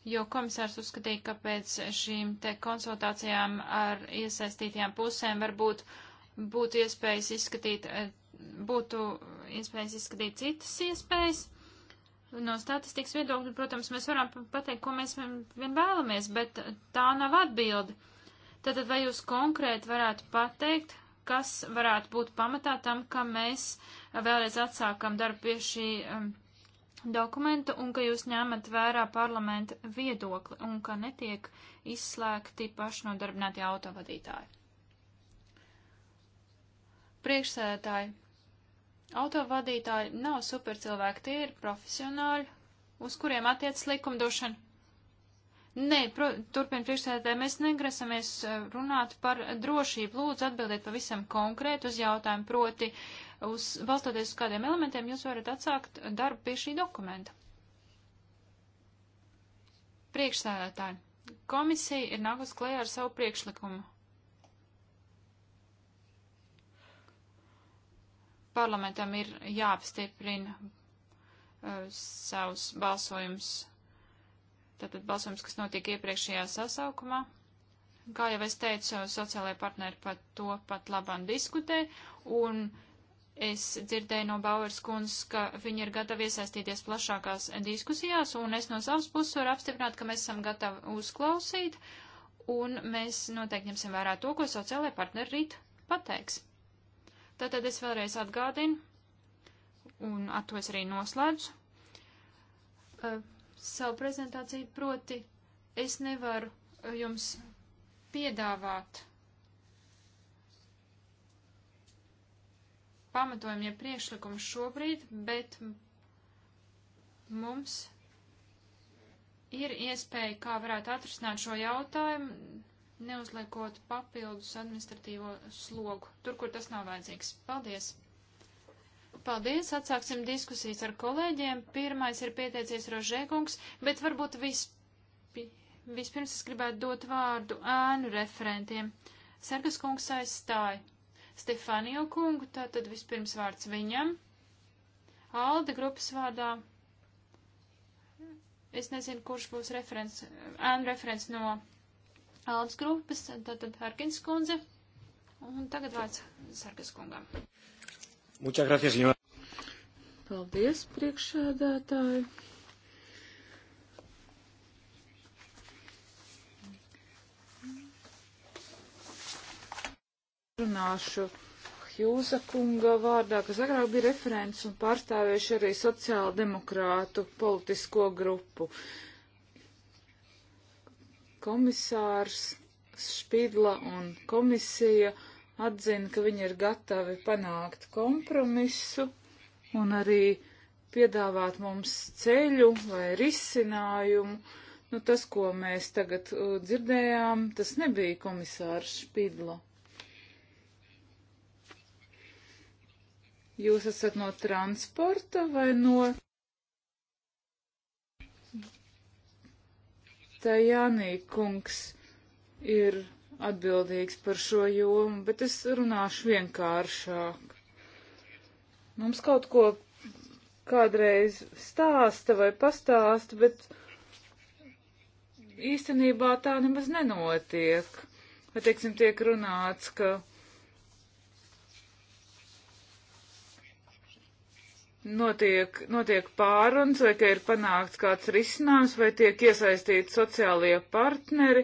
jo komisārs uzskatīja, ka pēc šīm te konsultācijām ar iesaistītajām pusēm varbūt būtu iespējas izskatīt, eh, būtu iespējas izskatīt citas iespējas. No statistikas viedokļa, protams, mēs varam pateikt, ko mēs vien vēlamies, bet tā nav atbildi. Tātad vai jūs konkrēti varētu pateikt, kas varētu būt pamatā tam, ka mēs vēlreiz atsākam darbu pie šī um, dokumentu un ka jūs ņemat vērā parlamenta viedokli un ka netiek izslēgti pašnodarbinātie autovadītāji. Priekšsēdētāji, autovadītāji nav supercilvēki, tie ir profesionāļi, uz kuriem attiec likumdošana. Nē, pro, turpin priekšsēdētāji, mēs negrasamies eh, runāt par drošību. Lūdzu, atbildiet pavisam konkrēti uz jautājumu proti. Uh, uz, balstoties uz kādiem elementiem, jūs varat atsākt darbu pie šī dokumenta. Priekšsēdētāji, komisija ir nākus klējā ar savu priekšlikumu. Parlamentam ir jāapstiprina uh, savus balsojums, tātad balsojums, kas notiek iepriekšējā sasaukumā, kā jau es teicu, sociālajie partneri par to pat labam diskutē, un Es dzirdēju no Bauers kundzes, ka viņi ir gatavi iesaistīties plašākās diskusijās, un es no savas puses varu apstiprināt, ka mēs esam gatavi uzklausīt, un mēs noteikti ņemsim vērā to, ko sociālai partneri rīt pateiks. Tātad es vēlreiz atgādinu, un ar to es arī noslēdzu uh, savu prezentāciju, proti es nevaru eh, jums piedāvāt pamatojumie priekšlikumi šobrīd, bet mums ir iespēja, kā varētu atrisināt šo jautājumu, neuzliekot papildus administratīvo slogu, tur, kur tas nav vajadzīgs. Paldies! Paldies! Atsāksim diskusijas ar kolēģiem. Pirmais ir pieteicies Rožēkungs, bet varbūt visp... vispirms es gribētu dot vārdu ēnu referentiem. Sergas kungs aizstāja. Stefanijo kungu, tātad vispirms vārds viņam. Alde grupas vārdā. Es nezinu, kurš būs referents, ēnu referents no Aldes grupas, tātad Harkins kundze. Un tagad vārds Sarkas kungam. Muchas gracias, señora. Paldies, priekšsēdētāji. runāšu Hjūza kunga vārdā, kas agrāk bija referents un pārstāvējuši arī sociāldemokrātu politisko grupu. Komisārs Špidla un komisija atzina, ka viņi ir gatavi panākt kompromisu un arī piedāvāt mums ceļu vai risinājumu. Nu, tas, ko mēs tagad uh, dzirdējām, tas nebija komisārs Špidla Jūs esat no transporta vai no. Tajānī kungs ir atbildīgs par šo jomu, bet es runāšu vienkāršāk. Mums kaut ko kādreiz stāsta vai pastāsta, bet īstenībā tā nemaz nenotiek. Vai, teiksim, tiek runāts, ka notiek, notiek pārunas, vai ka ir panākts kāds risinājums, vai tiek iesaistīti sociālie partneri,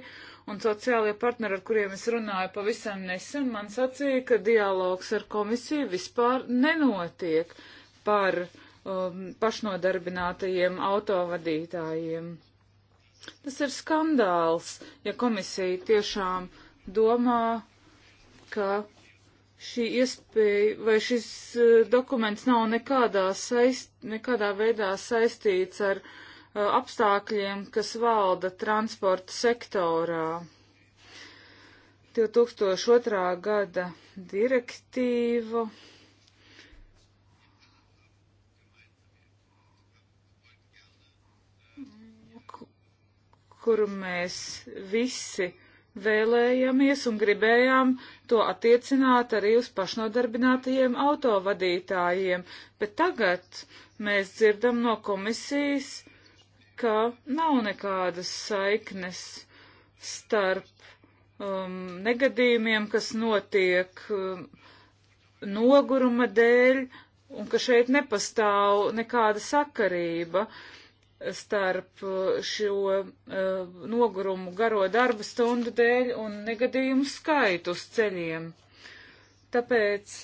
un sociālie partneri, ar kuriem es runāju pavisam nesen, man sacīja, ka dialogs ar komisiju vispār nenotiek par um, pašnodarbinātajiem autovadītājiem. Tas ir skandāls, ja komisija tiešām domā, ka šī iespēja vai šis eh, dokuments nav nekādā, saist, nekādā veidā saistīts ar uh, apstākļiem, kas valda transporta sektorā. 2002. gada direktīvu. kuru mēs visi vēlējamies un gribējām to attiecināt arī uz pašnodarbinātajiem autovadītājiem, bet tagad mēs dzirdam no komisijas, ka nav nekādas saiknes starp um, negadījumiem, kas notiek um, noguruma dēļ, un ka šeit nepastāv nekāda sakarība. Uh, starp uh, šo uh, nogurumu garo darba stundu dēļ un negadījumu skaitu uz ceļiem. Tāpēc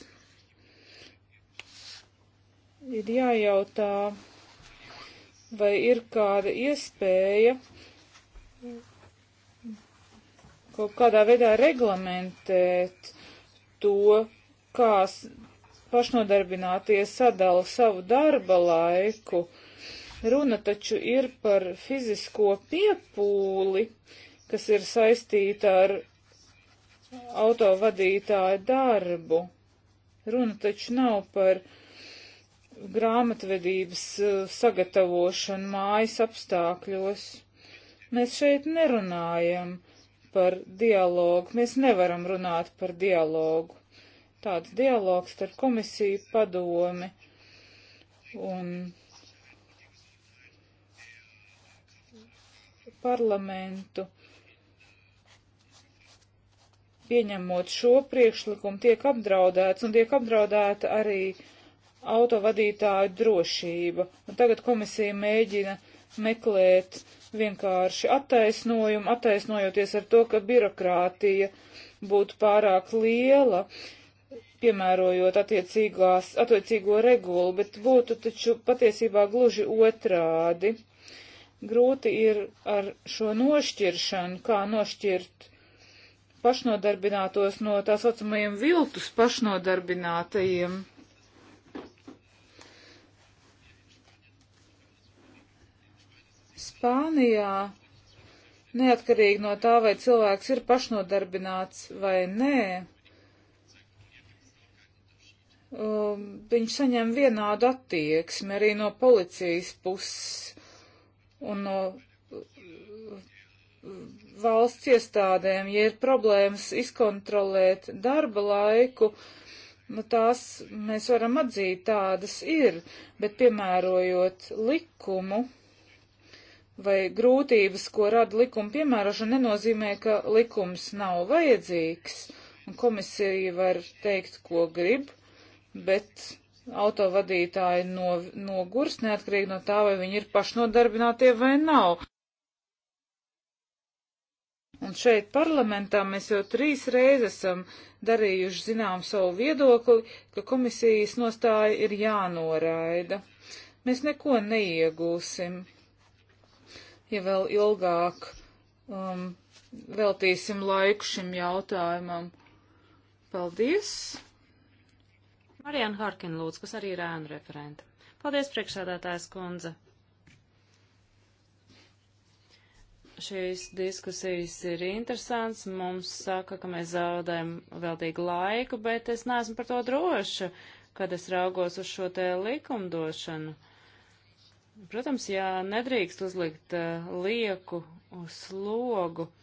ir jājautā, vai ir kāda iespēja kaut kādā veidā reglamentēt to, kā pašnodarbināties sadala savu darba laiku Runa taču ir par fizisko piepūli, kas ir saistīta ar autovadītāju darbu. Runa taču nav par grāmatvedības eh, sagatavošanu mājas apstākļos. Mēs šeit nerunājam par dialogu, mēs nevaram runāt par dialogu. Tāds dialogs starp komisiju padomi un parlamentu. Pieņemot šo priekšlikumu, tiek apdraudēts un tiek apdraudēta arī autovadītāju drošība. Un tagad komisija mēģina meklēt vienkārši attaisnojumu, attaisnojoties ar to, ka birokrātija būtu pārāk liela, piemērojot attiecīgās, attiecīgo regulu, bet būtu taču patiesībā gluži otrādi grūti ir ar šo nošķiršanu, kā nošķirt pašnodarbinātos no tā saucamajiem viltus pašnodarbinātajiem. Spānijā, neatkarīgi no tā, vai cilvēks ir pašnodarbināts vai nē, um, viņš saņem vienādu attieksmi arī no policijas puses un no uh, uh, valsts iestādēm, ja ir problēmas izkontrolēt darba laiku, nu tās mēs varam atzīt tādas ir, bet piemērojot likumu vai grūtības, ko rada likuma piemērošana, nenozīmē, ka likums nav vajadzīgs, un komisija var teikt, ko grib, bet autovadītāji no, nogurs, neatkarīgi no tā, vai viņi ir pašnodarbinātie vai nav. Un šeit parlamentā mēs jau trīs reizes esam darījuši zinām savu viedokli, ka komisijas nostāja ir jānoraida. Mēs neko neiegūsim, ja vēl ilgāk um, veltīsim laiku šim jautājumam. Paldies! Marijana Harkina lūdzu, kas arī ir ēnu referenta. Paldies, priekšsādātājs kundze. Šīs diskusijas ir interesants. Mums saka, ka mēs zaudējam veltīgu laiku, bet es neesmu par to droša, kad es raugos uz šo te likumdošanu. Protams, jā, nedrīkst uzlikt uh, lieku uz slogu. Uh,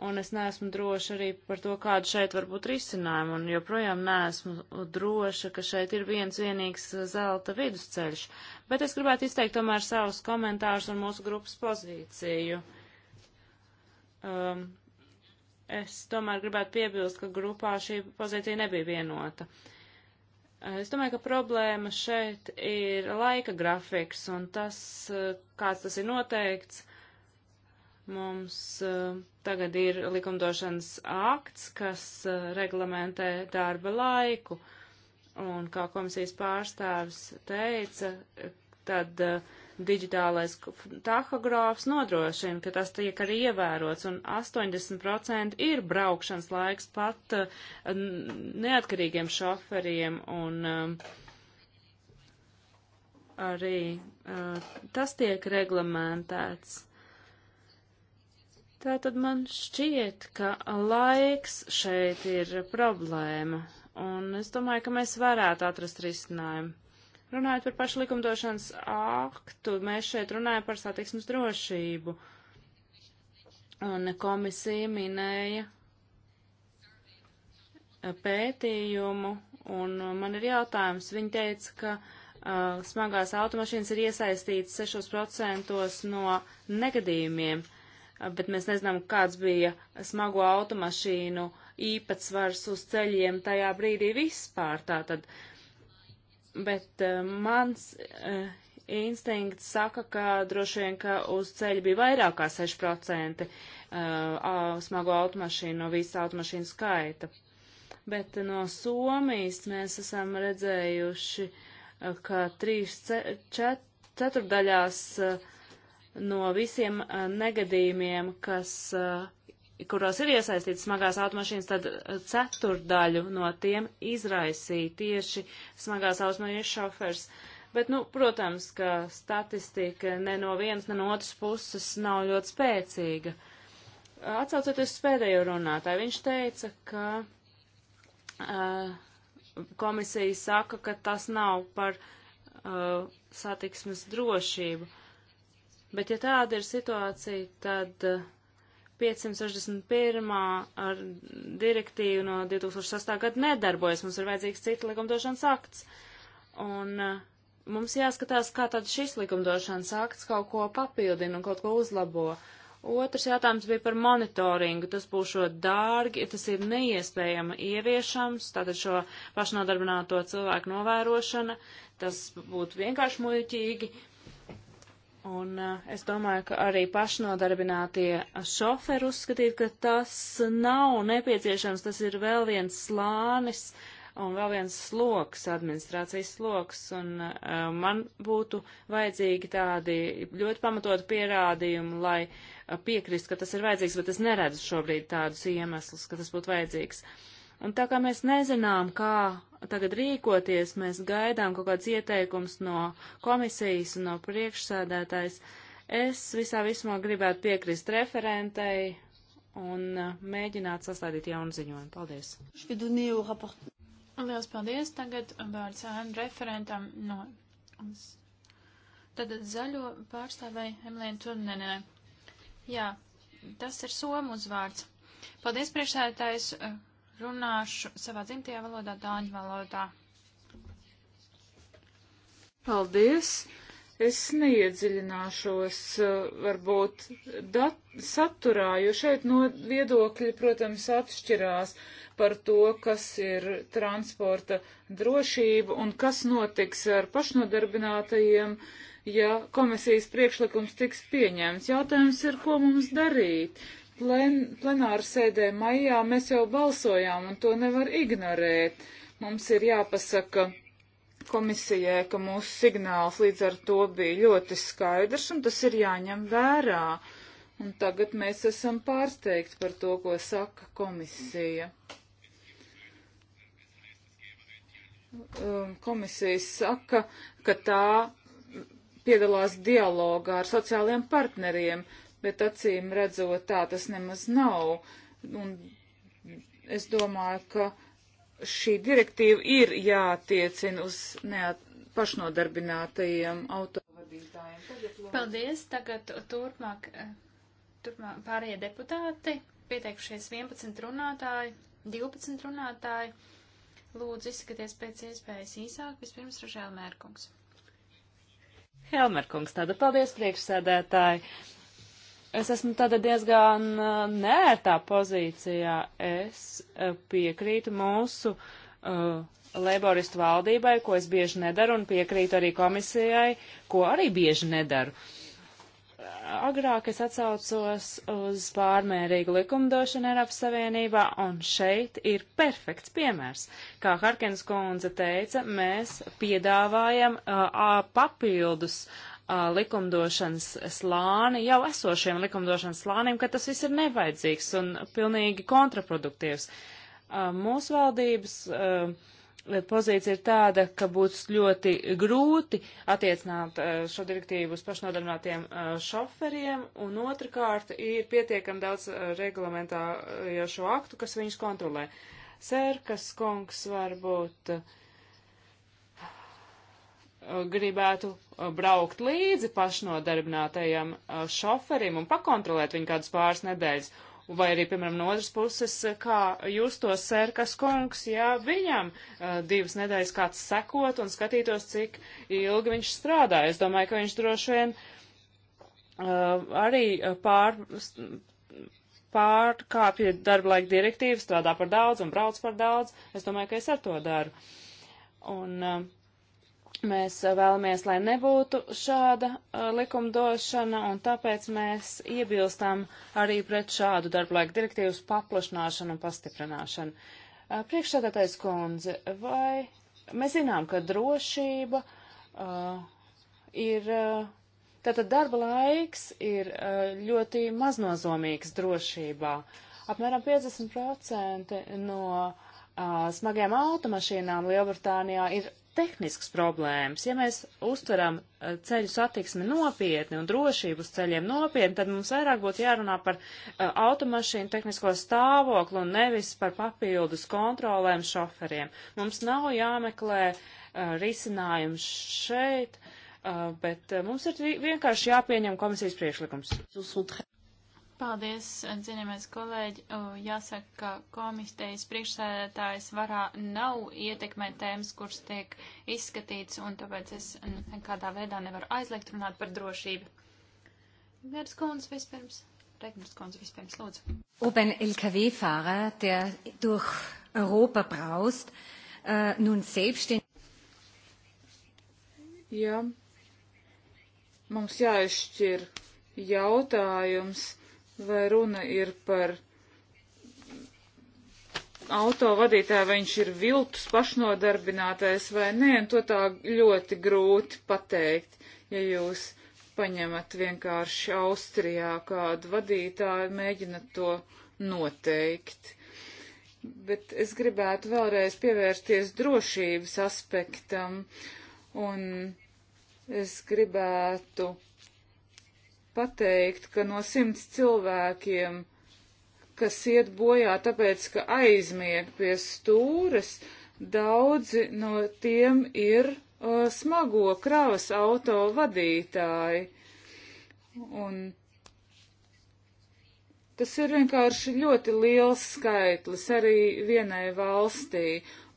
un es neesmu droša arī par to, kādu šeit var būt risinājumu, un joprojām neesmu droša, ka šeit ir viens vienīgs zelta vidusceļš. Bet es gribētu izteikt tomēr savus komentārus un mūsu grupas pozīciju. Um, es tomēr gribētu piebilst, ka grupā šī pozīcija nebija vienota. Uh, es domāju, ka problēma šeit ir laika grafiks un tas, uh, kāds tas ir noteikts. Uh, Mums uh, tagad ir likumdošanas akts, kas uh, reglamentē darba laiku, un kā komisijas pārstāvis teica, tad uh, digitālais tahogrāfs nodrošina, ka tas tiek arī ievērots, un 80% ir braukšanas laiks pat neatkarīgiem šoferiem, un arī tas tiek reglamentēts. Tātad man šķiet, ka laiks šeit ir problēma, un es domāju, ka mēs varētu atrast risinājumu. Runājot par pašu likumdošanas aktu, mēs šeit runājam par satiksmes drošību, un komisija minēja pētījumu, un man ir jautājums. Viņa teica, ka uh, smagās automašīnas ir iesaistītas 6% no negadījumiem. Uh, bet mēs nezinām, kāds bija smago automašīnu īpatsvars uz ceļiem tajā brīdī vispār. Tātad. Bet uh, mans uh, instinkts saka, ka droši vien, ka uz ceļa bija vairāk kā 6% uh, eh, smago automašīnu no visa automašīnu skaita. Bet no Somijas mēs esam redzējuši, ka 3 ceturdaļās uh, no visiem eh, negadījumiem, kas, eh, kuros ir iesaistīts smagās automašīnas, tad eh, ceturdaļu no tiem izraisīja tieši smagās automašīnas šofers. Bet, nu, protams, ka statistika ne no vienas, ne no otras puses nav ļoti spēcīga. Atcaucoties uz pēdējo runātāju, viņš teica, ka uh, komisija saka, ka tas nav par uh, satiksmes drošību. Bet ja tāda ir situācija, tad 561. Eh, ar direktīvu no 2006. gada nedarbojas. Mums ir vajadzīgs cita likumdošanas akts. Un eh, mums jāskatās, kā tad šis likumdošanas akts kaut ko papildina un kaut ko uzlabo. Otrs jautājums bija par monitoringu. Tas būs šo dārgi, tas ir neiespējama ieviešams, tātad šo pašnodarbināto cilvēku novērošana. Tas būtu vienkārši muļķīgi. Uh, Un es domāju, ka arī pašnodarbinātie šoferi uzskatīja, ka tas nav nepieciešams, tas ir vēl viens slānis un vēl viens sloks, administrācijas sloks, un uh, man būtu vajadzīgi tādi ļoti pamatot pierādījumi, lai uh, piekrist, ka tas ir vajadzīgs, bet es neredzu šobrīd tādus iemeslus, ka tas būtu vajadzīgs. Un tā kā mēs nezinām, kā tagad rīkoties, mēs gaidām kaut kāds ieteikums no komisijas un no priekšsēdētājs. Es visā vismā gribētu piekrist referentei un uh, mēģināt sastādīt jaunu ziņojumu. Paldies! Lielas paldies! Tagad vārds ēnu referentam no. Tad zaļo pārstāvēja Emilēna Turnenē. Jā, tas ir somu uzvārds. Paldies, priekšsēdētājs! runāšu savā dzimtajā valodā, dāņu valodā. Paldies! Es neiedziļināšos eh, varbūt dat, saturā, jo šeit no viedokļi, protams, atšķirās par to, kas ir transporta drošība un kas notiks ar pašnodarbinātajiem, ja komisijas priekšlikums tiks pieņemts. Jautājums ir, ko mums darīt? Plen, plenāra sēdē maijā mēs jau balsojām, un to nevar ignorēt. Mums ir jāpasaka komisijai, ka mūsu signāls līdz ar to bija ļoti skaidrs, un tas ir jāņem vērā. Un tagad mēs esam pārsteigti par to, ko saka komisija. Um, komisija saka, ka tā piedalās dialogā ar sociālajiem partneriem, bet acīm redzot tā tas nemaz nav. Un es domāju, ka šī direktīva ir jātiecina uz neat, pašnodarbinātajiem autovadītājiem. Paldies, tagad turpmāk, turpmāk pārējie deputāti, pieteikušies 11 runātāji, 12 runātāji. Lūdzu, izskaties pēc iespējas īsāk, vispirms Ražēl Mērkungs. Helmer kungs, tāda paldies priekšsēdētāji. Es esmu tāda diezgan uh, nērtā pozīcijā. Es uh, piekrītu mūsu uh, laboristu valdībai, ko es bieži nedaru, un piekrītu arī komisijai, ko arī bieži nedaru. Agrāk es atsaucos uz pārmērīgu likumdošanu Eiropas Savienībā, un šeit ir perfekts piemērs. Kā Harkins kundze teica, mēs piedāvājam uh, papildus uh, likumdošanas slāni, jau esošiem likumdošanas slāniem, ka tas viss ir nevajadzīgs un pilnīgi kontraproduktīvs. Mūsu valdības pozīcija ir tāda, ka būs ļoti grūti attiecināt šo direktīvu uz pašnodarbinātiem šoferiem, un otrkārt ir pietiekam daudz reglamentā jau šo aktu, kas viņus kontrolē. Sērkas kungs varbūt uh, Uh, gribētu uh, braukt līdzi pašnodarbinātajam uh, šoferim un pakontrolēt viņu kādas pāris nedēļas. Vai arī, piemēram, no otras puses, kā justos Sērkas kungs, ja viņam divas nedēļas kāds sekot un skatītos, cik ilgi viņš strādā. Es domāju, ka viņš droši vien arī pār, pārkāpja darba laika direktīvu, strādā par daudz un brauc par daudz. Es domāju, ka es ar to daru. Un uh, Mēs eh, vēlamies, lai nebūtu šāda uh, likumdošana, un tāpēc mēs iebilstam arī pret šādu darblaika direktīvas paplašināšanu un pastiprināšanu. Uh, eh, Priekšsēdētais kundze, vai mēs zinām, ka drošība uh, ir, tātad darba laiks ir ļoti maznozīmīgs drošībā. Apmēram 50% no smagajām automašīnām Lielbritānijā ir tehnisks problēmas. Ja mēs uztveram eh, ceļu satiksmi nopietni un drošību uz ceļiem nopietni, tad mums vairāk būtu jārunā par eh, automašīnu tehnisko stāvokli un nevis par papildus kontrolēm šoferiem. Mums nav jāmeklē eh, risinājums šeit, bet mums ir vienkārši jāpieņem komisijas priekšlikums. Paldies, cienījamais kolēģi. Jāsaka, ka komisijas priekšsēdētājs varā nav ietekmē tēmas, kuras tiek izskatīts, un tāpēc es nekādā veidā nevaru aizliegt runāt par drošību. Gers Kunds vispirms. Regners Kunds vispirms, lūdzu. Ob ein LKW-Fahrer, der durch Europa braust, äh, nun selbstständig. Ja, mums jāizšķir jautājums vai runa ir par autovadītāju, vai viņš ir viltus pašnodarbinātais vai nē, un to tā ļoti grūti pateikt, ja jūs paņemat vienkārši Austrijā kādu vadītāju, mēģinat to noteikt. Bet es gribētu vēlreiz pievērsties drošības aspektam, un es gribētu pateikt, ka no simts cilvēkiem, kas iet bojā tāpēc, ka aizmieg pie stūres, daudzi no tiem ir uh, smago kravas auto vadītāji. Un tas ir vienkārši ļoti liels skaitlis arī vienai valstī,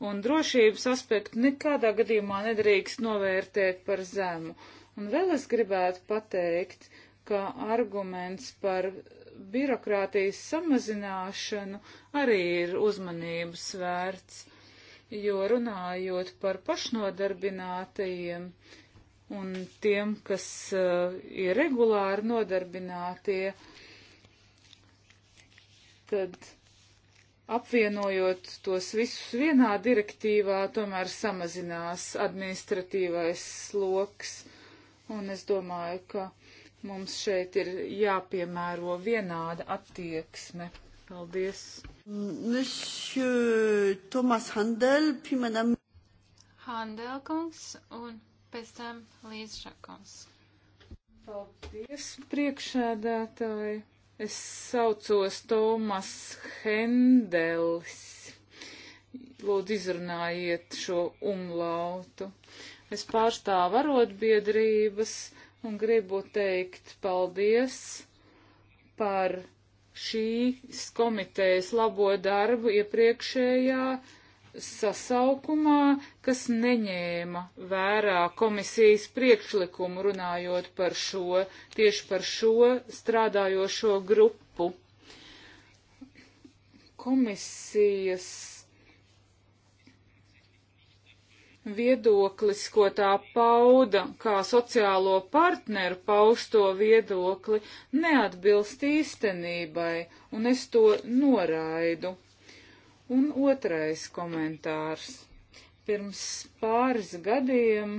un drošības aspektu nekādā gadījumā nedrīkst novērtēt par zemu. Un vēl es gribētu pateikt, uh, ka arguments par birokrātijas samazināšanu arī ir uzmanības vērts, jo runājot par pašnodarbinātajiem un tiem, kas uh, ir regulāri nodarbinātie, tad apvienojot tos visus vienā direktīvā, tomēr samazinās administratīvais sloks. Un es domāju, ka Mums šeit ir jāpiemēro vienāda attieksme. Paldies. Monsieur Tomas Handel, puis madame. Handelkungs un pēc tam Līdzšakungs. Paldies, priekšēdētāji. Es saucos Tomas Hendels. Lūdzu, izrunājiet šo umlautu. Es pārstāvu arotbiedrības un gribu teikt paldies par šīs komitejas labo darbu iepriekšējā sasaukumā, kas neņēma vērā komisijas priekšlikumu runājot par šo, tieši par šo strādājošo grupu. Komisijas viedoklis, ko tā pauda, kā sociālo partneru pausto viedokli, neatbilst īstenībai, un es to noraidu. Un otrais komentārs. Pirms pāris gadiem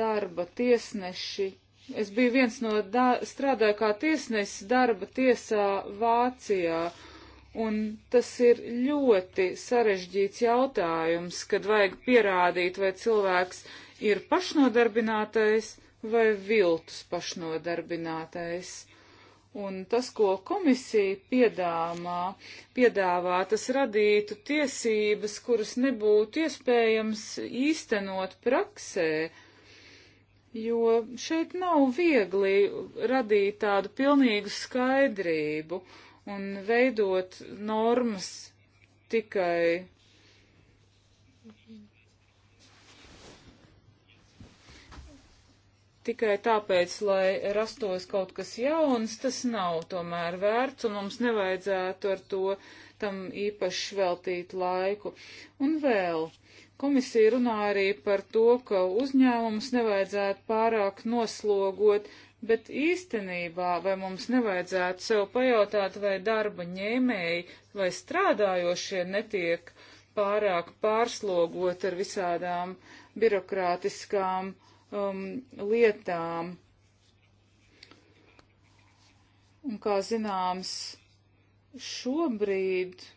darba tiesneši, es biju viens no, da, strādāju kā tiesnesis darba tiesā Vācijā, Un tas ir ļoti sarežģīts jautājums, kad vajag pierādīt, vai cilvēks ir pašnodarbinātais vai viltus pašnodarbinātais. Un tas, ko komisija piedāvā, piedāvā, tas radītu tiesības, kuras nebūtu iespējams īstenot praksē, jo šeit nav viegli radīt tādu pilnīgu skaidrību. Uh, un veidot normas tikai tikai tāpēc, lai rastos kaut kas jauns, tas nav tomēr vērts, un mums nevajadzētu ar to tam īpaši veltīt laiku. Un vēl, komisija runā arī par to, ka uzņēmums nevajadzētu pārāk noslogot Bet īstenībā, vai mums nevajadzētu sev pajautāt, vai darba ņēmēji vai strādājošie netiek pārāk pārslogot ar visādām birokrātiskām um, lietām? Un kā zināms, šobrīd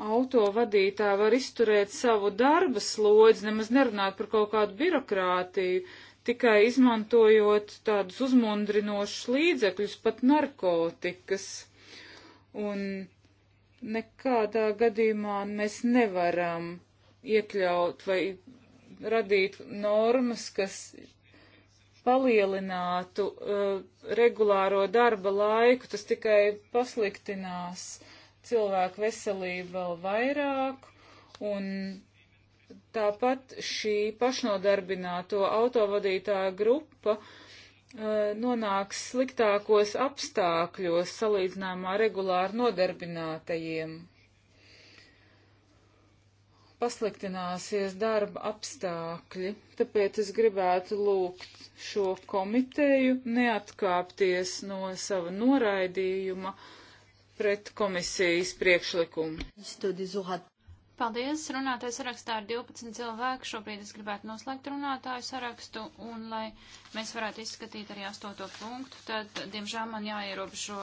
autovadītāji var izturēt savu darba slodzi, nemaz nerunāt par kaut kādu birokrātiju, tikai izmantojot tādus uzmundrinošus līdzekļus, pat narkotikas. Un nekādā gadījumā mēs nevaram iekļaut vai radīt normas, kas palielinātu uh, regulāro darba laiku, tas tikai pasliktinās cilvēku veselību vēl vairāk, un tāpat šī pašnodarbināto autovadītāja grupa uh, nonāks sliktākos apstākļos salīdzināmā regulāri nodarbinātajiem. Pasliktināsies darba apstākļi, tāpēc es gribētu lūgt šo komiteju neatkāpties no sava noraidījuma uh, pret komisijas priekšlikumu. Paldies, runātais sarakstā ar 12 cilvēku. Šobrīd es gribētu noslēgt runātāju sarakstu, un lai mēs varētu izskatīt arī 8. punktu, tad, diemžēl, man jāierobežo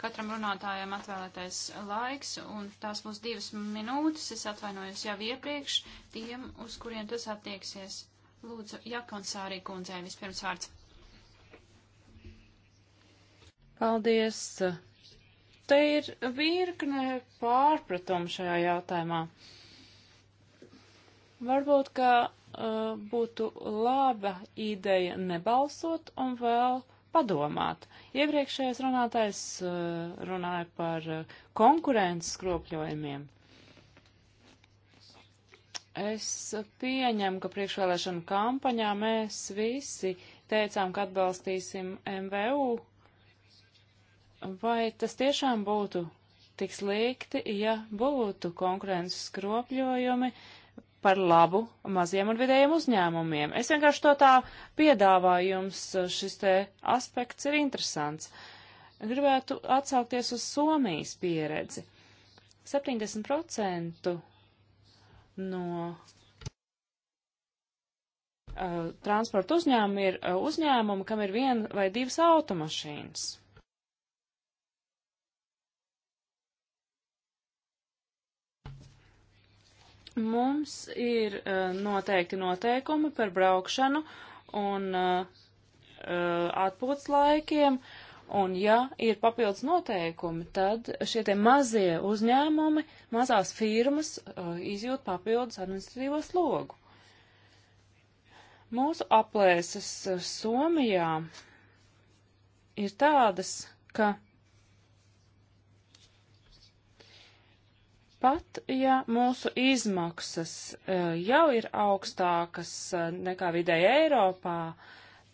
katram runātājam atvēlētais laiks, un tās būs divas minūtes. Es atvainojos jau iepriekš tiem, uz kuriem tas attieksies. Lūdzu, Jakonsārī kundzei vispirms vārds. Paldies, Te ir virkne pārpratumu šajā jautājumā. Varbūt, ka uh, būtu laba ideja nebalsot un vēl padomāt. Iepriekšējais runātais uh, runāja par uh, konkurences skropļojumiem. Es pieņemu, ka priekšvēlēšanu kampaņā mēs visi teicām, ka atbalstīsim MVU vai tas tiešām būtu tik slikti, ja būtu konkurences skropļojumi par labu maziem un vidējiem uzņēmumiem. Es vienkārši to tā piedāvāju jums, šis te aspekts ir interesants. Gribētu atsaukties uz Somijas pieredzi. 70% no uh, transporta uzņēmumi ir uh, uzņēmumi, kam ir viena vai divas automašīnas. Mums ir uh, noteikti noteikumi par braukšanu un uh, uh, atpūtas laikiem, un ja ir papildus noteikumi, tad šie tie mazie uzņēmumi, mazās firmas uh, izjūt papildus administratīvo slogu. Mūsu aplēses uh, Somijā ir tādas, ka Pat ja mūsu izmaksas e, jau ir augstākas e, nekā vidēji Eiropā,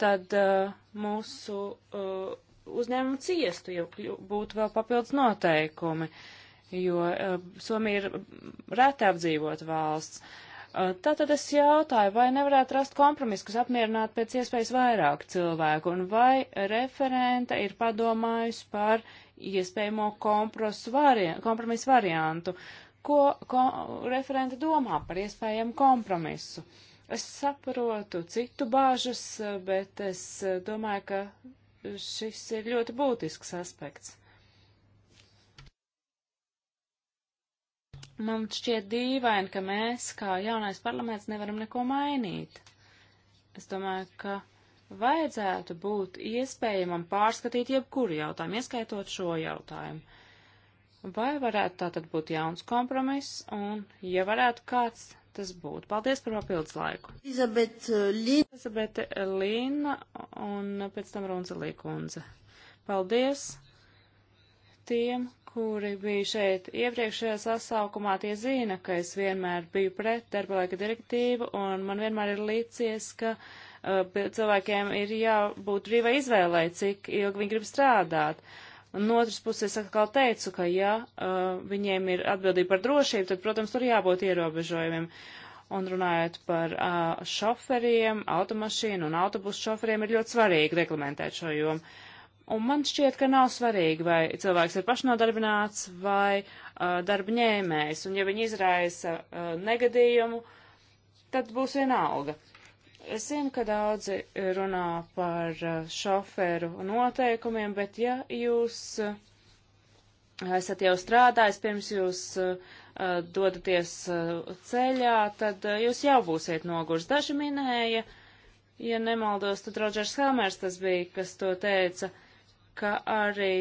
tad e, mūsu uzņēmumu ciestu, ja būtu vēl papildus noteikumi, jo Somija ir reti apdzīvot valsts. Tātad es jautāju, vai nevarētu rast kompromisu, kas apmierinātu pēc iespējas vairāk cilvēku, un vai referente ir padomājusi par iespējamo vari, kompromisu variantu. Ko, ko referenta domā par iespējamu kompromisu? Es saprotu citu bāžas, bet es domāju, ka šis ir ļoti būtisks aspekts. Man šķiet dīvaini, ka mēs, kā jaunais parlaments, nevaram neko mainīt. Es domāju, ka vajadzētu būt iespējamam pārskatīt jebkuru jautājumu, ieskaitot šo jautājumu. Vai varētu tātad būt jauns kompromiss, un, ja varētu, kāds tas būtu? Paldies par papildus laiku. Elizabete uh, Līna uh, un uh, pēc tam Runzelī kundze. Paldies tiem, kuri bija šeit iepriekšējā sasaukumā, tie zina, ka es vienmēr biju pret darba laika direktīvu, un man vienmēr ir līdzies, ka uh, cilvēkiem ir jābūt brīvai izvēlei, cik ilgi viņi grib strādāt. Un no otras puses atkal teicu, ka ja viņiem ir atbildība par drošību, tad, protams, tur jābūt ierobežojumiem. Un runājot par šoferiem, automašīnu un autobusu šoferiem, ir ļoti svarīgi reglamentēt šo jomu. Un man šķiet, ka nav svarīgi, vai cilvēks ir pašnodarbināts vai uh, darba ņēmējs, un ja viņi izraisa uh, negadījumu, tad būs viena alga. Es zinu, ka daudzi runā par eh, šoferu noteikumiem, bet ja jūs eh, esat jau strādājis, pirms jūs uh, dodaties uh, ceļā, tad uh, jūs jau būsiet nogurs. Daži minēja, ja nemaldos, tad Rodžers Helmers tas bija, kas to teica, ka arī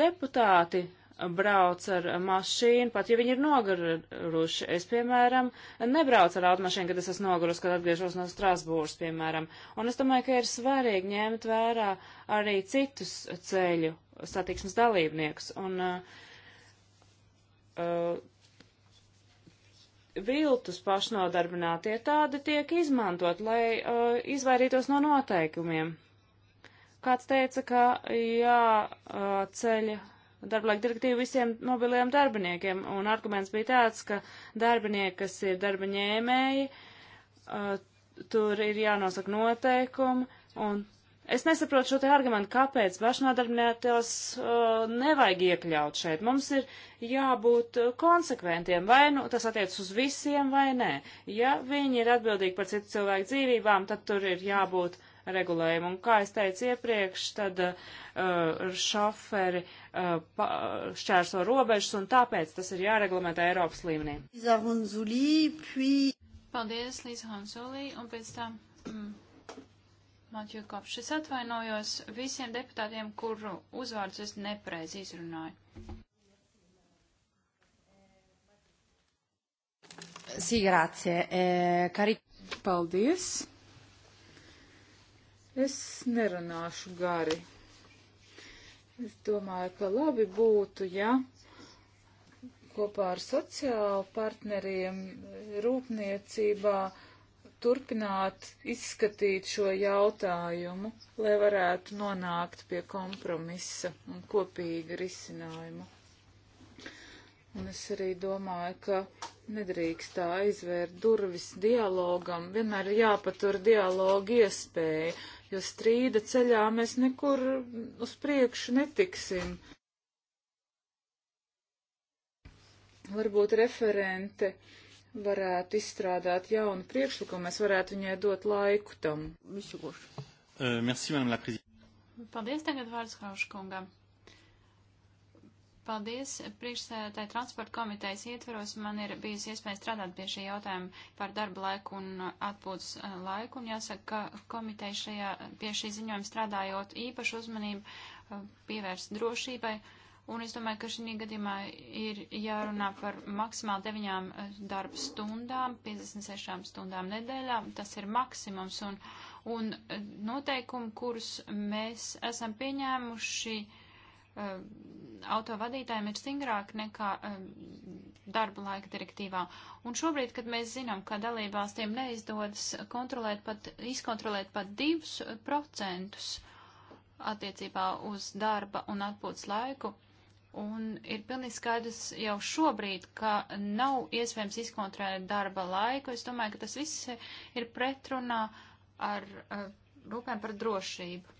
deputāti brauc ar mašīnu, pat ja viņi ir noguruši. Es, piemēram, nebraucu ar automašīnu, kad es esmu nogurusi, kad atgriežos no Strasbūras, piemēram. Un es domāju, ka ir svarīgi ņemt vērā arī citus ceļu satiksmes dalībniekus. Un, uh, uh, viltus pašnodarbinātie tādi tiek izmantot, lai uh, izvairītos no noteikumiem. Kāds teica, ka jāceļ. Uh, ceļa darblaika direktīvu visiem mobiliem darbiniekiem, un arguments bija tāds, ka darbinieki, kas ir darba ņēmēji, uh, tur ir jānosaka noteikumi, un Es nesaprotu šo te argumentu, kāpēc pašnodarbinātos uh, nevajag iekļaut šeit. Mums ir jābūt uh, konsekventiem, vai nu tas attiec uz visiem vai nē. Ja viņi ir atbildīgi par citu cilvēku dzīvībām, tad tur ir jābūt regulējumu. Un kā es teicu iepriekš, tad uh, šoferi uh, pa, šķērso robežas un tāpēc tas ir jāreglamentē Eiropas līmenī. Paldies, Līza Hanzulī, un pēc tam mm, Matju Kopš. Es atvainojos visiem deputātiem, kuru uzvārdus es nepreiz izrunāju. Sī, grācie. E, eh, kari... Paldies. Es nerunāšu gari. Es domāju, ka labi būtu, ja kopā ar sociālu partneriem rūpniecībā turpināt izskatīt šo jautājumu, lai varētu nonākt pie kompromisa un kopīga risinājuma. Un es arī domāju, ka nedrīkst tā aizvērt durvis dialogam, vienmēr jāpatur dialogu iespēju jo strīda ceļā mēs nekur uz priekšu netiksim. Varbūt referente varētu izstrādāt jaunu priekšlikumu, mēs varētu viņai dot laiku tam. Visu gošu. Uh, merci, Paldies tagad vārds Krauškungam. Paldies, priekšsēdētāji transporta komitejas ietveros. Man ir bijusi iespēja strādāt pie šī jautājuma par darba laiku un atpūtas eh, laiku. Un jāsaka, ka komiteja šajā, pie šī ziņojuma strādājot īpašu uzmanību eh, pievērst drošībai. Un es domāju, ka šī gadījumā ir jārunā par maksimāli deviņām eh, darba stundām, 56 stundām nedēļā. Tas ir maksimums un, un noteikumi, kurus mēs esam pieņēmuši. Uh, Um, autovadītājiem ir stingrāk nekā um, darba laika direktīvā. Un šobrīd, kad mēs zinām, ka dalībvalstīm neizdodas kontrolēt pat, izkontrolēt pat 2% attiecībā uz darba un atpūtas laiku, un ir pilnīgi skaidrs jau šobrīd, ka nav iespējams izkontrolēt darba laiku, es domāju, ka tas viss ir pretrunā ar uh, rūpēm par drošību.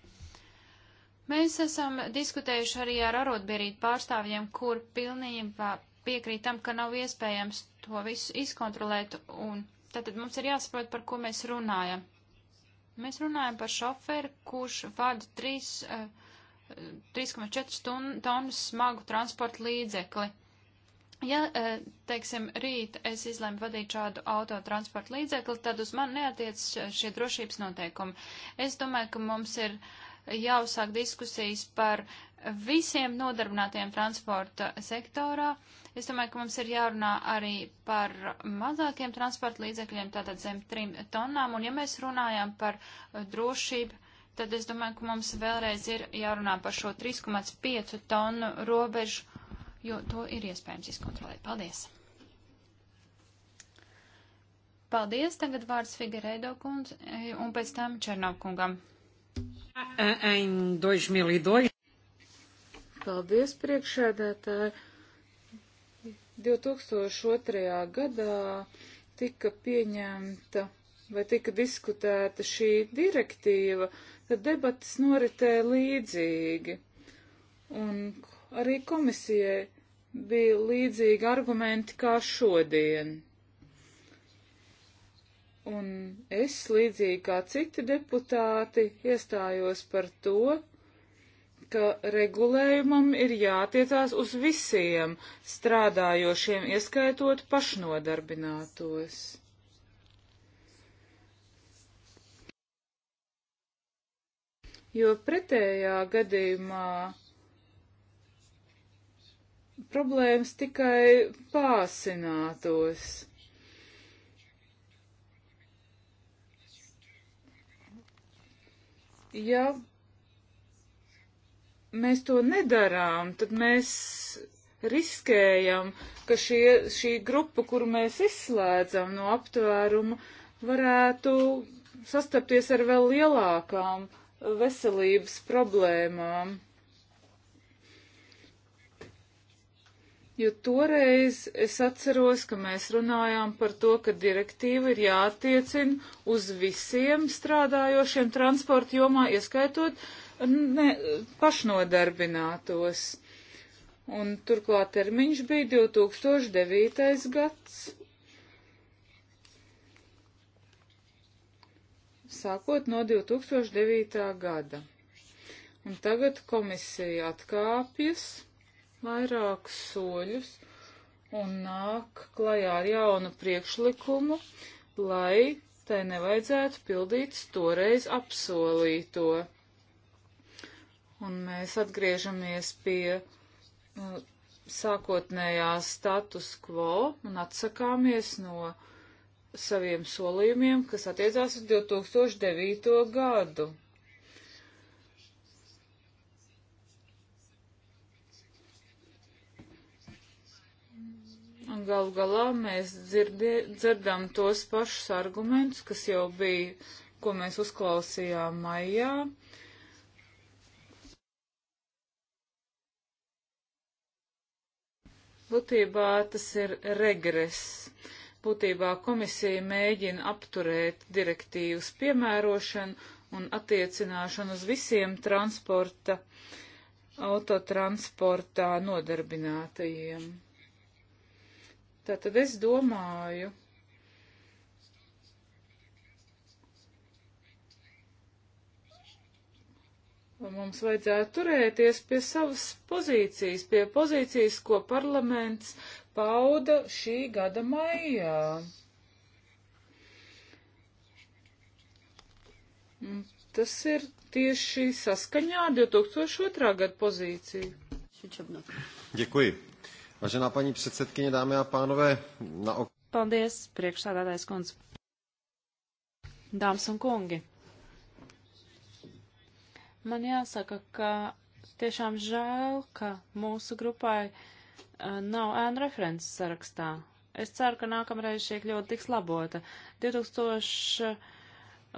Mēs esam diskutējuši arī ar arotbiedrību pārstāvjiem, kur pilnībā piekrīt tam, ka nav iespējams to visu izkontrolēt, un tātad mums ir jāsaprot, par ko mēs runājam. Mēs runājam par šoferi, kurš vada 3,4 eh, tonnas smagu transporta līdzekli. Ja, eh, teiksim, rīt es izlēmu vadīt šādu autotransporta līdzekli, tad uz mani neatiec šie drošības noteikumi. Es domāju, ka mums ir uh, jāuzsāk diskusijas par visiem nodarbinātiem transporta sektorā. Es domāju, ka mums ir jārunā arī par mazākiem transporta līdzekļiem, tātad zem trim tonnām. Un ja mēs runājam par drošību, tad es domāju, ka mums vēlreiz ir jārunā par šo 3,5 tonu robežu, jo to ir iespējams izkontrolēt. Paldies! Paldies, tagad vārds Figareido kundz e, un pēc tam Černavkungam. kungam em 2002. E Paldies, priekšēdētāji. 2002. gadā tika pieņemta vai tika diskutēta šī direktīva, tad debatas noritēja līdzīgi. Un arī komisijai bija līdzīgi argumenti kā šodien. Un es, līdzīgi kā citi deputāti, iestājos par to, ka regulējumam ir jātiecās uz visiem strādājošiem, ieskaitot pašnodarbinātos. Jo pretējā gadījumā problēmas tikai pāsinātos. Ja mēs to nedarām, tad mēs riskējam, ka šie, šī grupa, kuru mēs izslēdzam no aptvēruma, varētu sastapties ar vēl lielākām veselības problēmām. jo toreiz es atceros, ka mēs runājām par to, ka direktīva ir jātiecina uz visiem strādājošiem transporta jomā, ieskaitot ne, pašnodarbinātos. Un turklāt termiņš bija 2009. gads. Sākot no 2009. gada. Un tagad komisija atkāpjas vairākus soļus un nāk klajā ar jaunu priekšlikumu, lai tai nevajadzētu pildīt toreiz apsolīto. Un mēs atgriežamies pie uh, sākotnējā status quo un atsakāmies no saviem solījumiem, kas attiecās uz 2009. gadu. un gal galā mēs dzirdie, dzirdam tos pašus argumentus, kas jau bija, ko mēs uzklausījām maijā. Būtībā tas ir regress. Būtībā komisija mēģina apturēt direktīvas piemērošanu un attiecināšanu uz visiem transporta, autotransportā nodarbinātajiem. Tātad es domāju, Mums vajadzētu turēties pie savas pozīcijas, pie pozīcijas, ko parlaments pauda šī gada maijā. Tas ir tieši saskaņā 2002. gada pozīciju. Děkuji. Vážená paní předsedkyně, dámy a pánové, na ok... Paldies, priekšsādātājs kundze. Dāmas un kungi, man jāsaka, ka tiešām žēl, ka mūsu grupai uh, nav ēnu references sarakstā. Es ceru, ka nākamreiz šī kļūda tiks labota. 2002.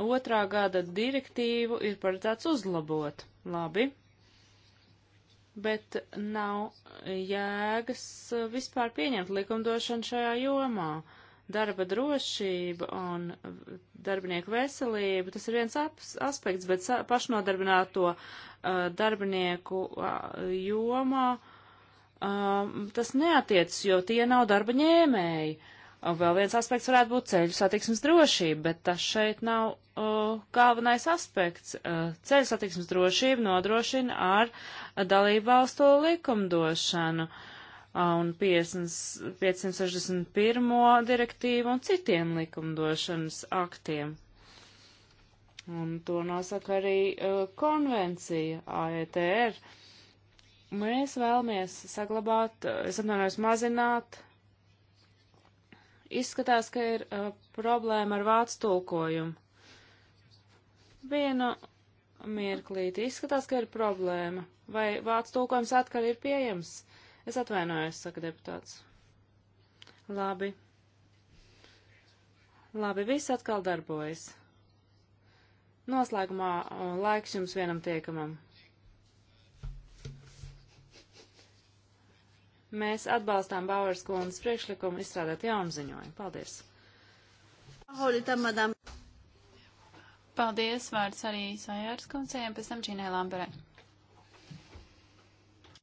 gada direktīvu ir paredzēts uzlabot. Labi, bet nav jēgas uh, vispār pieņemt likumdošanu šajā jomā. Darba drošība un darbinieku veselība, tas ir viens aspekts, bet pašnodarbināto uh, darbinieku uh, jomā uh, tas neatiecas, jo tie nav darba ņēmēji. Un vēl viens aspekts varētu būt ceļu satiksmes drošība, bet tas šeit nav uh, galvenais aspekts. Uh, ceļu satiksmes drošību nodrošina ar dalībvalstu likumdošanu un 50, 561. direktīvu un citiem likumdošanas aktiem. Un to nosaka arī uh, konvencija AETR. Mēs vēlamies saglabāt, es atvainojos, mazināt. Izskatās, ka ir uh, problēma ar vācu tulkojumu. Vienu mirklīti. Izskatās, ka ir problēma. Vai vācu tulkojums atkal ir pieejams? Es atvainojos, saka deputāts. Labi. Labi, viss atkal darbojas. Noslēgumā laiks jums vienam tiekamam. Mēs atbalstām Bauers kundas priekšlikumu izstrādāt jaunu ziņojumu. Paldies! Holita, madam. Paldies, vārds arī Sajārs kundzei, pēc tam Čīnai Lamberē.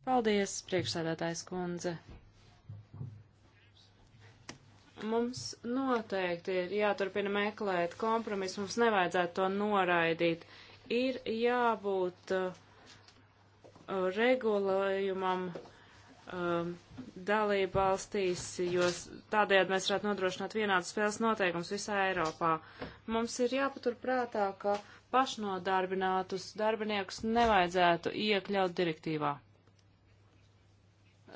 Paldies, priekšsēdētājs kundze. Mums noteikti ir jāturpina meklēt kompromisu, mums nevajadzētu to noraidīt. Ir jābūt uh, regulējumam uh, um, dalību valstīs, jo tādējādi mēs varētu nodrošināt vienādas spēles noteikums visā Eiropā. Mums ir jāpatur prātā, ka pašnodarbinātus darbiniekus nevajadzētu iekļaut direktīvā.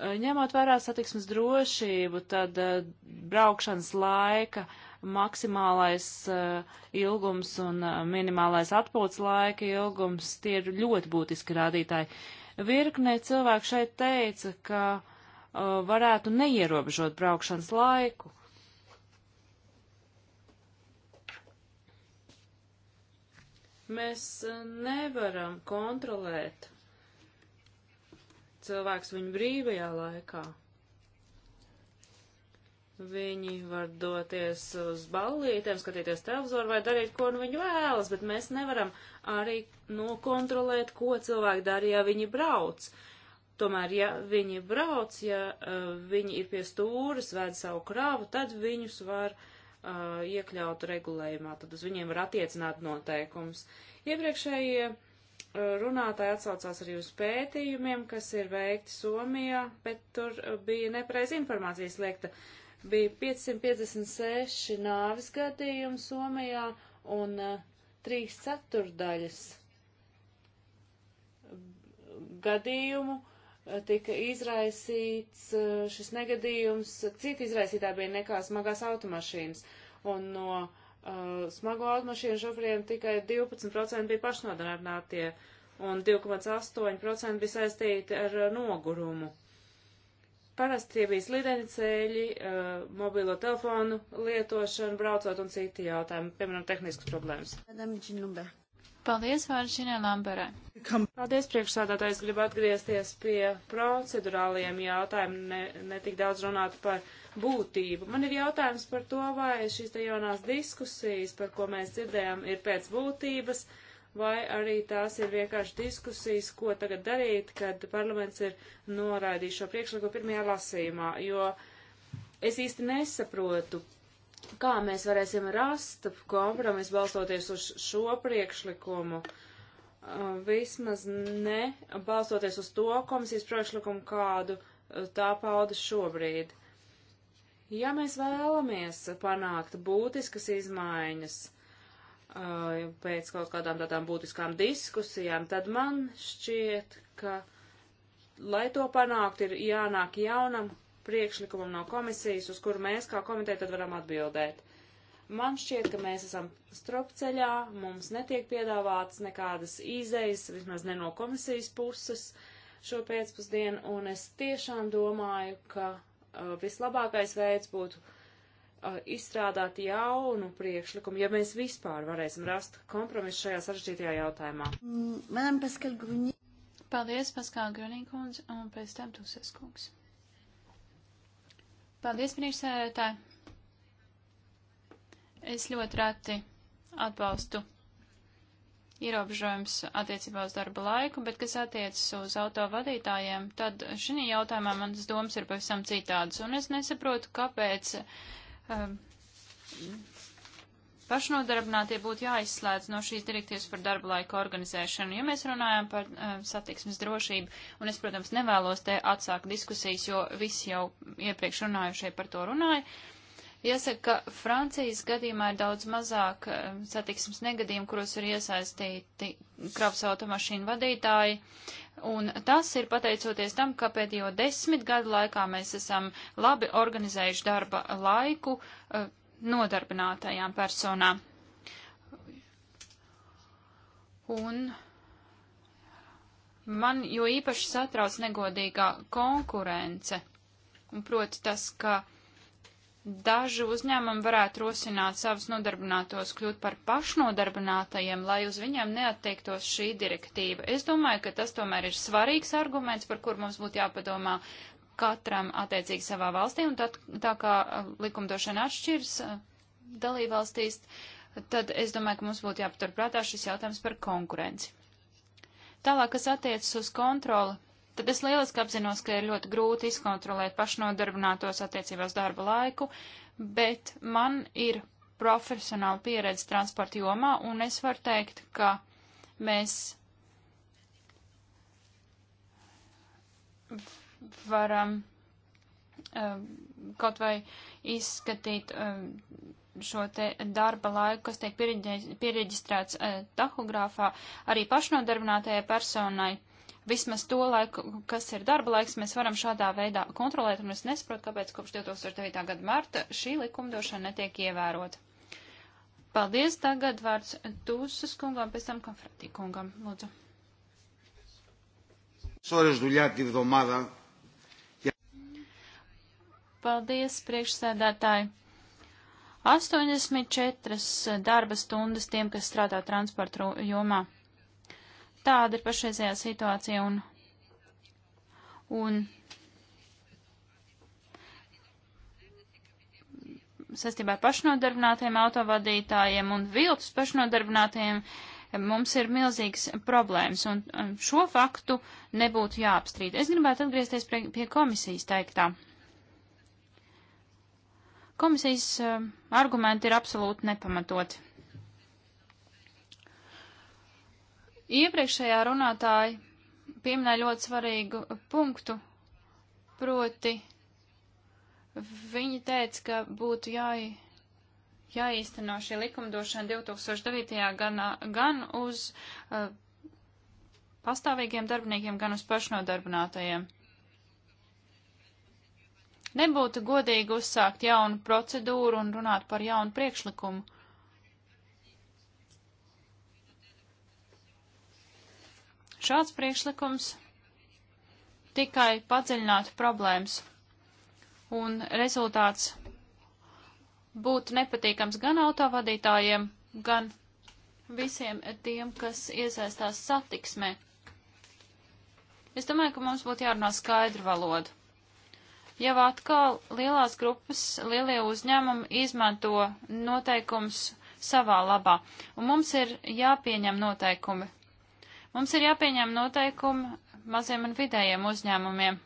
Uh, ņemot vērā satiksmes drošību, tad uh, braukšanas laika maksimālais uh, ilgums un uh, minimālais atpūtas laika ilgums tie ir ļoti būtiski rādītāji. Uh, Virknē cilvēku šeit teica, ka uh, varētu neierobežot braukšanas laiku. Mēs uh, nevaram kontrolēt cilvēks viņu brīvajā laikā. Viņi var doties uz ballītēm, skatīties televizoru vai darīt, ko nu viņi vēlas, bet mēs nevaram arī nokontrolēt, ko cilvēki dara, ja viņi brauc. Tomēr, ja viņi brauc, ja uh, viņi ir pie stūras, vēd savu krāvu, tad viņus var uh, iekļaut regulējumā, tad uz viņiem var attiecināt noteikums. Iepriekšējie uh, runātāji atsaucās arī uz pētījumiem, kas ir veikti Somijā, bet tur uh, bija nepareiz informācijas liekta. Uh, bija 556 nāvis gadījumi Somijā un uh, eh, 3 ceturdaļas gadījumu uh, tika izraisīts uh, šis negadījums, citi izraisītāji bija nekā smagās automašīnas, un no uh, smago automašīnu šoferiem tikai 12% bija pašnodarbinātie, un 2,8% bija saistīti ar uh, nogurumu. Uh, Parasti tie bija slidenceļi, eh, mobilo telefonu lietošana, braucot un citi jautājumi, piemēram, tehniskas problēmas. Paldies, Vāršinē Lamberē. Paldies, priekšsādātājs. Gribu atgriezties pie procedurāliem jautājumiem, ne, ne tik daudz runāt par būtību. Man ir jautājums par to, vai šīs te jaunās diskusijas, par ko mēs dzirdējām, ir pēc būtības. Uh, vai arī tās ir vienkārši diskusijas, ko tagad darīt, kad parlaments ir noraidījis šo priekšlikumu pirmajā lasījumā, jo es īsti nesaprotu, kā mēs varēsim rast kompromisu balstoties uz šo priekšlikumu. Uh, vismaz ne balstoties uz to komisijas priekšlikumu, kādu uh, tā pauda šobrīd. Ja mēs vēlamies panākt būtiskas izmaiņas, Uh, pēc kaut kādām tādām būtiskām diskusijām, tad man šķiet, ka, lai to panākt, ir jānāk jaunam priekšlikumam no komisijas, uz kuru mēs kā komiteja tad varam atbildēt. Man šķiet, ka mēs esam stropceļā, mums netiek piedāvāts nekādas izejas, vismaz ne no komisijas puses šo pēcpusdienu, un es tiešām domāju, ka uh, vislabākais veids būtu uh, izstrādāt jaunu priekšlikumu, ja mēs vispār varēsim rast kompromisu šajā sarežģītajā jautājumā. Madam Paskal Grunī. Paldies, Paskal Grunī kundze, un pēc tam Tūsas kungs. Paldies, priekšsēdētāji. Es ļoti reti atbalstu ierobežojums attiecībā uz darba laiku, bet kas attiecas uz autovadītājiem, tad šī jautājumā manas domas ir pavisam citādas, un es nesaprotu, kāpēc uh, Ehm, pašnodarbinātie būtu jāizslēdz no šīs direktīvas par darba laika organizēšanu. Ja mēs runājam par uh, satiksmes drošību, un es, protams, nevēlos te atsākt diskusijas, jo visi jau iepriekš runājušie par to runāja, uh, Jāsaka, ka Francijas gadījumā ir daudz mazāk eh, satiksmes negadījumu, kuros ir iesaistīti kravas automašīnu vadītāji. Un tas ir pateicoties tam, ka pēdējo desmit gadu laikā mēs esam labi organizējuši darba laiku eh, nodarbinātajām personām. Un man jo īpaši satrauc negodīgā konkurence. Un proti tas, ka daži uzņēmumi varētu rosināt savus nodarbinātos kļūt par pašnodarbinātajiem, lai uz viņiem neatteiktos šī direktīva. Es domāju, ka tas tomēr ir svarīgs arguments, par kur mums būtu jāpadomā katram attiecīgi savā valstī, un tad, tā kā uh, likumdošana atšķirs uh, dalībvalstīs, tad es domāju, ka mums būtu jāpaturprātā šis jautājums par konkurenci. Tālāk, kas attiecas uz kontroli, tad es lieliski apzinos, ka ir ļoti grūti izkontrolēt pašnodarbinātos attiecībās darba laiku, bet man ir profesionāla pieredze transporta jomā, un es varu teikt, ka mēs varam eh, kaut vai izskatīt eh, šo te darba laiku, kas tiek piereģistrēts eh, tahogrāfā, arī pašnodarbinātajai personai vismaz to laiku, kas ir darba laiks, mēs varam šādā veidā kontrolēt, un es nesaprotu, kāpēc kopš 2009. gada marta šī likumdošana netiek ievērota. Paldies, tagad vārds Tūsas kungam, pēc tam Konfratī kungam, lūdzu. Paldies, priekšsēdētāji. 84 darba stundas tiem, kas strādā transporta jomā. Tāda ir pašreizējā situācija un, un saistībā ar pašnodarbinātiem autovadītājiem un viltus pašnodarbinātiem mums ir milzīgas problēmas, un šo faktu nebūtu jāapstrīd. Es gribētu atgriezties pie, pie komisijas teiktā. Komisijas eh, argumenti ir absolūti nepamatoti. Iepriekšējā runātāja pieminēja ļoti svarīgu punktu, proti viņi teica, ka būtu jāi, jāīsteno šī likumdošana 2009. gan, gan uz uh, pastāvīgiem darbiniekiem, gan uz pašnodarbinātajiem. Nebūtu godīgi uzsākt jaunu procedūru un runāt par jaunu priekšlikumu. Šāds priekšlikums tikai padziļinātu problēmas, un rezultāts būtu nepatīkams gan autovadītājiem, gan visiem tiem, kas iesaistās satiksmē. Es domāju, ka mums būtu jārunā skaidru valodu. Jau atkal lielās grupas, lielie uzņēmumi izmanto noteikums savā labā, un mums ir jāpieņem noteikumi, Mums ir jāpieņem noteikumi maziem un vidējiem uzņēmumiem.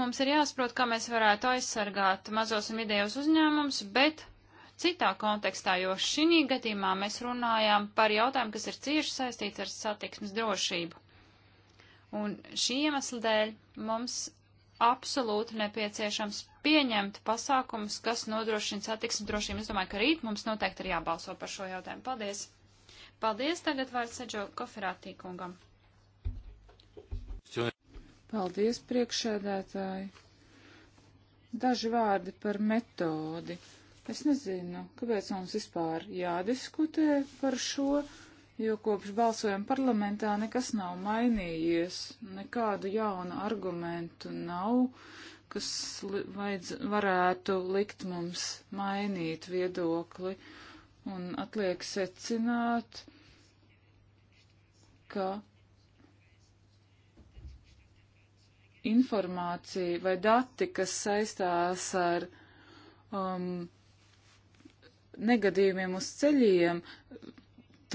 Mums ir jāsaprot, kā mēs varētu aizsargāt mazos un vidējos uzņēmumus, bet citā kontekstā, jo šī gadījumā mēs runājām par jautājumu, kas ir cieši saistīts ar satiksmes drošību. Un šī iemesla dēļ mums absolūti nepieciešams pieņemt pasākumus, kas nodrošina satiksmes drošību. Es domāju, ka rīt mums noteikti ir jābalso par šo jautājumu. Paldies! Paldies, tagad vārds Seģo Koferātī kungam. Paldies, priekšēdētāji. Daži vārdi par metodi. Es nezinu, kāpēc mums vispār jādiskutē par šo, jo kopš balsojuma parlamentā nekas nav mainījies, nekādu jaunu argumentu nav, kas li vajadz, varētu likt mums mainīt viedokli. Uh, Un atliek secināt, ka informācija vai dati, kas saistās ar um, negadījumiem uz ceļiem,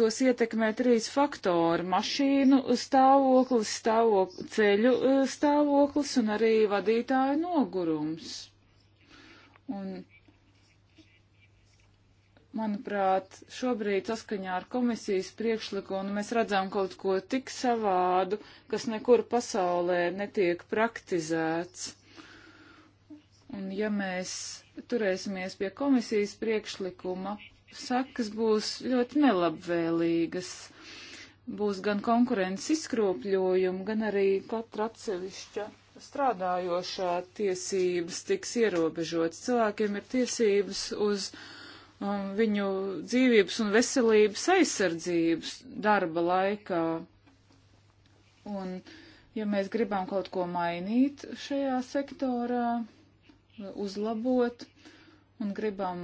tos ietekmē trīs faktori - mašīnu stāvoklis, stāvok, ceļu uh, stāvoklis un arī vadītāju nogurums. Un Manuprāt, šobrīd saskaņā ar komisijas priekšlikumu mēs redzam kaut ko tik savādu, kas nekur pasaulē netiek praktizēts. Un ja mēs turēsimies pie komisijas priekšlikuma, sekas būs ļoti nelabvēlīgas. Būs gan konkurences izkropļojumi, gan arī katra atsevišķa strādājošā tiesības tiks ierobežotas. Cilvēkiem ir tiesības uz um, viņu dzīvības un veselības aizsardzības darba laikā. Un, ja mēs gribam kaut ko mainīt šajā sektorā, uzlabot un gribam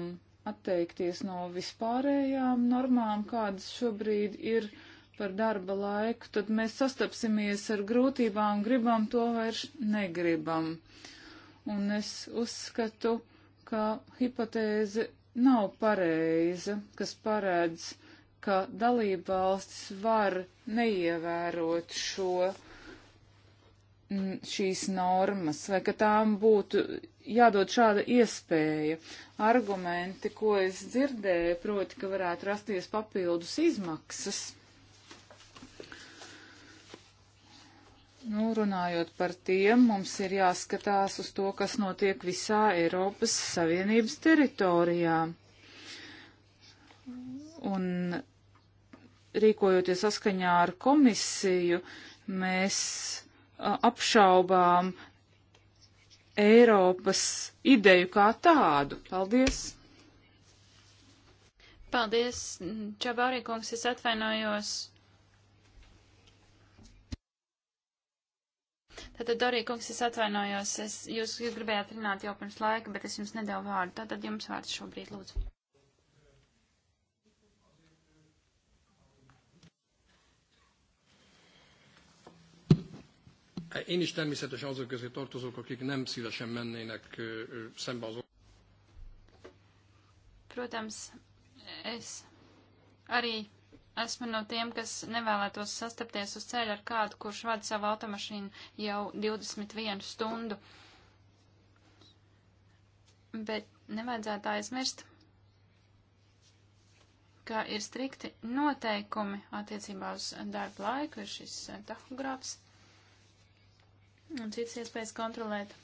atteikties no vispārējām normām, kādas šobrīd ir par darba laiku, tad mēs sastapsimies ar grūtībām, gribam to vairs negribam. Un es uzskatu, ka hipotēze nav pareiza, kas paredz, ka dalība valstis var neievērot šo, mm, šīs normas, vai ka tām būtu jādod šāda iespēja. Argumenti, ko es dzirdēju, proti, ka varētu rasties papildus izmaksas. Nu, runājot par tiem, mums ir jāskatās uz to, kas notiek visā Eiropas Savienības teritorijā. Un rīkojoties saskaņā ar komisiju, mēs a, apšaubām Eiropas ideju kā tādu. Paldies! Paldies, Čabārīkungs, es atvainojos Tātad, Dorija kungs, es atvainojos, es, jūs, jūs gribējāt runāt jau pirms laika, bet es jums nedēvu vārdu. Tātad jums vārds šobrīd, lūdzu. Én is természetesen azok közé tartozok, akik nem szívesen mennének szembe azok. Protams, es arī esmu no tiem, kas nevēlētos sastapties uz ceļa ar kādu, kurš vada savu automašīnu jau 21 stundu. Bet nevajadzētu aizmirst, ka ir strikti noteikumi attiecībā uz darba laiku, ir šis tahogrāfs un citas iespējas kontrolēt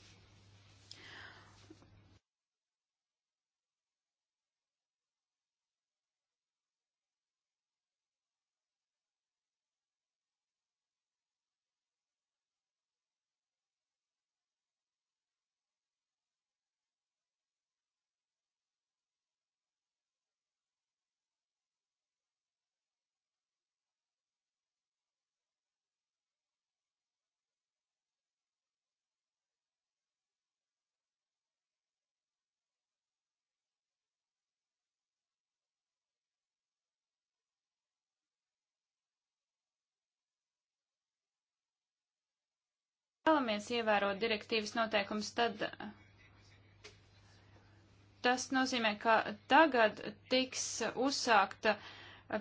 vēlamies ievērot direktīvas noteikums, tad tas nozīmē, ka tagad tiks uzsākta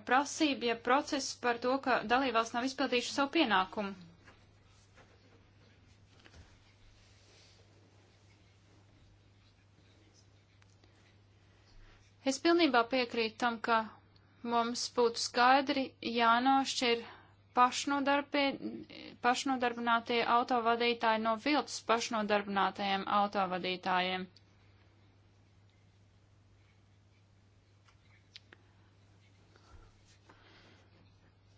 prasība, ja process par to, ka dalībvalsts nav izpildījuši savu pienākumu. Es pilnībā piekrītu tam, ka mums būtu skaidri jānošķir pašnodarbinātie autovadītāji no viltus pašnodarbinātajiem autovadītājiem.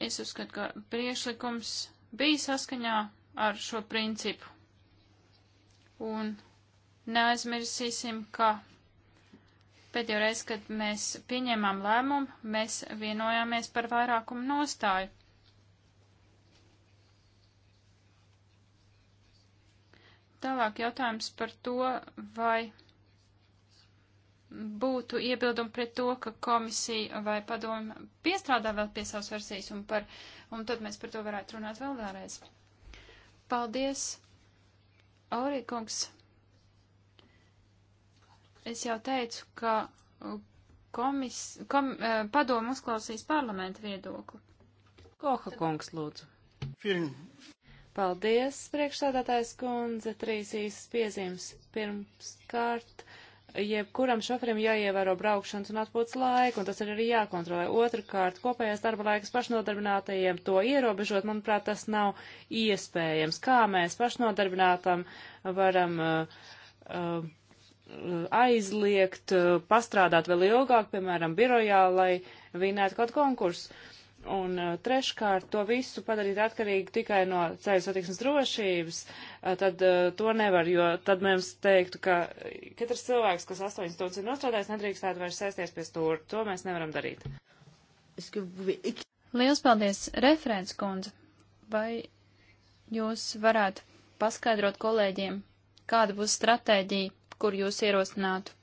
Es uzskatu, ka priešlikums bija saskaņā ar šo principu. Un neaizmirsīsim, ka pēdējo reizi, kad mēs pieņēmām lēmumu, mēs vienojāmies par vairākumu nostāju. Tālāk jautājums par to, vai būtu iebildumi pret to, ka komisija vai padomu piestrādā vēl pie savas versijas, un, par, un tad mēs par to varētu runāt vēl vēlreiz. Paldies, Aurikungs. Es jau teicu, ka komis, kom, eh, padomu uzklausīs parlamenta viedokli. Koha kungs, lūdzu. Film. Paldies, priekšsādātājs kundze, trīs īsas piezīmes. Pirmkārt, jebkuram šoferim jāievēro braukšanas un atpūtas laiku, un tas ir arī jākontrolē. Otrakārt, kopējais darba laiks pašnodarbinātajiem to ierobežot, manuprāt, tas nav iespējams. Kā mēs pašnodarbinātam varam uh, uh, aizliegt, uh, pastrādāt vēl ilgāk, piemēram, birojā, lai vinētu kaut konkursu. Un uh, treškārt, to visu padarīt atkarīgu tikai no ceļu satiksmes drošības, uh, tad uh, to nevar, jo tad mēs teiktu, ka katrs cilvēks, kas astoņas stundas ir nostrādājis, nedrīkstētu vairs sēsties pie stūra. To mēs nevaram darīt. Liels paldies, referents kundze. Vai jūs varētu paskaidrot kolēģiem, kāda būs stratēģija, kur jūs ierosinātu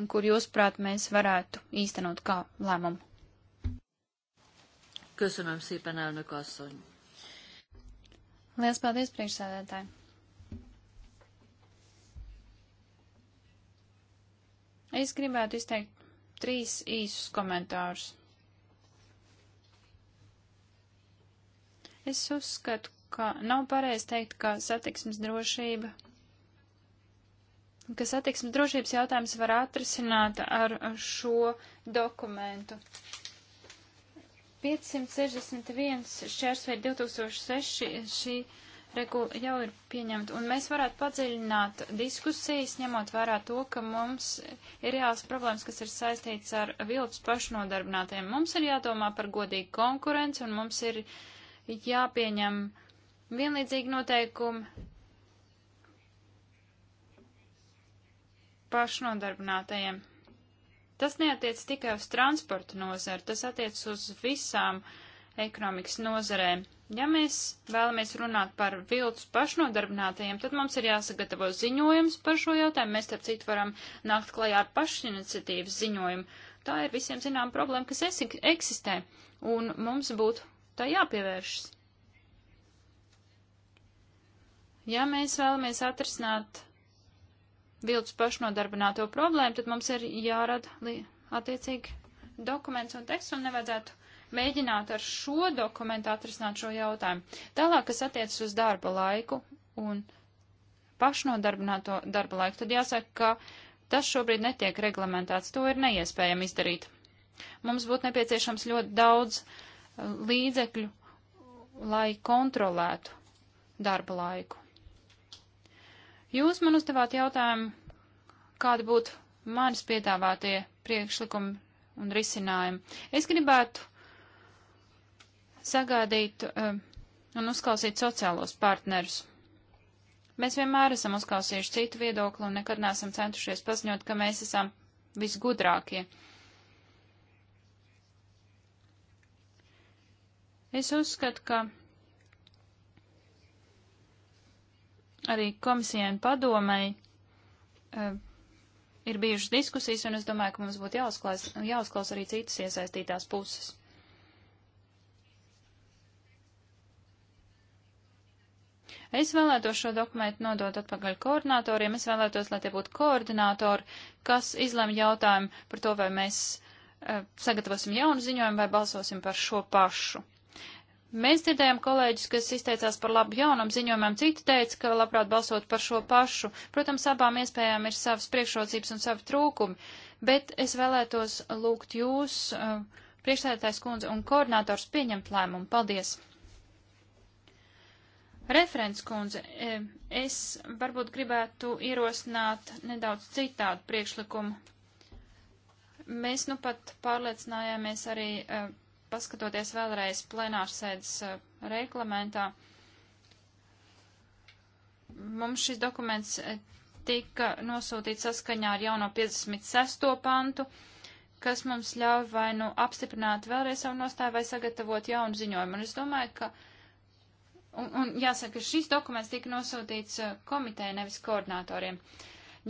un kur jūs, prāt, mēs varētu īstenot kā lēmumu? Köszönöm szépen, elnök asszony. Lielas paldies, priekšsēdētāji. Es gribētu izteikt trīs īsus komentārus. Es uzskatu, ka nav pareizi teikt, ka satiksmes drošība, ka satiksmes drošības jautājums var atrisināt ar šo dokumentu. 561 šķērsveid 2006 šī regula jau ir pieņemta, un mēs varētu padziļināt diskusijas, ņemot vērā to, ka mums ir reāls problēmas, kas ir saistīts ar viltus pašnodarbinātiem. Mums ir jādomā par godīgu konkurenci, un mums ir jāpieņem vienlīdzīgi noteikumi pašnodarbinātajiem. Tas neatiec tikai uz transporta nozaru, tas attiec uz visām ekonomikas nozarēm. Ja mēs vēlamies runāt par viltus pašnodarbinātajiem, tad mums ir jāsagatavo ziņojums par šo jautājumu. Mēs, starp citu, varam nākt klajā ar pašiniciatīvas ziņojumu. Tā ir visiem zinām problēma, kas esi, eksistē, un mums būtu tā jāpievēršas. Ja mēs vēlamies atrisināt viltus pašnodarbināto problēmu, tad mums ir jārada attiecīgi dokuments un teksts un nevajadzētu mēģināt ar šo dokumentu atrisināt šo jautājumu. Tālāk, kas attiecas uz darba laiku un pašnodarbināto darba laiku, tad jāsaka, ka tas šobrīd netiek reglamentēts. To ir neiespējami izdarīt. Mums būtu nepieciešams ļoti daudz eh, līdzekļu, lai kontrolētu darba laiku. Jūs man uzdevāt jautājumu, kādi būtu manis piedāvātie priekšlikumi un risinājumi. Es gribētu sagādīt uh, un uzklausīt sociālos partnerus. Mēs vienmēr esam uzklausījuši citu viedokli un nekad neesam centušies paziņot, ka mēs esam visgudrākie. Es uzskatu, ka arī komisijai un padomai uh, eh, ir bijušas diskusijas, un es domāju, ka mums būtu jāuzklās, jāuzklās arī citas iesaistītās puses. Es vēlētos šo dokumentu nodot atpakaļ koordinatoriem. Es vēlētos, lai tie būtu koordinatori, kas izlem jautājumu par to, vai mēs uh, sagatavosim jaunu ziņojumu vai balsosim par šo pašu. Mēs dzirdējām kolēģis, kas izteicās par labu jaunam ziņojumam, citi teica, ka labprāt balsot par šo pašu. Protams, abām iespējām ir savas priekšrocības un savi trūkumi, bet es vēlētos lūgt jūs, eh, priekšsēdētājs kundze un koordinators, pieņemt lēmumu. Paldies! Referents kundze, eh, es varbūt gribētu ierosināt nedaudz citādu priekšlikumu. Mēs nu pat pārliecinājāmies arī eh, paskatoties vēlreiz plenārsēdes uh, reglamentā, mums šis dokuments uh, tika nosūtīts saskaņā ar jauno 56. pantu, kas mums ļauj vai nu apstiprināt vēlreiz savu nostāju vai sagatavot jaunu ziņojumu. Un es domāju, ka, un, un jāsaka, šis dokuments tika nosūtīts uh, komiteja, nevis koordinatoriem.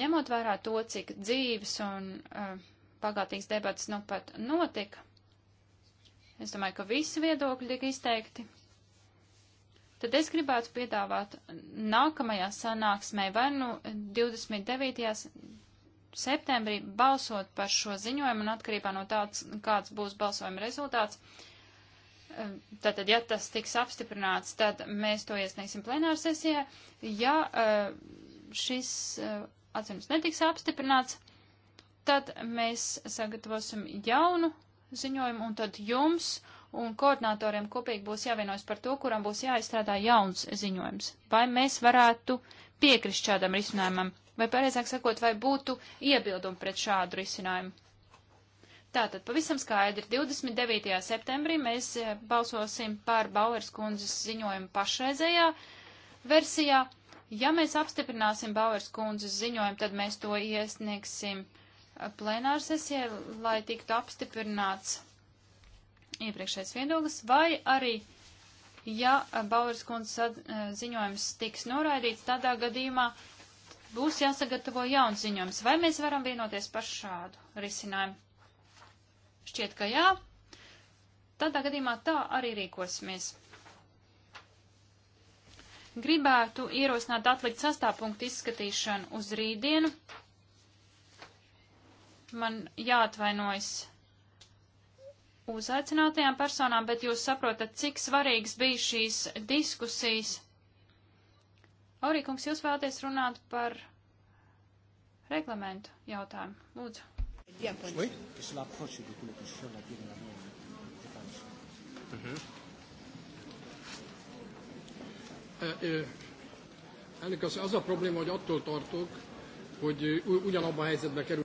Ņemot vērā to, cik dzīves un uh, pagātīgs debats nu pat notika, Es domāju, ka visi viedokļi tika izteikti. Tad es gribētu piedāvāt nākamajā sanāksmē vai nu 29. septembrī balsot par šo ziņojumu un atkarībā no tāds, kāds būs balsojuma rezultāts. Eh, tātad, ja tas tiks apstiprināts, tad mēs to iesniegsim plenāru sesijā. Ja eh, šis eh, atzinums netiks apstiprināts, tad mēs sagatavosim jaunu ziņojumu, un tad jums un koordinatoriem kopīgi būs jāvienojas par to, kuram būs jāizstrādā jauns ziņojums. Vai mēs varētu piekrist šādam risinājumam, vai pareizāk sakot, vai būtu iebildumi pret šādu risinājumu? Tātad pavisam skaidri 29. septembrī mēs eh, balsosim par Bauer skundzes ziņojumu pašreizējā versijā. Ja mēs apstiprināsim Bauer skundzes ziņojumu, tad mēs to iesniegsim uh, plenāru sesijai, lai tiktu apstiprināts iepriekšējais viedoklis, vai arī, ja Bauers kundzes eh, ziņojums tiks noraidīts, tādā gadījumā būs jāsagatavo jauns ziņojums. Vai mēs varam vienoties par šādu risinājumu? Šķiet, ka jā. Tādā gadījumā tā arī rīkosimies. Gribētu ierosināt atlikt sastāvpunktu izskatīšanu uz rītdienu, man jāatvainojas uzaicinātajām personām, bet jūs saprotat, cik svarīgs bija šīs diskusijas. Aurīkungs, jūs vēlaties runāt par reglamentu jautājumu. Lūdzu. Oui. Uh -huh. Ennek az, az a probléma, hogy attól tartok, hogy ugyanabban a helyzetbe kerül.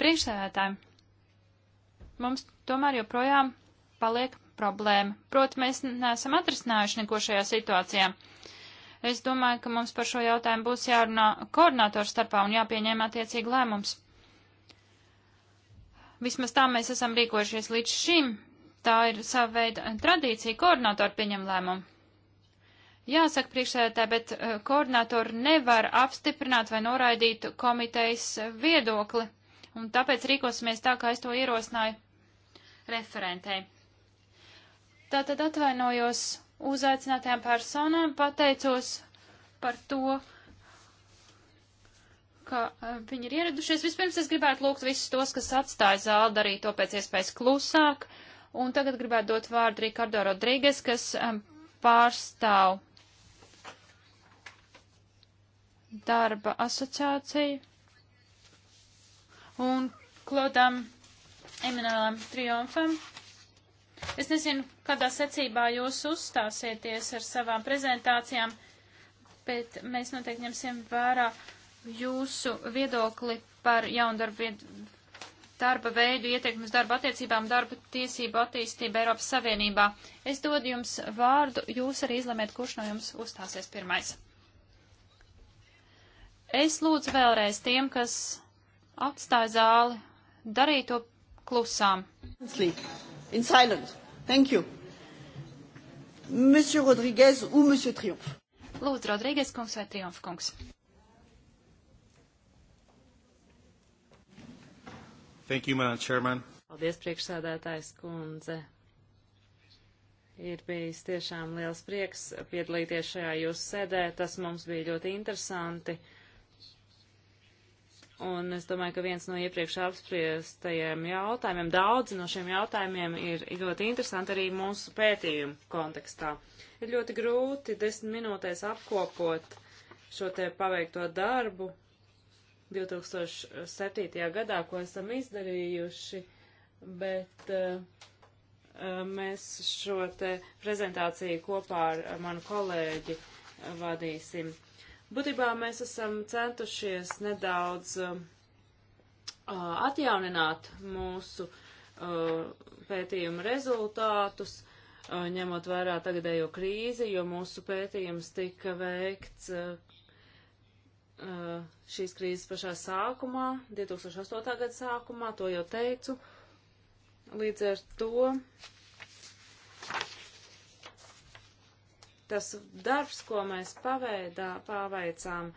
Priekšsēdētājiem mums tomēr joprojām paliek problēma. Proti, mēs neesam atrisinājuši neko šajā situācijā. Es domāju, ka mums par šo jautājumu būs jārunā koordinātoru starpā un jāpieņem attiecīgi lēmums. Vismaz tā mēs esam rīkojušies līdz šim. Tā ir sava veida tradīcija, koordinātori pieņem lēmumu. Jāsaka priekšsēdētāji, bet eh, koordinātori nevar apstiprināt vai noraidīt komitejas viedokli un tāpēc rīkosimies tā, kā es to ierosināju referentei. Tātad atvainojos uzaicinātajām personām, pateicos par to, ka eh, viņi ir ieradušies. Vispirms es gribētu lūgt visus tos, kas atstāja zāli, darīt to pēc iespējas klusāk. Un tagad gribētu dot vārdu Rikardo Rodrīgas, kas eh, pārstāv darba asociāciju un Klodam Emanuēlam Triumfam. Es nezinu, kādā secībā jūs uzstāsieties ar savām prezentācijām, bet mēs noteikti ņemsim vērā jūsu viedokli par jaundarbu darba veidu ietekmi uz darba attiecībām, darba tiesību attīstību Eiropas Savienībā. Es dodu jums vārdu, jūs arī izlemēt, kurš no jums uzstāsies pirmais. Es lūdzu vēlreiz tiem, kas atstāja zāli, darīja to klusām. In silence. Thank you. Monsieur Rodriguez ou Monsieur Triomphe. Lūdzu, Rodrīgas kungs vai Triumfa kungs. Thank you, Madam Chairman. Paldies, priekšsēdētājs kundze. Ir bijis tiešām liels prieks piedalīties šajā jūsu sēdē. Tas mums bija ļoti interesanti. Un es domāju, ka viens no iepriekš apspriestajiem jautājumiem, daudzi no šiem jautājumiem ir ļoti interesanti arī mūsu pētījumu kontekstā. Ir ļoti grūti desmit minūtēs apkopot šo te paveikto darbu 2007. gadā, ko esam izdarījuši, bet uh, mēs šo te prezentāciju kopā ar eh, manu kolēģi vadīsim. Būtībā mēs esam centušies nedaudz um, uh, atjaunināt mūsu uh, pētījuma rezultātus, uh, ņemot vērā tagadējo krīzi, jo mūsu pētījums tika veikts uh, uh, šīs krīzes pašā sākumā, 2008. gada sākumā, to jau teicu. Līdz ar to tas darbs, ko mēs paveidā, paveicām,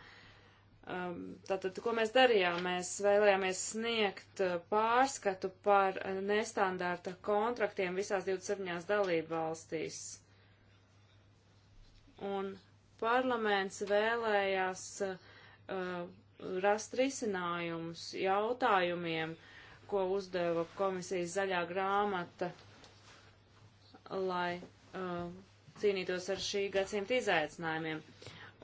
um, tātad, ko mēs darījām, mēs vēlējāmies sniegt uh, pārskatu par nestandarta kontraktiem visās 27 dalību valstīs. Un parlaments vēlējās uh, rast risinājumus jautājumiem, ko uzdeva komisijas zaļā grāmata, lai uh, cīnītos ar šī gadsimta izaicinājumiem.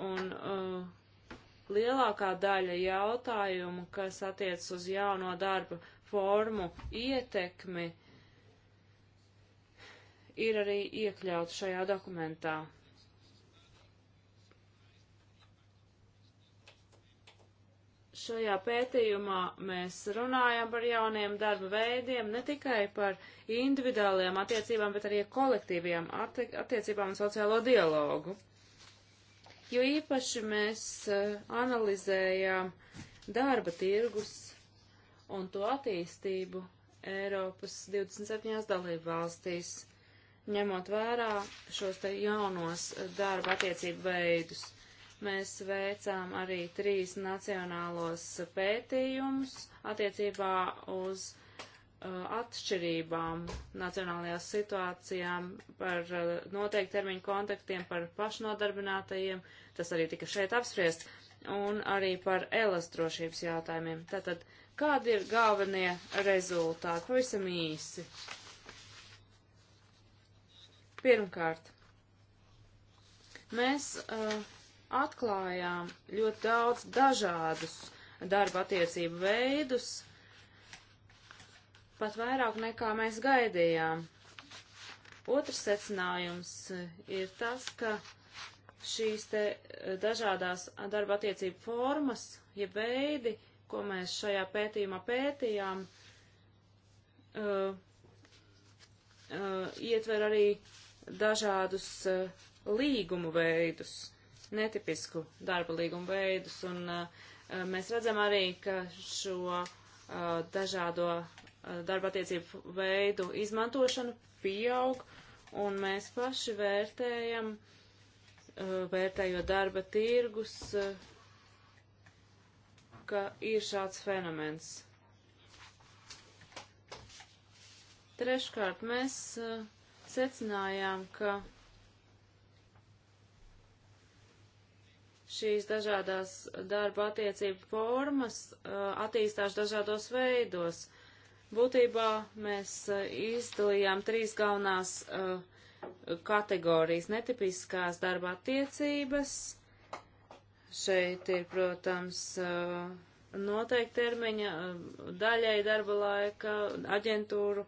Un uh, lielākā daļa jautājumu, kas attiec uz jauno darba formu ietekmi, ir arī iekļauts šajā dokumentā. Šajā pētījumā mēs runājam par jauniem darba veidiem, ne tikai par individuālajām attiecībām, bet arī kolektīvajām attiecībām un sociālo dialogu. Jo īpaši mēs eh, analizējām darba tirgus un to attīstību Eiropas 27 dalību valstīs, ņemot vērā šos te jaunos darba attiecību veidus. Mēs veicām arī trīs nacionālos pētījumus attiecībā uz uh, atšķirībām nacionālajās situācijām, par uh, noteikti termiņu kontaktiem, par pašnodarbinātajiem, tas arī tika šeit apspriest, un arī par elastrošības jautājumiem. Tātad, kādi ir galvenie rezultāti? Pavisam īsi. Pirmkārt, mēs uh, atklājām ļoti daudz dažādus darba attiecību veidus, pat vairāk nekā mēs gaidījām. Otrs secinājums ir tas, ka šīs te eh, dažādās darba attiecību formas, ja veidi, ko mēs šajā pētījumā pētījām, uh, uh, ietver arī dažādus uh, līgumu veidus netipisku darba līgumu veidus, un uh, mēs redzam arī, ka šo uh, dažādo eh, darba attiecību veidu izmantošana pieaug, un mēs paši vērtējam, vērtējot darba tirgus, ka ir šāds fenomens. Treškārt, mēs secinājām, ka šīs dažādās darba attiecību formas uh, attīstās dažādos veidos. Būtībā mēs uh, izdalījām trīs galvenās uh, kategorijas - netipiskās darba attiecības. Šeit ir, protams, noteikti termiņa, daļai darba laika, aģentūru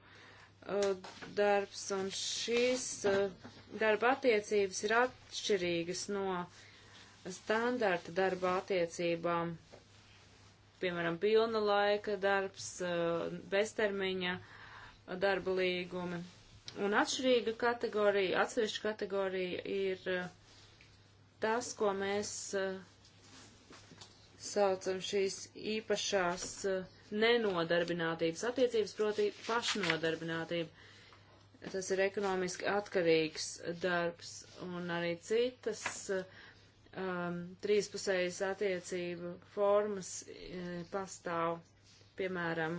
darbs, un šīs darba attiecības ir atšķirīgas no uh, standarta darba attiecībām, piemēram, pilna laika darbs, eh, beztermiņa darba līgumi. Un atšķirīga kategorija, atsevišķa kategorija ir eh, tas, ko mēs eh, saucam šīs īpašās nenodarbinātības attiecības, proti pašnodarbinātība. Tas ir ekonomiski atkarīgs darbs un arī citas uh, um, trīspusējas attiecību formas e, pastāv, piemēram,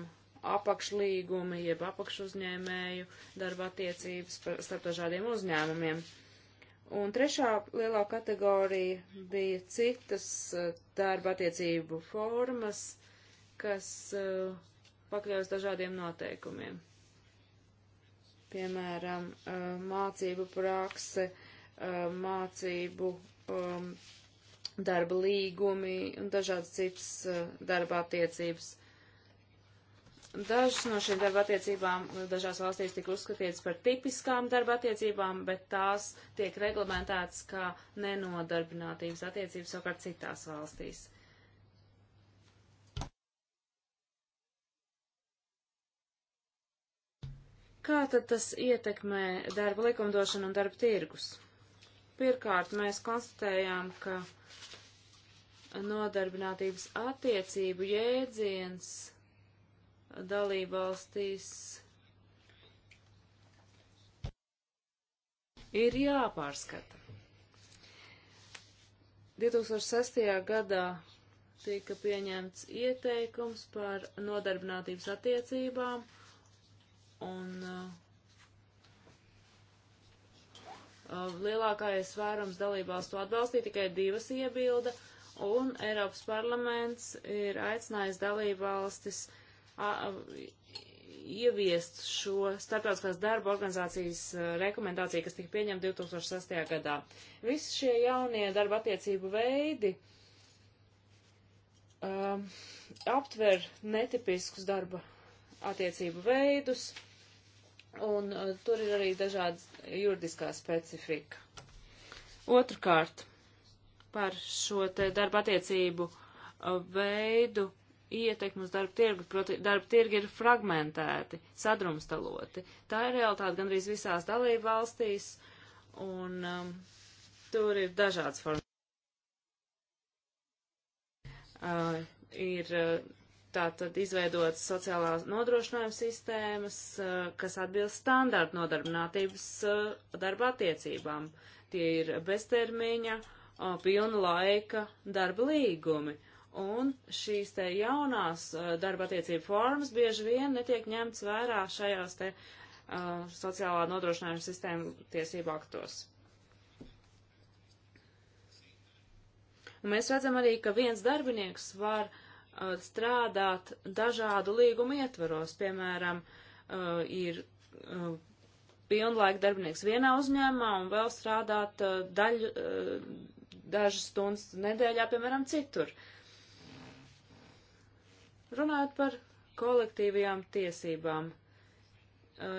apakšlīgumi, jeb apakšuzņēmēju darba attiecības starp dažādiem uzņēmumiem. Un trešā lielā kategorija bija citas e, darba attiecību formas, kas uh, e, pakļaus dažādiem noteikumiem. Piemēram, uh, mācību prakse, uh, mācību um, darba līgumi un dažādas citas uh, darba attiecības. Dažas no šīm darba attiecībām dažās valstīs tika uzskatītas par tipiskām darba attiecībām, bet tās tiek reglamentētas kā nenodarbinātības attiecības savukārt citās valstīs. Kā tad tas ietekmē darba likumdošanu un darba tirgus? Pirmkārt, mēs konstatējām, ka nodarbinātības attiecību jēdziens dalībvalstīs ir jāpārskata. 2006. gadā tika pieņemts ieteikums par nodarbinātības attiecībām, un uh, Uh, lielākais vairums dalībvalstu atbalstīja, tikai divas iebilda, un Eiropas parlaments ir aicinājis dalībvalstis ieviest šo starptautiskās darba organizācijas uh, rekomendāciju, kas tika pieņemta 2006. gadā. Visi šie jaunie darba attiecību veidi um, aptver netipiskus darba attiecību veidus, uh, un uh, tur ir arī dažādas juridiskā specifika. Otrkārt, par šo te darba attiecību uh, veidu ietekmi uz darba tirgu, proti darba tirgi ir fragmentēti, sadrumstaloti. Tā ir realitāte gandrīz visās dalību valstīs, un um, tur ir dažādas formas. Uh, ir uh, tātad izveidot sociālās nodrošinājuma sistēmas, eh, kas atbilst standārtu nodarbinātības eh, darba attiecībām. Tie ir beztermiņa, eh, pilna laika darba līgumi. Un šīs te jaunās darba attiecību formas bieži vien netiek ņemts vērā šajās te uh, sociālā nodrošinājuma sistēma tiesību aktos. Un mēs redzam arī, ka viens darbinieks var uh, Uh, strādāt dažādu līgumu ietvaros. Piemēram, uh, ir uh, pilnlaika darbinieks vienā uzņēmumā un vēl strādāt daļu, dažas stundas nedēļā, piemēram, citur. Runājot par kolektīvajām tiesībām,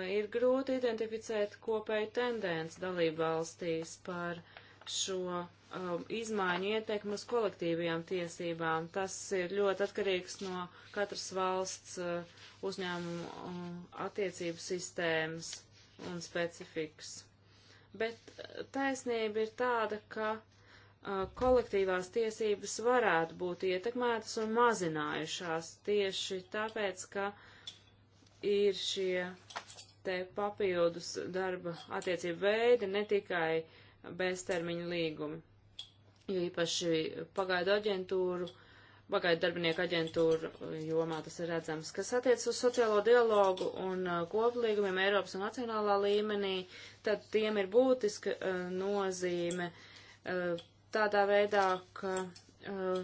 ir grūti identificēt kopēju tendenci dalību valstīs par šo um, izmaiņu ietekmi uz kolektīvajām tiesībām. Tas ir ļoti atkarīgs no katras valsts uh, uzņēmumu uh, attiecību sistēmas un specifikas. Bet uh, taisnība ir tāda, ka uh, kolektīvās tiesības varētu būt ietekmētas un mazinājušās tieši tāpēc, ka ir šie te papildus darba attiecību veidi, ne tikai beztermiņa līgumi jo īpaši pagaidu aģentūru, pagaidu darbinieku aģentūru jomā tas ir redzams. Kas attiec uz sociālo dialogu un uh, koplīgumiem Eiropas un nacionālā līmenī, tad tiem ir būtiska uh, nozīme uh, tādā veidā, ka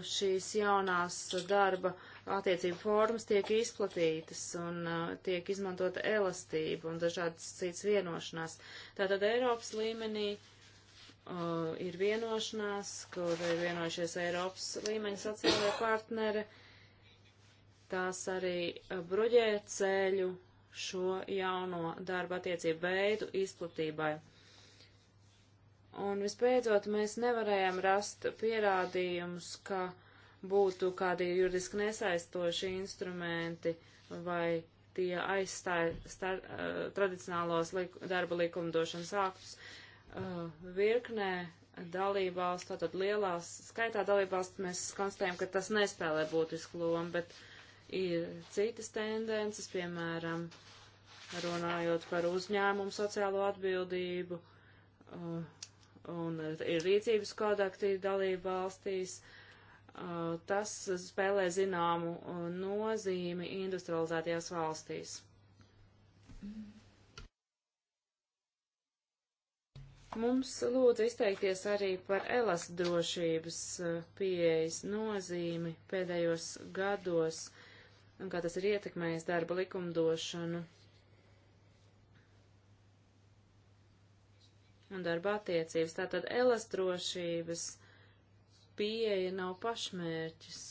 šīs jaunās darba attiecību formas tiek izplatītas un uh, tiek izmantota elastība un dažādas citas vienošanās. Tātad Eiropas līmenī uh, uh, ir vienošanās, kur ir vienojušies Eiropas līmeņa sociālajie partneri. Tās arī uh, bruģē ceļu šo jauno darba attiecību veidu izplatībai. Un visbeidzot, mēs nevarējām rast pierādījumus, ka būtu kādi juridiski nesaistoši instrumenti vai tie aizstāja star, uh, tradicionālos lik, darba likumdošanas aktus. Uh, Uh, virknē dalībvalsts, tātad lielās skaitā dalībvalsts, mēs konstatējam, ka tas nespēlē būtisku lomu, bet ir citas tendences, piemēram, runājot par uzņēmumu sociālo atbildību, uh, un ir rīcības kodakti dalībvalstīs. Uh, tas spēlē zināmu nozīmi industrializētajās valstīs. Mm. Mums lūdzu izteikties arī par elas drošības eh, pieejas nozīmi pēdējos gados un kā tas ir ietekmējis darba likumdošanu un darba attiecības. Tātad elastrošības pieeja nav pašmērķis.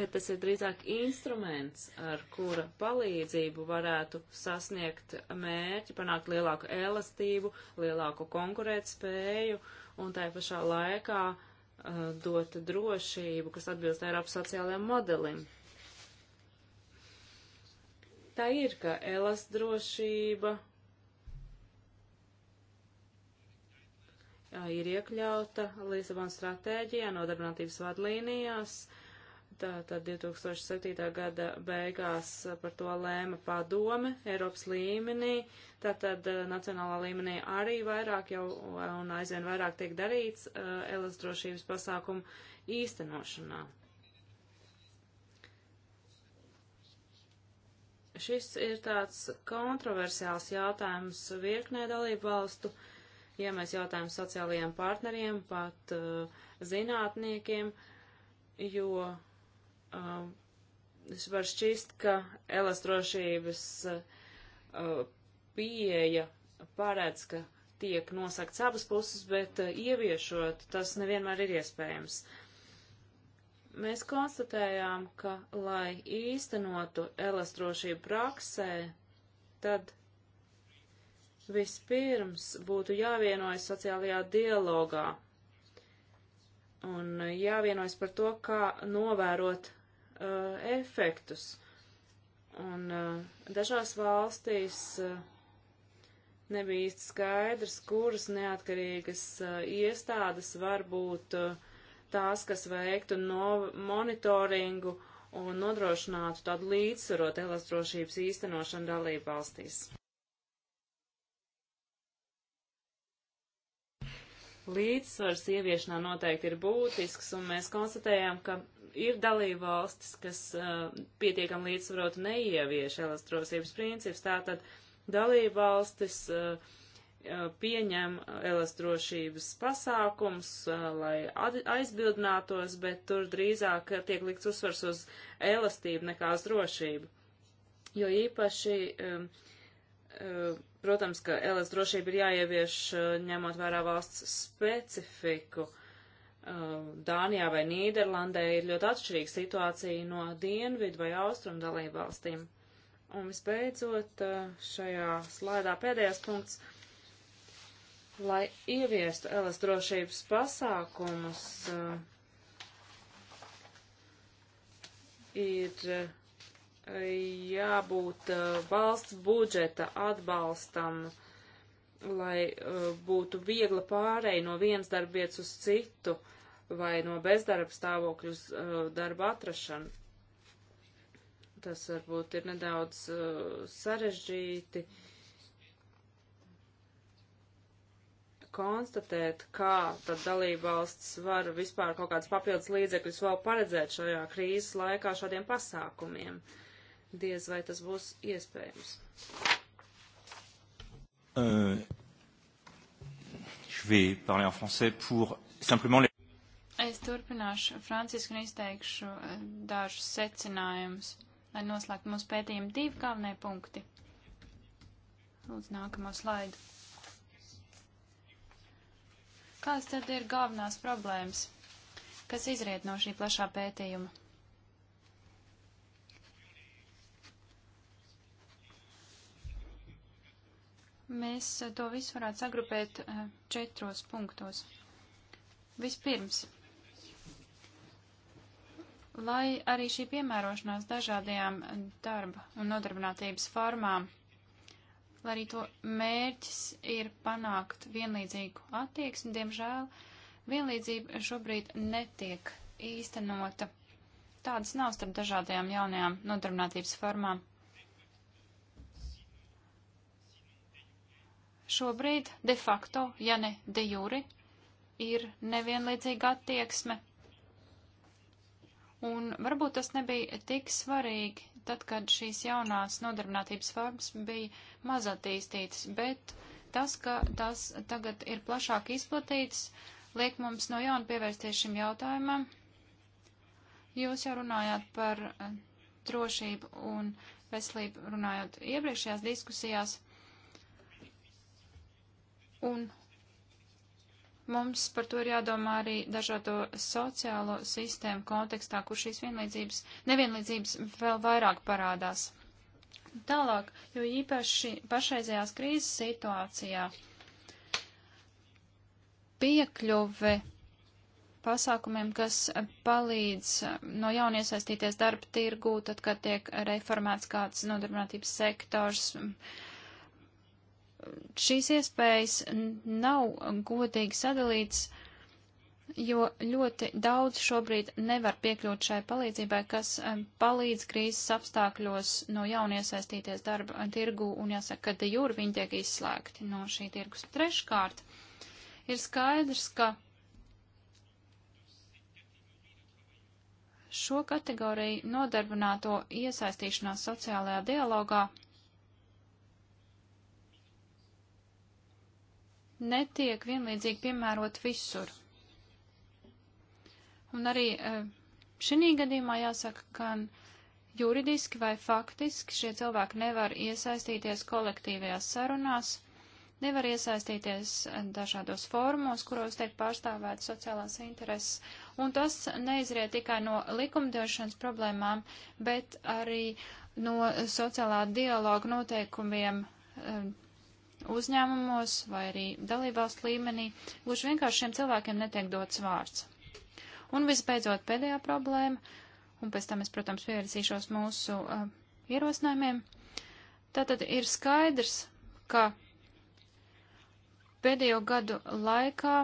bet tas ir drīzāk instruments, ar kura palīdzību varētu sasniegt mērķi, panākt lielāku elastību, lielāku konkurētspēju un tā pašā laikā uh, dot drošību, kas atbilst Eiropas sociālajiem modelim. Tā ir, ka elast drošība uh, ir iekļauta Lisabonas stratēģijā, nodarbinātības vadlīnijās, uh, Tātad 2007. gada beigās par to lēma padome Eiropas līmenī, tātad eh, nacionālā līmenī arī vairāk jau un aizvien vairāk tiek darīts eh, elas drošības pasākumu īstenošanā. Šis ir tāds kontroversiāls jautājums virknē dalību valstu, ja mēs jautājam sociālajiem partneriem, pat uh, zinātniekiem, jo um, var šķist, ka elastrošības uh, pieeja paredz, ka tiek nosakts abas puses, bet uh, ieviešot tas nevienmēr ir iespējams. Mēs konstatējām, ka, lai īstenotu elastrošību praksē, tad vispirms būtu jāvienojas sociālajā dialogā un uh, jāvienojas par to, kā novērot uh, efektus. Un uh, dažās valstīs uh, nebija īsti skaidrs, kuras neatkarīgas uh, iestādes var būt uh, tās, kas veiktu no monitoringu un nodrošinātu tādu līdzsvarot elektrošības īstenošanu dalību valstīs. Līdzsvars ieviešanā noteikti ir būtisks, un mēs konstatējām, ka ir dalībvalstis, kas pietiekam līdzsvarot neievieš elastrosības princips, tātad dalībvalstis pieņem elastrošības pasākums, lai aizbildinātos, bet tur drīzāk tiek likts uzsvars uz elastību nekā uz drošību. Jo īpaši, protams, ka elastrošība ir jāievieš ņemot vērā valsts specifiku. Um, Dānijā vai Nīderlandē ir ļoti atšķirīga situācija no dienvidu vai austrumu dalību valstīm. Un visbeidzot, uh, šajā slaidā pēdējais punkts, lai ieviestu elas drošības pasākumus, uh, ir uh, jābūt valsts budžeta atbalstam uh, lai uh, būtu viegla pārēja no vienas darbietas uz citu vai no bezdarba stāvokļa uz uh, darba atrašanu. Tas varbūt ir nedaudz uh, sarežģīti konstatēt, kā tad dalībvalsts var vispār kaut kādas papildus līdzekļus vēl paredzēt šajā krīzes laikā šādiem pasākumiem. Diez vai tas būs iespējams. Euh, je vais parler en français pour simplement les... Es turpināšu franciski un izteikšu eh, dažus secinājumus, lai noslēgtu mūsu pētījumu divi galvenie punkti. Lūdzu, nākamo slaidu. Kādas tad ir galvenās problēmas, kas izriet no šī plašā pētījuma? Mēs eh, to visu varētu sagrupēt eh, četros punktos. Vispirms, lai arī šī piemērošanās dažādajām eh, darba un nodarbinātības formām, lai arī to mērķis ir panākt vienlīdzīgu attieksmi, diemžēl vienlīdzība šobrīd netiek īstenota. Tādas nav starp dažādajām jaunajām nodarbinātības formām. Šobrīd de facto, ja ne de juri, ir nevienlīdzīga attieksme. Un varbūt tas nebija tik svarīgi, tad, kad šīs jaunās nodarbinātības formas bija maz attīstītas, bet tas, ka tas tagad ir plašāk izplatīts, liek mums no jauna pievērsties šim jautājumam. Jūs jau runājāt par eh, drošību un veselību runājot iepriekšējās diskusijās. Un mums par to ir jādomā arī dažādo sociālo sistēmu kontekstā, kur šīs vienlīdzības, nevienlīdzības vēl vairāk parādās. Tālāk, jo īpaši pašreizējās krīzes situācijā piekļuve pasākumiem, kas palīdz no jauna iesaistīties darba tirgū, tad, kad tiek reformēts kāds nodarbinātības sektors, uh, šīs iespējas nav godīgi sadalīts, jo ļoti daudz šobrīd nevar piekļūt šai palīdzībai, kas eh, palīdz krīzes apstākļos no jauna iesaistīties darba tirgu un jāsaka, ka de jūri viņi tiek izslēgti no šī tirgus. Treškārt, ir skaidrs, ka šo kategoriju nodarbināto iesaistīšanās sociālajā dialogā netiek vienlīdzīgi piemērot visur. Un arī eh, šī gadījumā jāsaka, ka juridiski vai faktiski šie cilvēki nevar iesaistīties kolektīvajās sarunās, nevar iesaistīties eh, dažādos formos, kuros tiek pārstāvēt sociālās intereses. Un tas neizriet tikai no likumdošanas problēmām, bet arī no sociālā dialoga noteikumiem eh, uzņēmumos vai arī dalībvalstu līmenī, gluži vienkārši šiem cilvēkiem netiek dots vārds. Un visbeidzot pēdējā problēma, un pēc tam es, protams, pievērsīšos mūsu uh, ierosinājumiem. Tātad ir skaidrs, ka pēdējo gadu laikā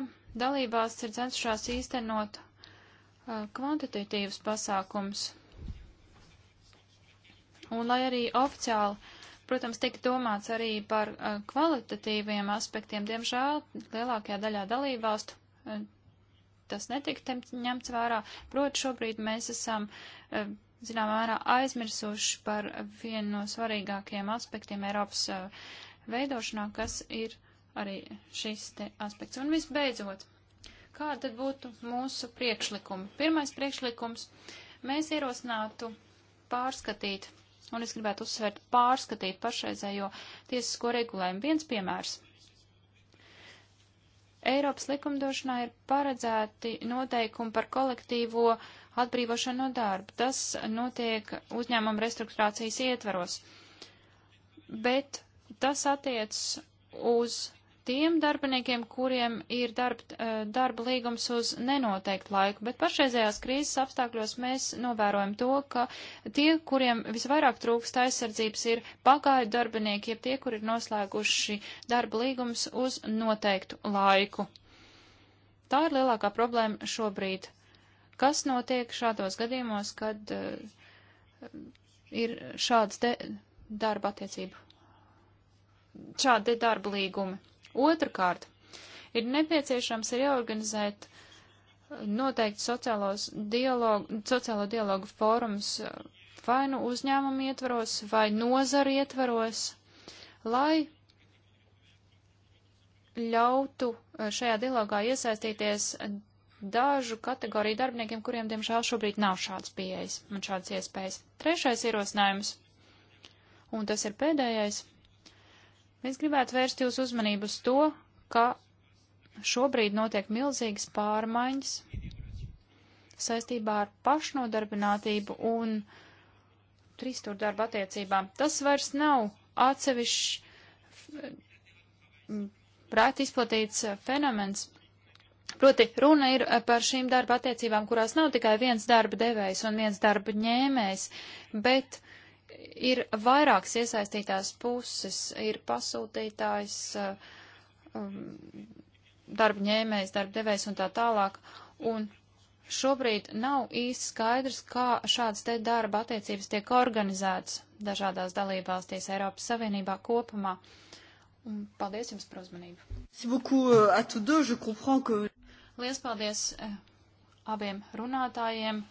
dalībās ir cenšās īstenot uh, kvantitatīvus pasākums. Un lai arī oficiāli Protams, tika domāts arī par uh, kvalitatīviem aspektiem. Diemžēl lielākajā daļā dalībvalstu uh, tas netika ņemts vērā. Proti, šobrīd mēs esam, uh, zināmā mērā, aizmirsuši par vienu no svarīgākajiem aspektiem Eiropas veidošanā, kas ir arī šis te aspekts. Un visbeidzot, kāda tad būtu mūsu priekšlikumi? Pirmais priekšlikums. Mēs ierosinātu pārskatīt Un es gribētu uzsvērt pārskatīt pašreizējo tiesisko regulējumu. Viens piemērs. Eiropas likumdošanā ir paredzēti noteikumi par kolektīvo atbrīvošanu no darba. Tas notiek uzņēmuma restruktūrācijas ietvaros. Bet tas attiec uz tiem darbiniekiem, kuriem ir darb, eh, darba līgums uz nenoteiktu laiku, bet pašreizējās krīzes apstākļos mēs novērojam to, ka tie, kuriem visvairāk trūkst aizsardzības, ir pagāju darbinieki, jeb tie, kur ir noslēguši darba līgums uz noteiktu laiku. Tā ir lielākā problēma šobrīd. Kas notiek šādos gadījumos, kad uh, ir šāds darba attiecību? Šādi darba līgumi. Otrakārt, ir nepieciešams ir jāorganizēt noteikti sociālos dialogu, sociālo dialogu fórums vai nu uzņēmumu ietvaros, vai nozaru ietvaros, lai ļautu šajā dialogā iesaistīties dažu kategoriju darbiniekiem, kuriem, diemžēl, šobrīd nav šāds pieejas un šādas iespējas. Trešais ierosinājums, un tas ir pēdējais, Es gribētu vērst jūsu uzmanību uz to, ka šobrīd notiek milzīgas pārmaiņas saistībā ar pašnodarbinātību un trīsstūra darba attiecībām. Tas vairs nav atsevišķi mm, prāt izplatīts eh, fenomens. Proti, runa ir eh, par šīm darba attiecībām, kurās nav tikai viens darba devējs un viens darba ņēmējs, bet ir vairākas iesaistītās puses, ir pasūtītājs, eh, um, darba ņēmējs, darba devējs un tā tālāk. Un šobrīd nav īsti skaidrs, kā šādas te darba attiecības tiek organizētas dažādās dalībvalstīs Eiropas Savienībā kopumā. Un paldies jums par uzmanību. Euh, Liels paldies eh, abiem runātājiem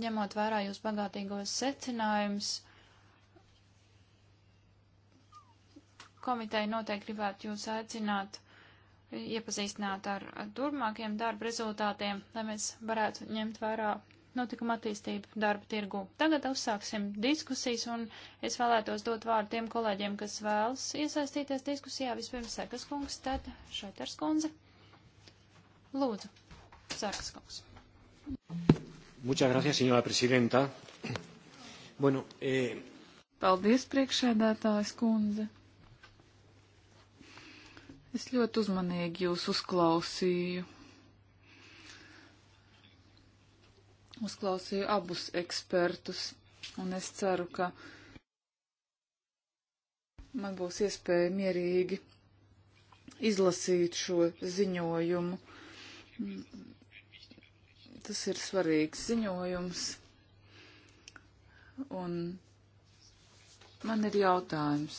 ņemot vērā jūs bagātīgos secinājumus, komiteja noteikti gribētu jūs aicināt iepazīstināt ar turpmākiem darba rezultātiem, lai mēs varētu ņemt vērā notikuma attīstību darba tirgu. Tagad uzsāksim diskusijas, un es vēlētos dot vārdu tiem kolēģiem, kas vēlas iesaistīties diskusijā. Vispirms Sekas kungs, tad Šaiters kundze. Lūdzu, Sekas kungs. Muchas gracias, señora presidenta. Bueno, eh... Paldies, priekšēdētājs kundze. Es ļoti uzmanīgi jūs uzklausīju. Uzklausīju abus ekspertus, un es ceru, ka man būs iespēja mierīgi izlasīt šo ziņojumu Tas ir svarīgs ziņojums. Un man ir jautājums.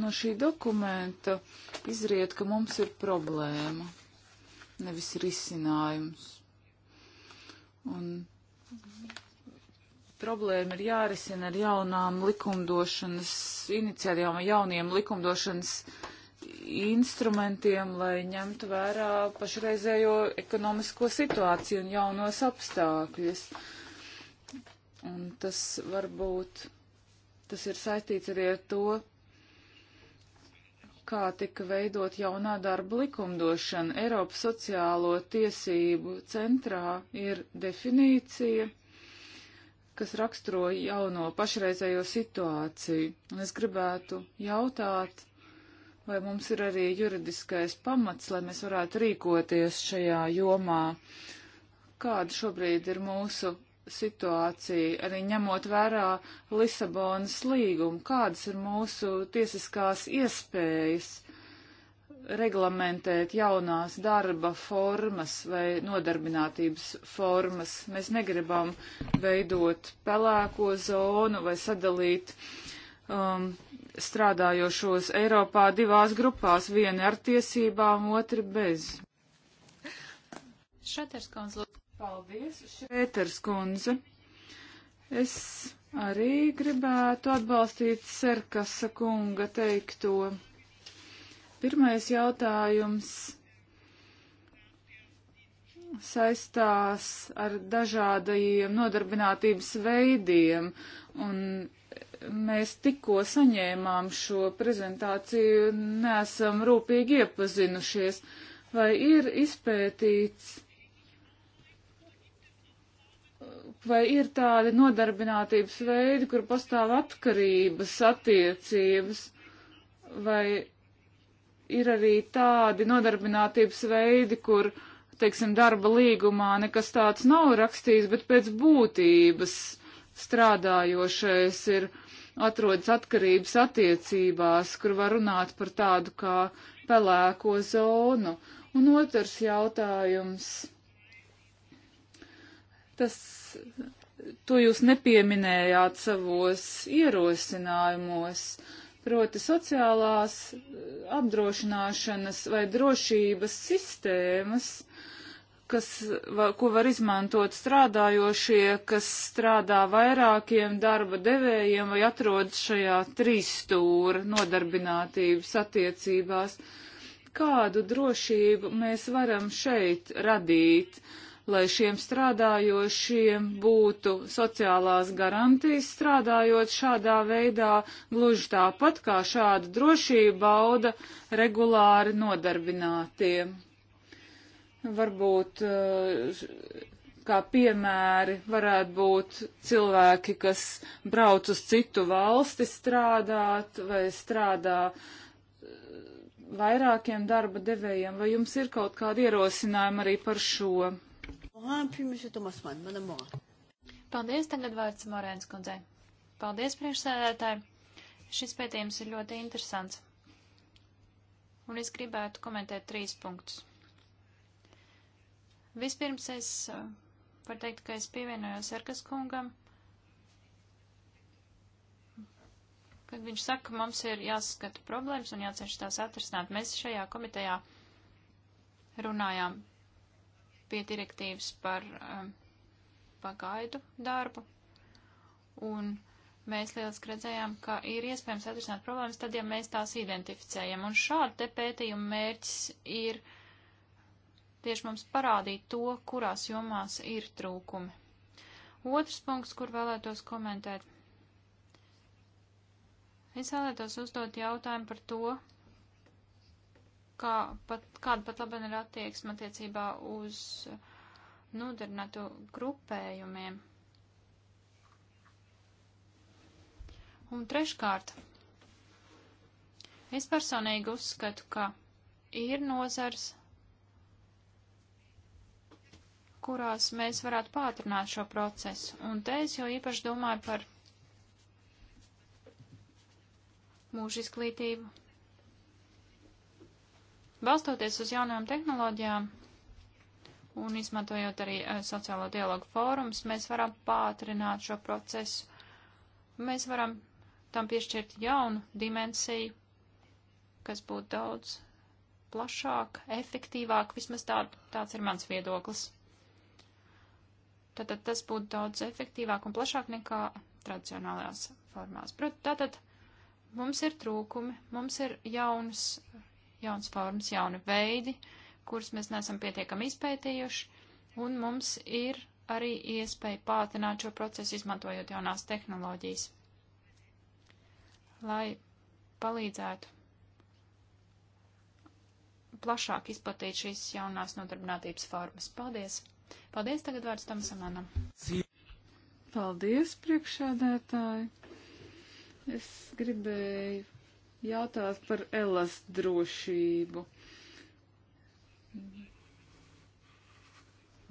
No šī dokumenta izriet, ka mums ir problēma, nevis risinājums. Un problēma ir jārisina ar jaunām likumdošanas iniciatīvām, jauniem likumdošanas uh, instrumentiem, lai ņemtu vērā pašreizējo ekonomisko situāciju un jaunos apstākļus. Un tas varbūt, tas ir saistīts arī ar to, kā tika veidot jaunā darba likumdošana. Eiropas sociālo tiesību centrā ir definīcija, kas raksturo jauno pašreizējo situāciju. Un es gribētu jautāt, vai mums ir arī juridiskais pamats, lai mēs varētu rīkoties šajā jomā. Kāda šobrīd ir mūsu situācija, arī ņemot vērā Lisabonas līgumu, kādas ir mūsu tiesiskās iespējas reglamentēt jaunās darba formas vai nodarbinātības formas. Mēs negribam veidot pelēko zonu vai sadalīt um, strādājošos Eiropā divās grupās, viena ar tiesībām, otra bez. Šeters kundze, paldies. Šeters kundze, es arī gribētu atbalstīt Serkasa kunga teikto. Pirmais jautājums saistās ar dažādajiem nodarbinātības veidiem un mēs tikko saņēmām šo prezentāciju, nesam rūpīgi iepazinušies. Vai ir izpētīts, vai ir tādi nodarbinātības veidi, kur pastāv atkarības, attiecības, vai ir arī tādi nodarbinātības veidi, kur teiksim, darba līgumā nekas tāds nav rakstīts, bet pēc būtības strādājošais ir atrodas atkarības attiecībās, kur var runāt par tādu kā pelēko zonu. Un otrs jautājums. Tas, to jūs nepieminējāt savos ierosinājumos, proti sociālās eh, apdrošināšanas vai drošības sistēmas uh, kas, ko var izmantot strādājošie, kas strādā vairākiem darba devējiem vai atrodas šajā trīsstūra nodarbinātības attiecībās. Kādu drošību mēs varam šeit radīt, lai šiem strādājošiem būtu sociālās garantijas strādājot šādā veidā, gluži tāpat kā šādu drošību bauda regulāri nodarbinātiem? Varbūt eh, kā piemēri varētu būt cilvēki, kas brauc uz citu valsti strādāt vai strādā eh, vairākiem darba devējiem. Vai jums ir kaut kāda ierosinājuma arī par šo? Paldies, tagad vārds Morēns kundzei. Paldies, priekšsēdētāji. Šis pētījums ir ļoti interesants. Un es gribētu komentēt trīs punktus. Vispirms es eh, varu teikt, ka es pievienojos Erkas kungam, kad viņš saka, ka mums ir jāskata problēmas un jāceņš tās atrisināt. Mēs šajā komitejā runājām pie direktīvas par um, eh, pagaidu darbu, un mēs lieliski redzējām, ka ir iespējams atrisināt problēmas tad, ja mēs tās identificējam. Un šāda te pētījuma mērķis ir tieši mums parādīt to, kurās jomās ir trūkumi. Otrs punkts, kur vēlētos komentēt. Es vēlētos uzdot jautājumu par to, kā pat, kāda pat labam ir attieksme attiecībā uz nodarbinātu grupējumiem. Un treškārt, es personīgi uzskatu, ka ir nozars, kurās mēs varētu pātrināt šo procesu. Un te es jau īpaši domāju par mūža izglītību. Balstoties uz jaunajām tehnoloģijām un izmantojot arī e, sociālo dialogu fórums, mēs varam pātrināt šo procesu. Mēs varam tam piešķirt jaunu dimensiju, kas būtu daudz plašāk, efektīvāk, vismaz tā, tāds ir mans viedoklis. Tātad tas būtu daudz efektīvāk un plašāk nekā tradicionālajās formās. Tātad mums ir trūkumi, mums ir jaunas, jaunas formas, jauni veidi, kurus mēs neesam pietiekami izpētījuši, un mums ir arī iespēja pātrināt šo procesu, izmantojot jaunās tehnoloģijas, lai palīdzētu plašāk izplatīt šīs jaunās nodarbinātības formas. Paldies! Paldies, tagad vārds tam samanam. Paldies, priekšādētāji. Es gribēju jautāt par Elas drošību.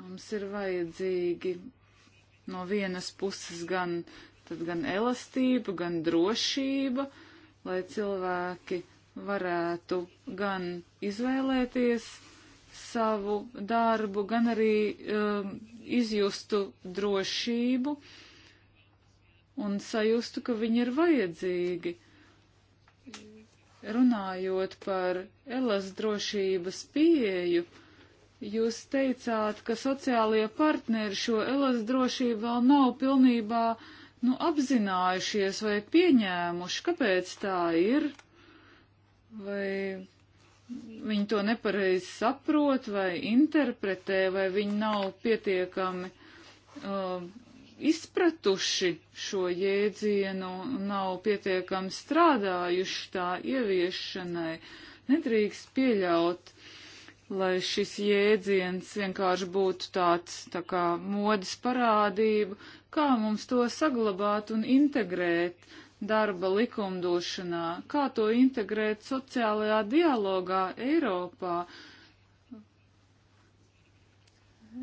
Mums ir vajadzīgi no vienas puses gan, gan elastība, gan drošība, lai cilvēki varētu gan izvēlēties savu darbu, gan arī um, izjustu drošību un sajustu, ka viņi ir vajadzīgi. Runājot par Elas drošības pieeju, Jūs teicāt, ka sociālie partneri šo elas drošību vēl nav pilnībā nu, apzinājušies vai pieņēmuši. Kāpēc tā ir? Vai viņi to nepareizi saprot vai interpretē, vai viņi nav pietiekami uh, izpratuši šo jēdzienu, nav pietiekami strādājuši tā ieviešanai. Nedrīkst pieļaut, lai šis jēdziens vienkārši būtu tāds tā kā modas parādība, kā mums to saglabāt un integrēt darba likumdošanā, kā to integrēt sociālajā dialogā Eiropā.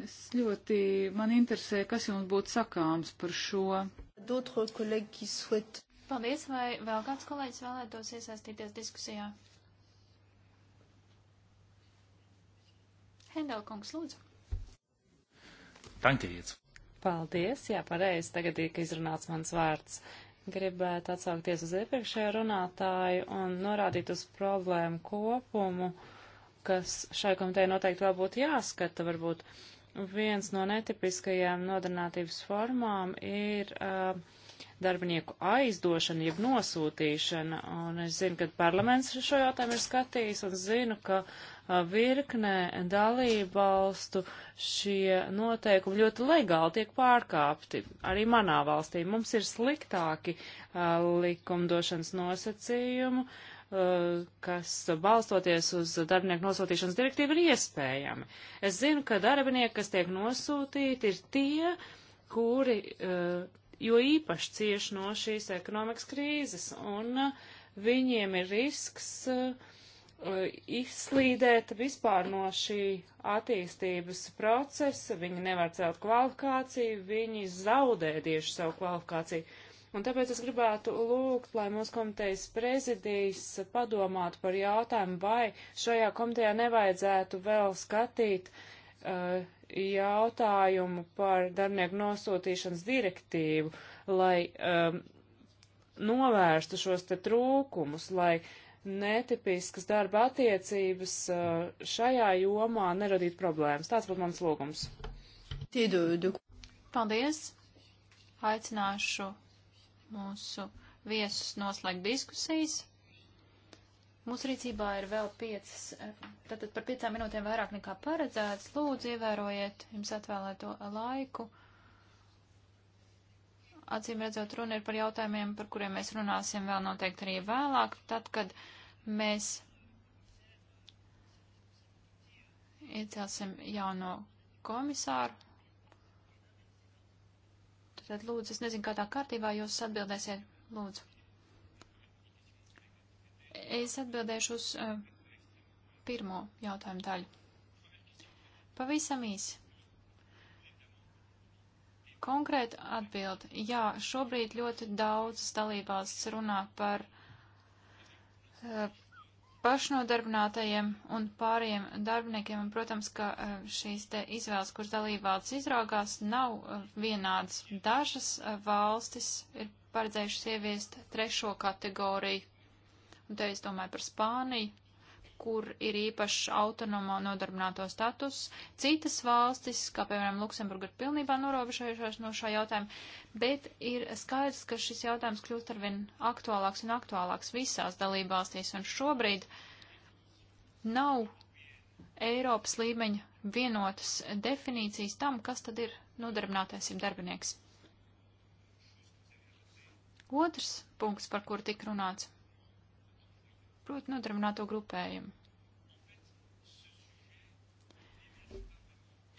Es ļoti, man interesē, kas jums būtu sakāms par šo. Paldies, vai vēl kāds kolēģis vēlētos iesaistīties diskusijā? Hendelkungs, lūdzu. Tankijiet. Paldies, jā, pareizi, tagad ir izrunāts mans vārds. Uh, gribētu atsaukties uz iepriekšējo runātāju un norādīt uz problēmu kopumu, kas šai komitejai noteikti vēl būtu jāskata. Varbūt viens no netipiskajām nodarbinātības formām ir uh, darbinieku aizdošana, jeb nosūtīšana. Un es zinu, ka parlaments šo jautājumu ir skatījis un zinu, ka virknē dalībvalstu šie noteikumi ļoti legāli tiek pārkāpti. Arī manā valstī mums ir sliktāki uh, likumdošanas nosacījumi, uh, kas balstoties uz darbinieku nosūtīšanas direktīvu ir iespējami. Es zinu, ka darbinieki, kas tiek nosūtīti, ir tie, kuri uh, jo īpaši cieš no šīs ekonomikas krīzes, un uh, viņiem ir risks uh, izslīdēt vispār no šī attīstības procesa, viņi nevar celt kvalifikāciju, viņi zaudē tieši savu kvalifikāciju. Un tāpēc es gribētu lūgt, lai mūsu komitejas prezidijas padomātu par jautājumu, vai šajā komitejā nevajadzētu vēl skatīt uh, jautājumu par darbinieku nosūtīšanas direktīvu, lai um, novērstu šos te trūkumus, lai netipiskas darba attiecības uh, šajā jomā neradītu problēmas. Tāds būtu mans lūgums. Paldies! Aicināšu mūsu viesus noslēgt diskusijas. Mūsu rīcībā ir vēl piecas, tātad par piecām minūtēm vairāk nekā paredzēts. Lūdzu, ievērojiet jums atvēlēto laiku. Acīm redzot, runa ir par jautājumiem, par kuriem mēs runāsim vēl noteikti arī vēlāk, tad, kad mēs iecelsim jauno komisāru. Tad, lūdzu, es nezinu, kādā kārtībā jūs atbildēsiet. Lūdzu. Es atbildēšu uz uh, pirmo jautājumu daļu. Pavisam īsi. Konkrēta atbild. Jā, šobrīd ļoti daudzas dalībvalstis runā par uh, pašnodarbinātajiem un pāriem darbiniekiem, un, protams, ka eh, šīs te izvēles, kuras dalībvalsts izraugās, nav vienādas. Dažas valstis ir paredzējušas ieviest trešo kategoriju Un te es domāju par Spāniju, kur ir īpaši autonomo nodarbināto status. Citas valstis, kā piemēram Luksemburga, ir pilnībā norobežojušās no šā jautājuma, bet ir skaidrs, ka šis jautājums kļūst arvien aktuālāks un aktuālāks visās dalībvalstīs, un šobrīd nav Eiropas līmeņa vienotas definīcijas tam, kas tad ir nodarbinātais ir darbinieks. Otrs punkts, par kuru tik runāts proti nodarbināto grupējumu.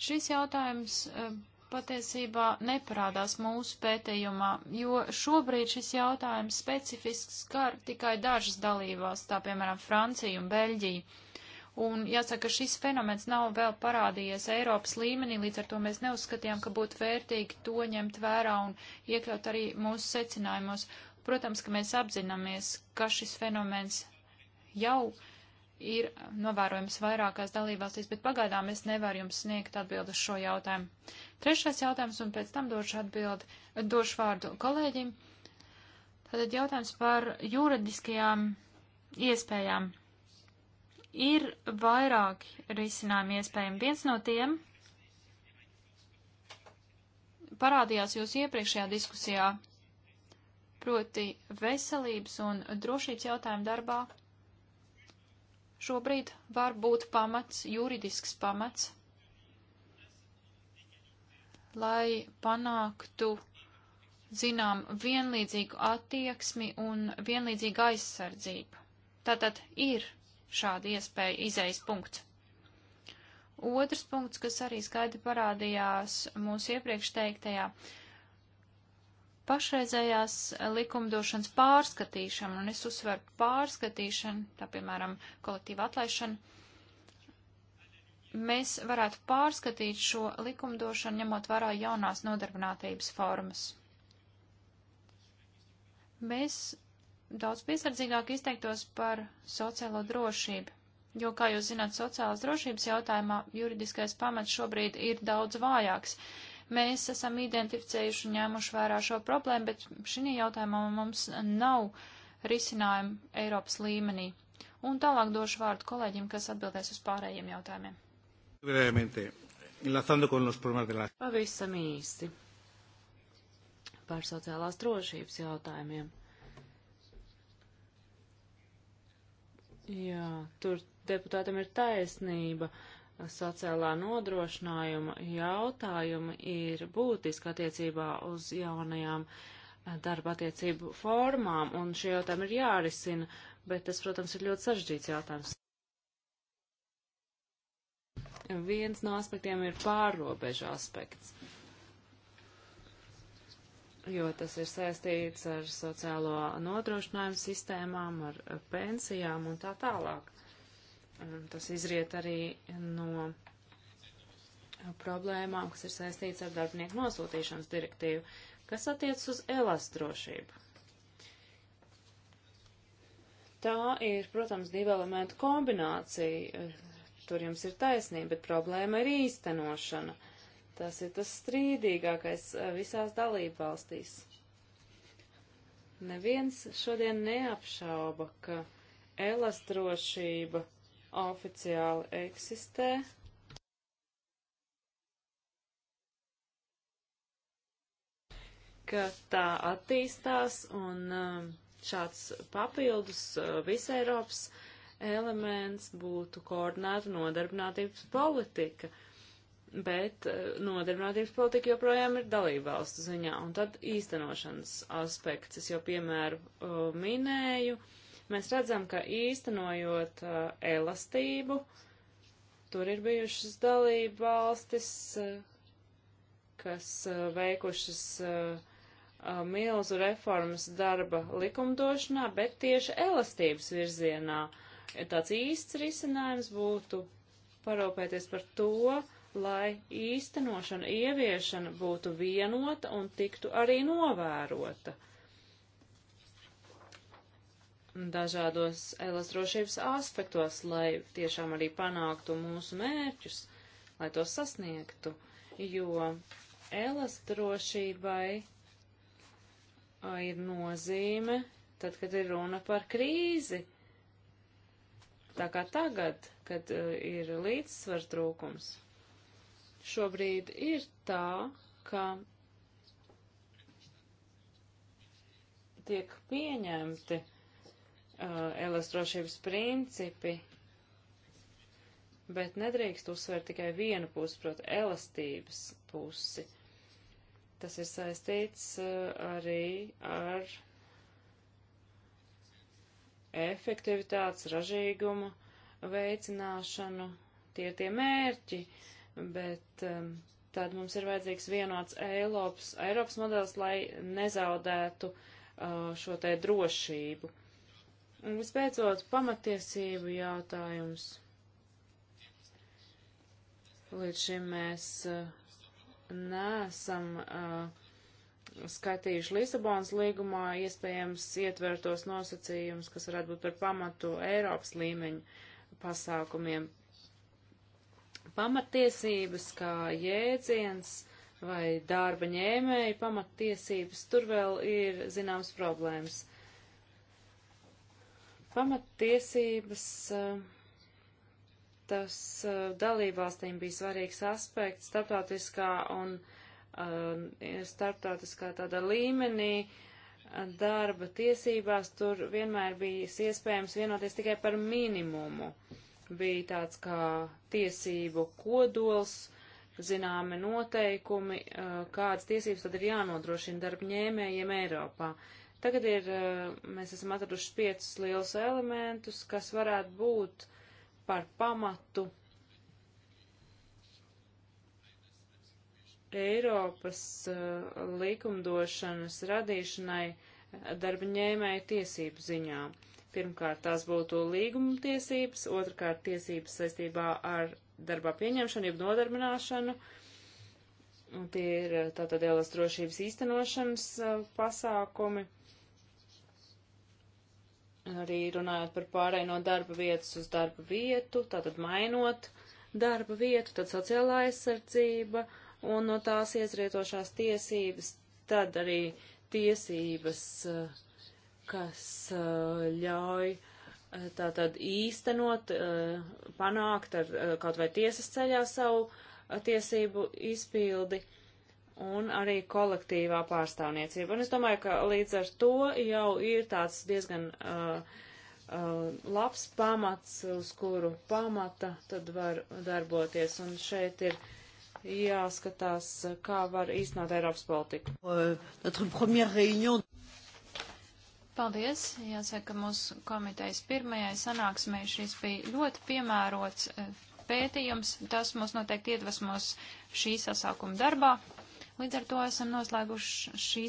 Šis jautājums e, patiesībā neparādās mūsu pētījumā, jo šobrīd šis jautājums specifiski skar tikai dažas dalībās, tā piemēram Franciju un Beļģiju. Un jāsaka, šis fenomens nav vēl parādījies Eiropas līmenī, līdz ar to mēs neuzskatījām, ka būtu vērtīgi to ņemt vērā un iekļaut arī mūsu secinājumos. Protams, ka mēs apzināmies, ka šis fenomens jau ir novērojams vairākās dalībvalstīs, bet pagaidām es nevaru jums sniegt atbildi uz šo jautājumu. Trešais jautājums, un pēc tam došu atbildi, došu vārdu kolēģim. Tātad jautājums par juridiskajām iespējām. Ir vairāki risinājumi iespējami. Viens no tiem parādījās jūs iepriekšējā diskusijā, proti veselības un drošības jautājumu darbā šobrīd var būt pamats, juridisks pamats, lai panāktu, zinām, vienlīdzīgu attieksmi un vienlīdzīgu aizsardzību. Tātad ir šāda iespēja izejas punkts. Otrs punkts, kas arī skaidri parādījās mūsu iepriekš teiktajā, uh, pašreizējās eh, likumdošanas pārskatīšana, un es uzsveru pārskatīšanu, tā piemēram, kolektīva atlaišana, mēs varētu pārskatīt šo likumdošanu, ņemot vērā jaunās nodarbinātības formas. Mēs daudz piesardzīgāk izteiktos par sociālo drošību, jo, kā jūs zināt, sociālās drošības jautājumā juridiskais pamats šobrīd ir daudz vājāks. Uh, Mēs esam identificējuši un ņēmuši vērā šo problēmu, bet šī jautājumā mums nav risinājumu Eiropas līmenī. Un tālāk došu vārdu kolēģim, kas atbildēs uz pārējiem jautājumiem. Pavisam īsi par sociālās drošības jautājumiem. Jā, tur deputātam ir taisnība. Uh, sociālā nodrošinājuma jautājumi ir būtiski attiecībā uz jaunajām eh, darba attiecību formām, un šie jautājumi ir jārisina, bet tas, protams, ir ļoti sažģīts jautājums. Viens no aspektiem ir pārrobežu aspekts, jo tas ir saistīts ar sociālo nodrošinājumu sistēmām, ar pensijām un tā tālāk. Eh, tas izriet arī no problēmām, kas ir saistīts ar darbinieku nosūtīšanas direktīvu, kas attiec uz elas drošību. Tā ir, protams, divu elementu kombinācija. Eh, tur jums ir taisnība, bet problēma ir īstenošana. Tas ir tas strīdīgākais eh, visās dalību valstīs. Neviens šodien neapšauba, ka elastrošība drošība oficiāli eksistē. ka tā attīstās un um, šāds papildus uh, visai Eiropas elements būtu koordinēta nodarbinātības politika, bet uh, nodarbinātības politika joprojām ir dalībvalstu ziņā, un tad īstenošanas aspekts, es jau piemēru uh, minēju, uh, Mēs redzam, ka īstenojot uh, elastību, tur ir bijušas dalība valstis, uh, kas uh, veikušas milzu reformas darba likumdošanā, bet tieši elastības virzienā. Tāds īsts risinājums būtu parūpēties par to, lai īstenošana, ieviešana būtu vienota un tiktu arī novērota dažādos elastrošības aspektos, lai tiešām arī panāktu mūsu mērķus, lai to sasniegtu, jo elastrošībai ir nozīme, tad, kad ir runa par krīzi, tā kā tagad, kad ir līdzsvar trūkums. Šobrīd ir tā, ka tiek pieņemti uh, Eh, elastrošības principi, bet nedrīkst uzsvērt tikai vienu pusi, proti, elastības pusi. Tas ir saistīts eh, arī ar efektivitātes, ražīgumu veicināšanu. Tie ir tie mērķi, bet um, tad mums ir vajadzīgs vienots Eiropas, Eiropas modelis, lai nezaudētu uh, šo te drošību. Uh, Un visbeidzot, pamatiesību jautājums. Līdz šim mēs uh, neesam uh, skatījuši Lisabonas līgumā iespējams ietvertos nosacījumus, kas varētu būt par pamatu Eiropas līmeņu pasākumiem. Pamattiesības kā jēdziens vai darba ņēmēji pamattiesības, tur vēl ir zināms problēmas Pamattiesības, eh, tas eh, dalībvalstīm bija svarīgs aspekts starptautiskā un eh, starptautiskā tādā līmenī darba tiesībās, tur vienmēr bijis iespējams vienoties tikai par minimumu. Bija tāds kā tiesību kodols, zināmi noteikumi, kādas tiesības tad ir jānodrošina darbņēmējiem Eiropā. Uh, Tagad ir, eh, mēs esam atraduši piecus lielus elementus, kas varētu būt par pamatu Eiropas eh, likumdošanas radīšanai eh, darbaņēmēju tiesību ziņā. Pirmkārt, tās būtu līguma tiesības, otrkārt, tiesības saistībā ar darbā pieņemšanu, jeb nodarbināšanu. Un tie ir tātad ielas drošības īstenošanas pasākumi, arī runājot par pārēju no darba vietas uz darba vietu, tātad mainot darba vietu, tad sociālā aizsardzība un no tās iezrietošās tiesības, tad arī tiesības, eh, kas eh, ļauj eh, tātad īstenot, panākt ar kaut vai tiesas ceļā savu tiesību izpildi un arī kolektīvā pārstāvniecība. Un es domāju, ka līdz ar to jau ir tāds diezgan uh, uh, labs pamats, uz kuru pamata tad var darboties. Un šeit ir jāskatās, kā var īstenot Eiropas politiku. Uh, Paldies! Jāsaka, mūsu komitejas pirmajai sanāksmē šis bija ļoti piemērots eh, pētījums. Tas mūs noteikti iedvesmos šī sasaukuma darbā. Līdz ar to esam noslēguši šīs